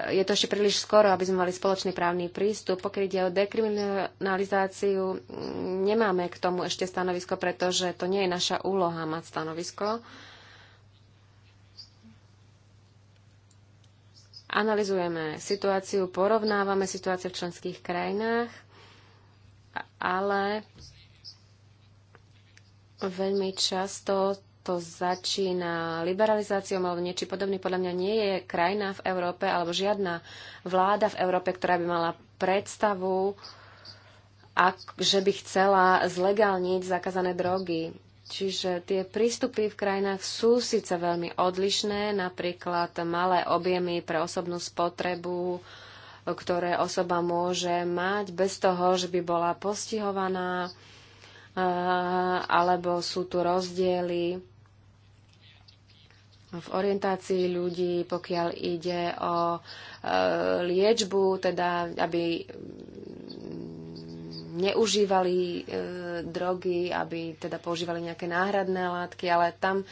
e, je to ešte príliš skoro, aby sme mali spoločný právny prístup. Pokiaľ ide o dekriminalizáciu, mm, nemáme k tomu ešte stanovisko, pretože to nie je naša úloha mať stanovisko. Uh, Analizujeme situáciu, porovnávame situácie v členských krajinách, ale veľmi často to začína liberalizáciou alebo niečím podobným. Podľa mňa nie je krajina v Európe alebo žiadna vláda v Európe, ktorá by mala predstavu, ak, že by chcela zlegálniť zakázané drogy. Čiže tie prístupy v krajinách sú síce veľmi odlišné, napríklad malé objemy pre osobnú spotrebu, ktoré osoba môže mať bez toho, že by bola postihovaná, alebo sú tu rozdiely v orientácii ľudí, pokiaľ ide o e, liečbu, teda aby neužívali e, drogy, aby teda používali nejaké náhradné látky, ale tam e,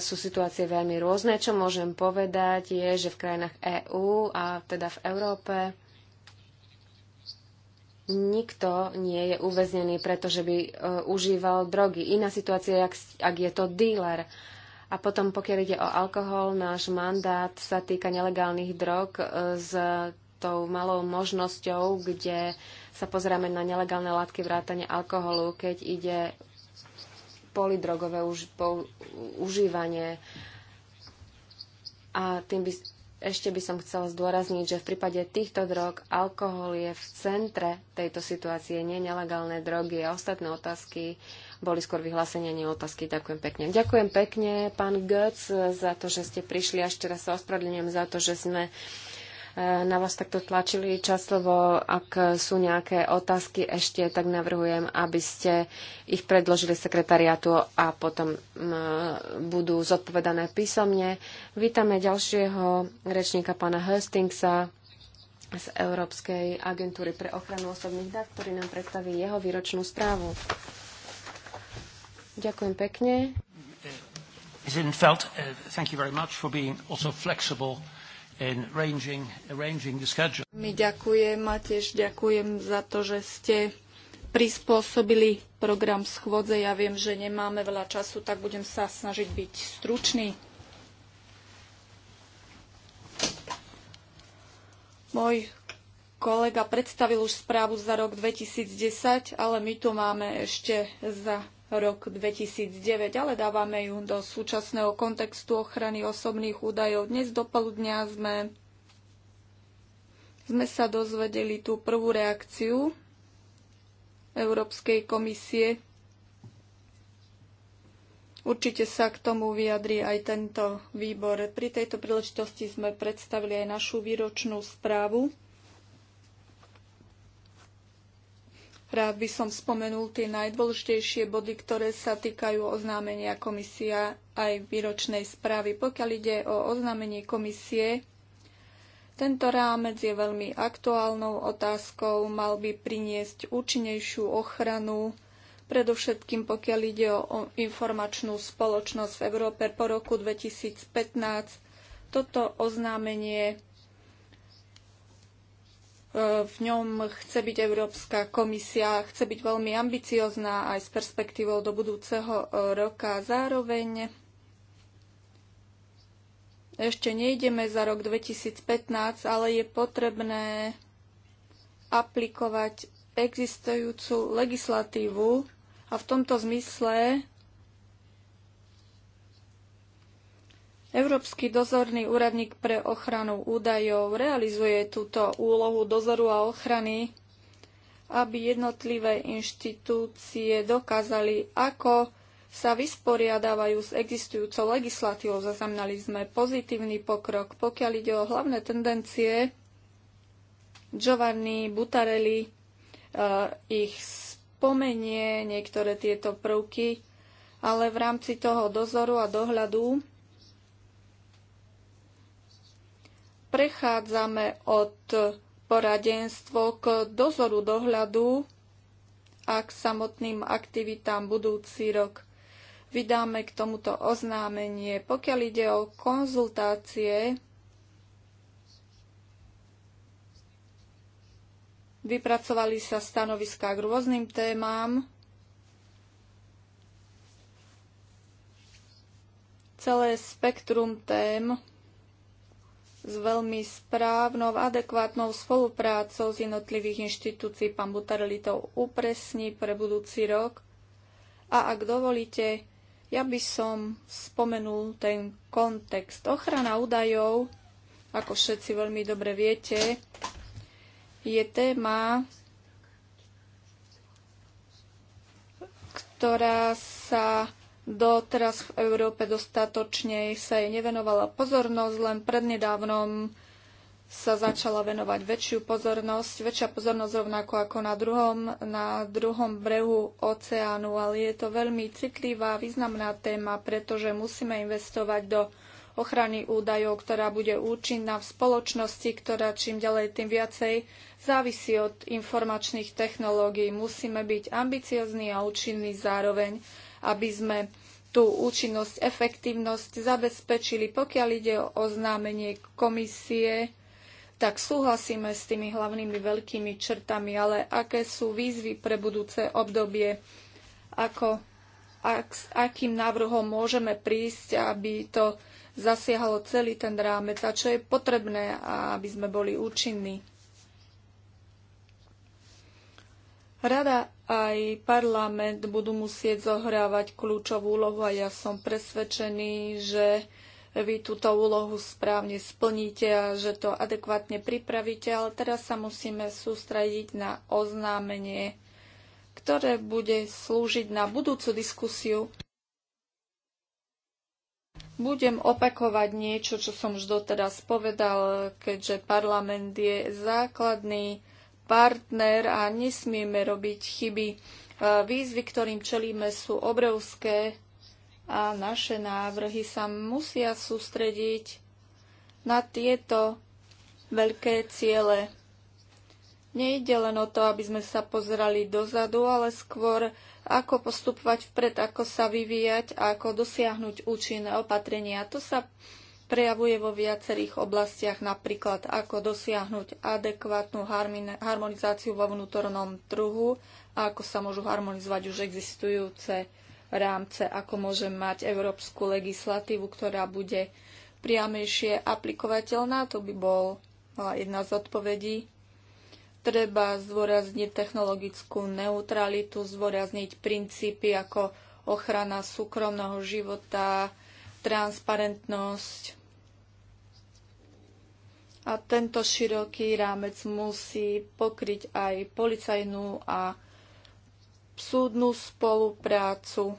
sú situácie veľmi rôzne. Čo môžem povedať je, že v krajinách EÚ a teda v Európe nikto nie je uväznený, pretože by e, užíval drogy. Iná situácia je, ak, ak je to díler. A potom, pokiaľ ide o alkohol, náš mandát sa týka nelegálnych drog e, s tou malou možnosťou, kde e, sa pozeráme na nelegálne látky vrátane alkoholu, keď ide polidrogové už, po, užívanie. A tým by, ešte by som chcela zdôrazniť, že v prípade týchto drog alkohol je v centre tejto situácie, nie nelegálne drogy a ostatné otázky boli skôr vyhlásenia, nie otázky. Ďakujem pekne. Ďakujem pekne, pán Götz, za to, že ste prišli. ešte raz sa ospravedlňujem za to, že sme uh, na vás takto tlačili časovo. Ak sú nejaké otázky ešte, tak navrhujem, aby ste ich predložili sekretariátu a potom budú zodpovedané písomne. Vítame ďalšieho rečníka pána Hustingsa z Európskej agentúry pre ochranu osobných dát, ktorý nám predstaví jeho výročnú správu. Ďakujem pekne. Mrs. Infeld, uh, thank you very much for being also flexible in arranging, arranging the schedule. My ďakujem a tiež ďakujem za to, že ste prispôsobili program schôdze. Ja viem, že nemáme veľa času, tak budem sa snažiť byť stručný. Môj kolega predstavil už správu za rok 2010, ale my tu máme ešte za rok 2009, ale dávame ju do súčasného kontextu ochrany osobných údajov. Dnes do poludnia sme, sme sa dozvedeli tú prvú reakciu Európskej komisie. Určite sa k tomu vyjadri aj tento výbor. Pri tejto príležitosti sme predstavili aj našu výročnú správu Rád by som spomenul tie najdôležitejšie body, ktoré sa týkajú oznámenia komisia aj výročnej správy. Pokiaľ ide o oznámenie komisie, tento rámec je veľmi aktuálnou otázkou, mal by priniesť účinnejšiu ochranu, predovšetkým pokiaľ ide o informačnú spoločnosť v Európe po roku 2015. Toto oznámenie v ňom chce byť Európska komisia, chce byť veľmi ambiciozná aj s perspektívou do budúceho e, roka. Zároveň ešte nejdeme za rok 2015, ale je potrebné aplikovať existujúcu legislatívu a v tomto zmysle Európsky dozorný úradník pre ochranu údajov realizuje túto úlohu dozoru a ochrany, aby jednotlivé inštitúcie dokázali, ako sa vysporiadávajú s existujúcou legislatívou. Zaznamenali sme pozitívny pokrok. Pokiaľ ide o hlavné tendencie, Giovanni Butarelli uh, ich spomenie, niektoré tieto prvky, ale v rámci toho dozoru a dohľadu prechádzame od poradenstvo k dozoru dohľadu a k samotným aktivitám budúci rok. Vydáme k tomuto oznámenie. Pokiaľ ide o konzultácie, vypracovali sa stanoviská k rôznym témam. Celé spektrum tém s veľmi správnou, adekvátnou spoluprácou z jednotlivých inštitúcií. Pán Butarli to upresní pre budúci rok. A ak dovolíte, ja by som spomenul ten kontext. Ochrana údajov, ako všetci veľmi dobre viete, je téma, ktorá sa doteraz v Európe dostatočne sa jej nevenovala pozornosť, len prednedávnom sa začala venovať väčšiu pozornosť, väčšia pozornosť rovnako ako na druhom, na druhom brehu oceánu, ale je to veľmi citlivá, významná téma, pretože musíme investovať do ochrany údajov, ktorá bude účinná v spoločnosti, ktorá čím ďalej tým viacej závisí od informačných technológií. Musíme byť ambiciozní a účinní zároveň aby sme tú účinnosť, efektívnosť zabezpečili. Pokiaľ ide o oznámenie komisie, tak súhlasíme s tými hlavnými veľkými črtami, ale aké sú výzvy pre budúce obdobie, ako, ak, s akým návrhom môžeme prísť, aby to zasiahalo celý ten rámec a čo je potrebné, aby sme boli účinní. Rada aj parlament budú musieť zohrávať kľúčovú úlohu a ja som presvedčený, že vy túto úlohu správne splníte a že to adekvátne pripravíte, ale teraz sa musíme sústrediť na oznámenie, ktoré bude slúžiť na budúcu diskusiu. Budem opakovať niečo, čo som už doteraz povedal, keďže parlament je základný partner a nesmieme robiť chyby. E, výzvy, ktorým čelíme, sú obrovské a naše návrhy sa musia sústrediť na tieto veľké ciele. Nejde len o to, aby sme sa pozerali dozadu, ale skôr ako postupovať vpred, ako sa vyvíjať a ako dosiahnuť účinné opatrenia. To sa prejavuje vo viacerých oblastiach, napríklad ako dosiahnuť adekvátnu harmonizáciu vo vnútornom trhu a ako sa môžu harmonizovať už existujúce rámce, ako môže mať európsku legislatívu, ktorá bude priamejšie aplikovateľná. To by bol jedna z odpovedí. Treba zdôrazniť technologickú neutralitu, zdôrazniť princípy ako ochrana súkromného života, transparentnosť. A tento široký rámec musí pokryť aj policajnú a súdnu spoluprácu. E,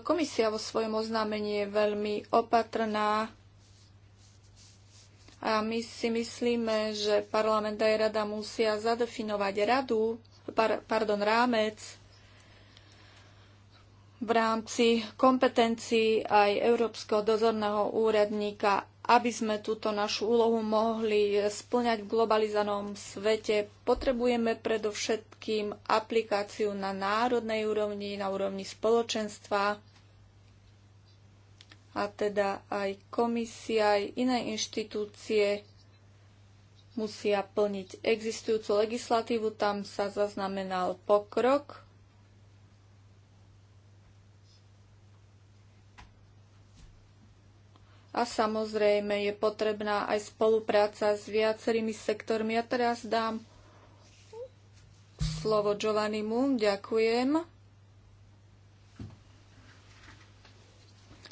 komisia vo svojom oznámení je veľmi opatrná a my si myslíme, že parlament aj rada musia zadefinovať radu, par, pardon, rámec v rámci kompetencií aj Európskeho dozorného úradníka, aby sme túto našu úlohu mohli splňať v globalizovanom svete, potrebujeme predovšetkým aplikáciu na národnej úrovni, na úrovni spoločenstva a teda aj komisia, aj iné inštitúcie musia plniť existujúcu legislatívu. Tam sa zaznamenal pokrok a samozrejme je potrebná aj spolupráca s viacerými sektormi. Ja teraz dám slovo Giovannimu. Ďakujem.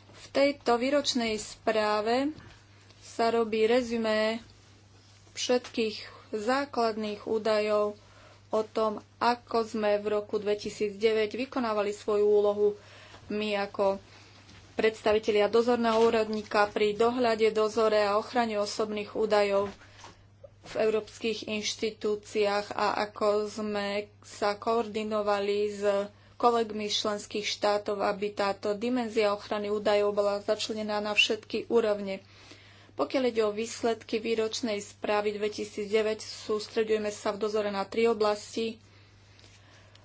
V tejto výročnej správe sa robí rezumé všetkých základných údajov o tom, ako sme v roku 2009 vykonávali svoju úlohu my ako predstavitelia dozorného úradníka pri dohľade, dozore a ochrane osobných údajov v európskych inštitúciách a ako sme sa koordinovali s kolegmi z členských štátov, aby táto dimenzia ochrany údajov bola začlenená na všetky úrovne. Pokiaľ ide o výsledky výročnej správy 2009, sústredujeme sa v dozore na tri oblasti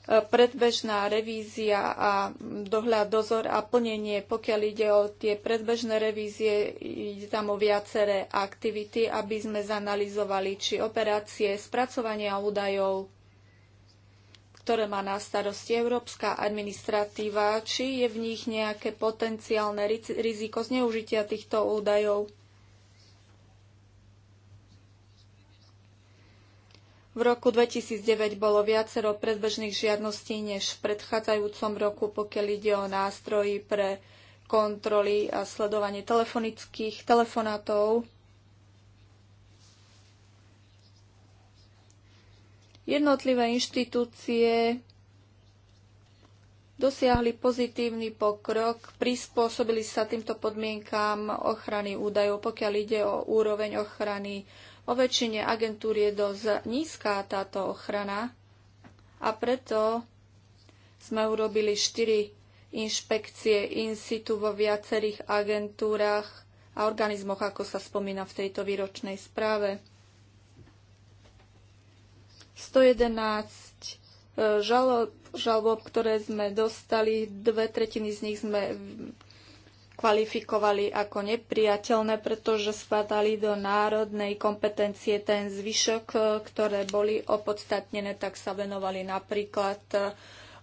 predbežná revízia a dohľad, dozor a plnenie. Pokiaľ ide o tie predbežné revízie, ide tam o viaceré aktivity, aby sme zanalizovali, či operácie spracovania údajov, ktoré má na starosti európska administratíva, či je v nich nejaké potenciálne riziko zneužitia týchto údajov V roku 2009 bolo viacero predbežných žiadností než v predchádzajúcom roku, pokiaľ ide o nástroji pre kontroly a sledovanie telefonických telefonátov. Jednotlivé inštitúcie dosiahli pozitívny pokrok, prispôsobili sa týmto podmienkám ochrany údajov, pokiaľ ide o úroveň ochrany vo väčšine agentúr je dosť nízka táto ochrana a preto sme urobili 4 inšpekcie in situ vo viacerých agentúrach a organizmoch, ako sa spomína v tejto výročnej správe. 111 e, žalob, žalob ktoré sme dostali, dve tretiny z nich sme kvalifikovali ako nepriateľné, pretože spadali do národnej kompetencie. Ten zvyšok, e, ktoré boli opodstatnené, tak sa venovali napríklad e,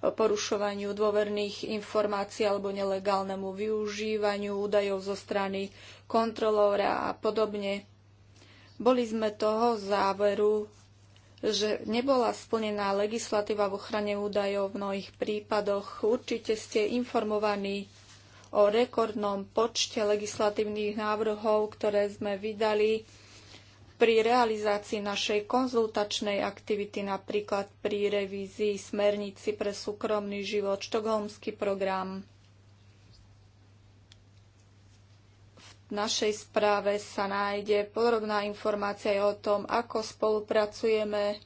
porušovaniu dôverných informácií alebo nelegálnemu využívaniu údajov zo strany kontrolóra a podobne. Boli sme toho záveru, že nebola splnená legislatíva v ochrane údajov v mnohých prípadoch. Určite ste informovaní o rekordnom počte legislatívnych návrhov, ktoré sme vydali pri realizácii našej konzultačnej aktivity, napríklad pri revízii smernici pre súkromný život, štokholmský program. V našej správe sa nájde podrobná informácia aj o tom, ako spolupracujeme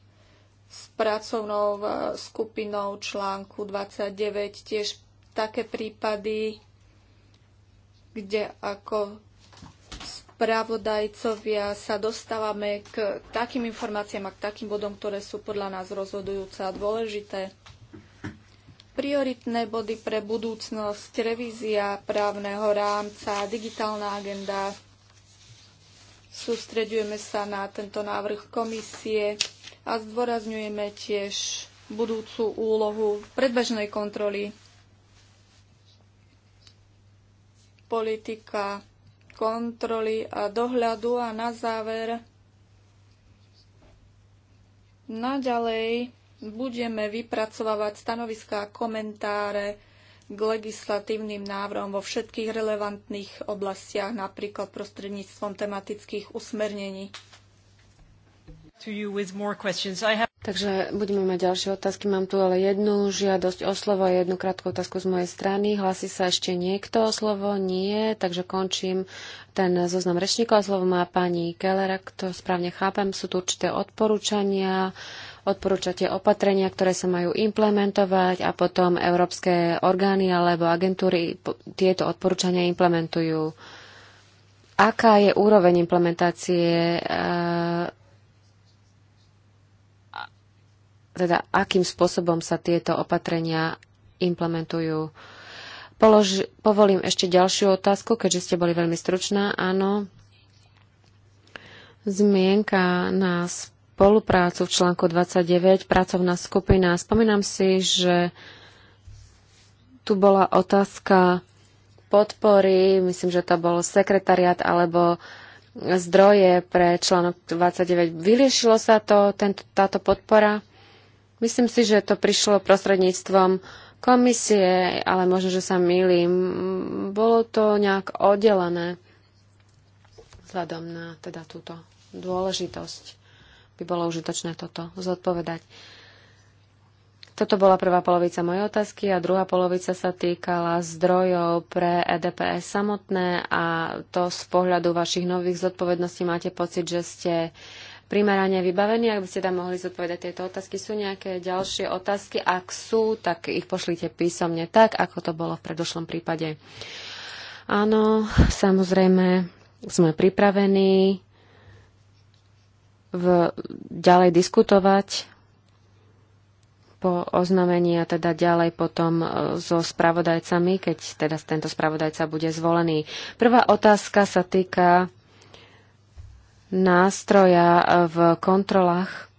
s pracovnou eh, skupinou článku 29, tiež také prípady kde ako spravodajcovia sa dostávame k takým informáciám a k takým bodom, ktoré sú podľa nás rozhodujúce a dôležité. Prioritné body pre budúcnosť, revízia právneho rámca, digitálna agenda. Sústredujeme sa na tento návrh komisie a zdôrazňujeme tiež budúcu úlohu predbežnej kontroly politika kontroly a dohľadu a na záver naďalej budeme vypracovávať stanoviská a komentáre k legislatívnym návrhom vo všetkých relevantných oblastiach, napríklad prostredníctvom tematických usmernení. Have... Takže budeme mať ďalšie otázky. Mám tu ale jednu žiadosť o slovo, a jednu krátku otázku z mojej strany. Hlasí sa ešte niekto o slovo? Nie, takže končím ten zoznam rečníkov. Slovo má pani Keller, ak to správne chápem. Sú tu určité odporúčania, odporúčate opatrenia, ktoré sa majú implementovať a potom európske orgány alebo agentúry tieto odporúčania implementujú. Aká je úroveň implementácie? E teda akým spôsobom sa tieto opatrenia implementujú. Polož, povolím ešte ďalšiu otázku, keďže ste boli veľmi stručná. Áno, zmienka na spoluprácu v článku 29, pracovná skupina. Spomínam si, že tu bola otázka podpory, myslím, že to bol sekretariat alebo zdroje pre článok 29. Vyriešilo sa to, tento, táto podpora? Myslím si, že to prišlo prostredníctvom komisie, ale možno, že sa milím. Bolo to nejak oddelené vzhľadom na teda túto dôležitosť. By bolo užitočné toto zodpovedať. Toto bola prvá polovica mojej otázky a druhá polovica sa týkala zdrojov pre EDPS samotné a to z pohľadu vašich nových zodpovedností máte pocit, že ste uh, primerane vybavení, ak by ste tam mohli zodpovedať tieto otázky. Sú nejaké ďalšie otázky? Ak sú, tak ich pošlite písomne tak, ako to bolo v predošlom prípade. Áno, samozrejme, sme pripravení v, ďalej diskutovať po oznamení a teda ďalej potom e, so spravodajcami, keď teda tento spravodajca bude zvolený. Prvá otázka sa týka nástroja e, v kontrolách,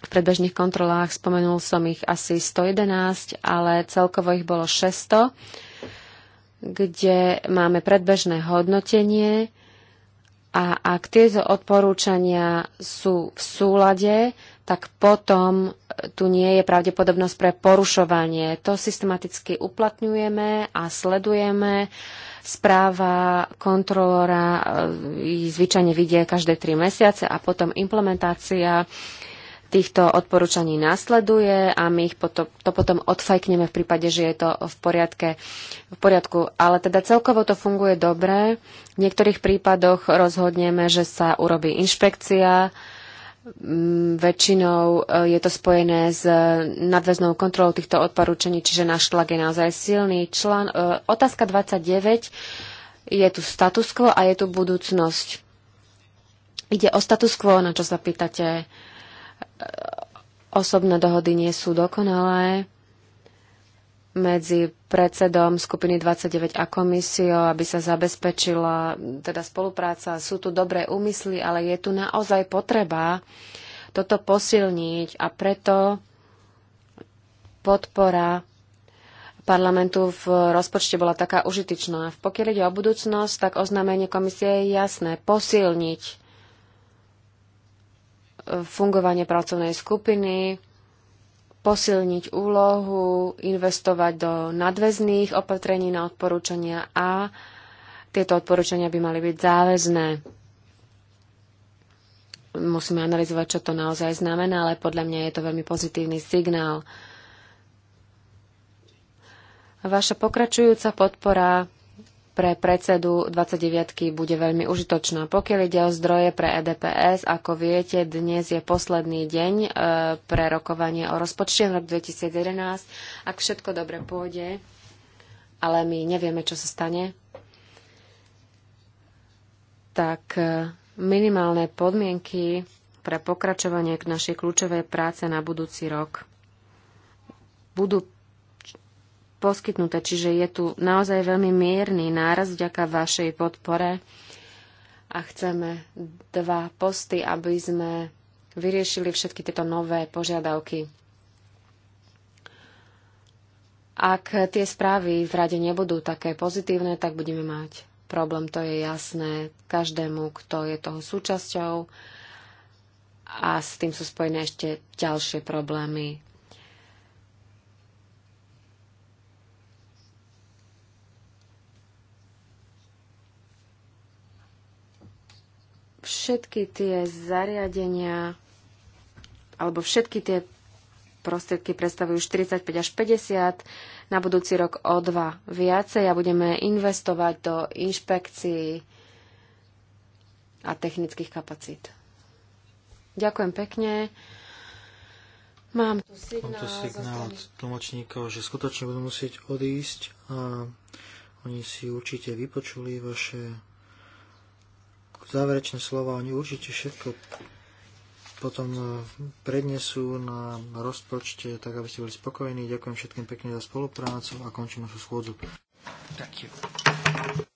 v predbežných kontrolách, spomenul som ich asi 111, ale celkovo ich bolo 600, kde máme predbežné hodnotenie a ak tieto odporúčania sú v súlade, tak potom e, tu nie je pravdepodobnosť pre porušovanie. To systematicky uplatňujeme a sledujeme. Správa kontrolóra e, zvyčajne vidie každé tri mesiace a potom implementácia týchto odporúčaní následuje a my ich potom, to potom odfajkneme v prípade, že je to v, poriadke, v poriadku. Ale teda celkovo to funguje dobre. V niektorých prípadoch rozhodneme, že sa urobí inšpekcia, Mm, väčšinou e, je to spojené s e, nadväznou kontrolou týchto odporúčení, čiže náš tlak je naozaj silný. Člán, e, otázka 29 je tu status quo a je tu budúcnosť. Ide o status quo, na čo sa pýtate. Osobné dohody nie sú dokonalé medzi predsedom skupiny 29 a komisiou, aby sa zabezpečila teda spolupráca. Sú tu dobré úmysly, ale je tu naozaj potreba toto posilniť a preto podpora parlamentu v rozpočte bola taká užitočná. Pokiaľ ide o budúcnosť, tak oznámenie komisie je jasné. Posilniť fungovanie pracovnej skupiny, posilniť úlohu, investovať do nadväzných opatrení na odporúčania a tieto odporúčania by mali byť záväzné. Musíme analyzovať, čo to naozaj znamená, ale podľa mňa je to veľmi pozitívny signál. Vaša pokračujúca podpora pre predsedu 29 bude veľmi užitočná. Pokiaľ ide o zdroje pre EDPS, ako viete, dnes je posledný deň e, pre rokovanie o rozpočte v roku 2011. Ak všetko dobre pôjde, ale my nevieme, čo sa stane, tak e, minimálne podmienky pre pokračovanie k našej kľúčovej práce na budúci rok budú poskytnuté. Čiže je tu naozaj veľmi mierny náraz vďaka vašej podpore a chceme dva posty, aby sme vyriešili všetky tieto nové požiadavky. Ak tie správy v rade nebudú také pozitívne, tak budeme mať problém, to je jasné každému, kto je toho súčasťou a s tým sú spojené ešte ďalšie problémy všetky tie zariadenia alebo všetky tie prostriedky predstavujú 45 až 50, na budúci rok o dva viacej a budeme investovať do inšpekcií a technických kapacít. Ďakujem pekne. Mám tu signál, Mám tu signál od tlmočníkov, že skutočne budú musieť odísť a oni si určite vypočuli vaše záverečné slova, oni určite všetko potom e, prednesú na rozpočte, tak aby ste boli spokojní. Ďakujem všetkým pekne za spoluprácu a končím našu schôdzu. Thank you.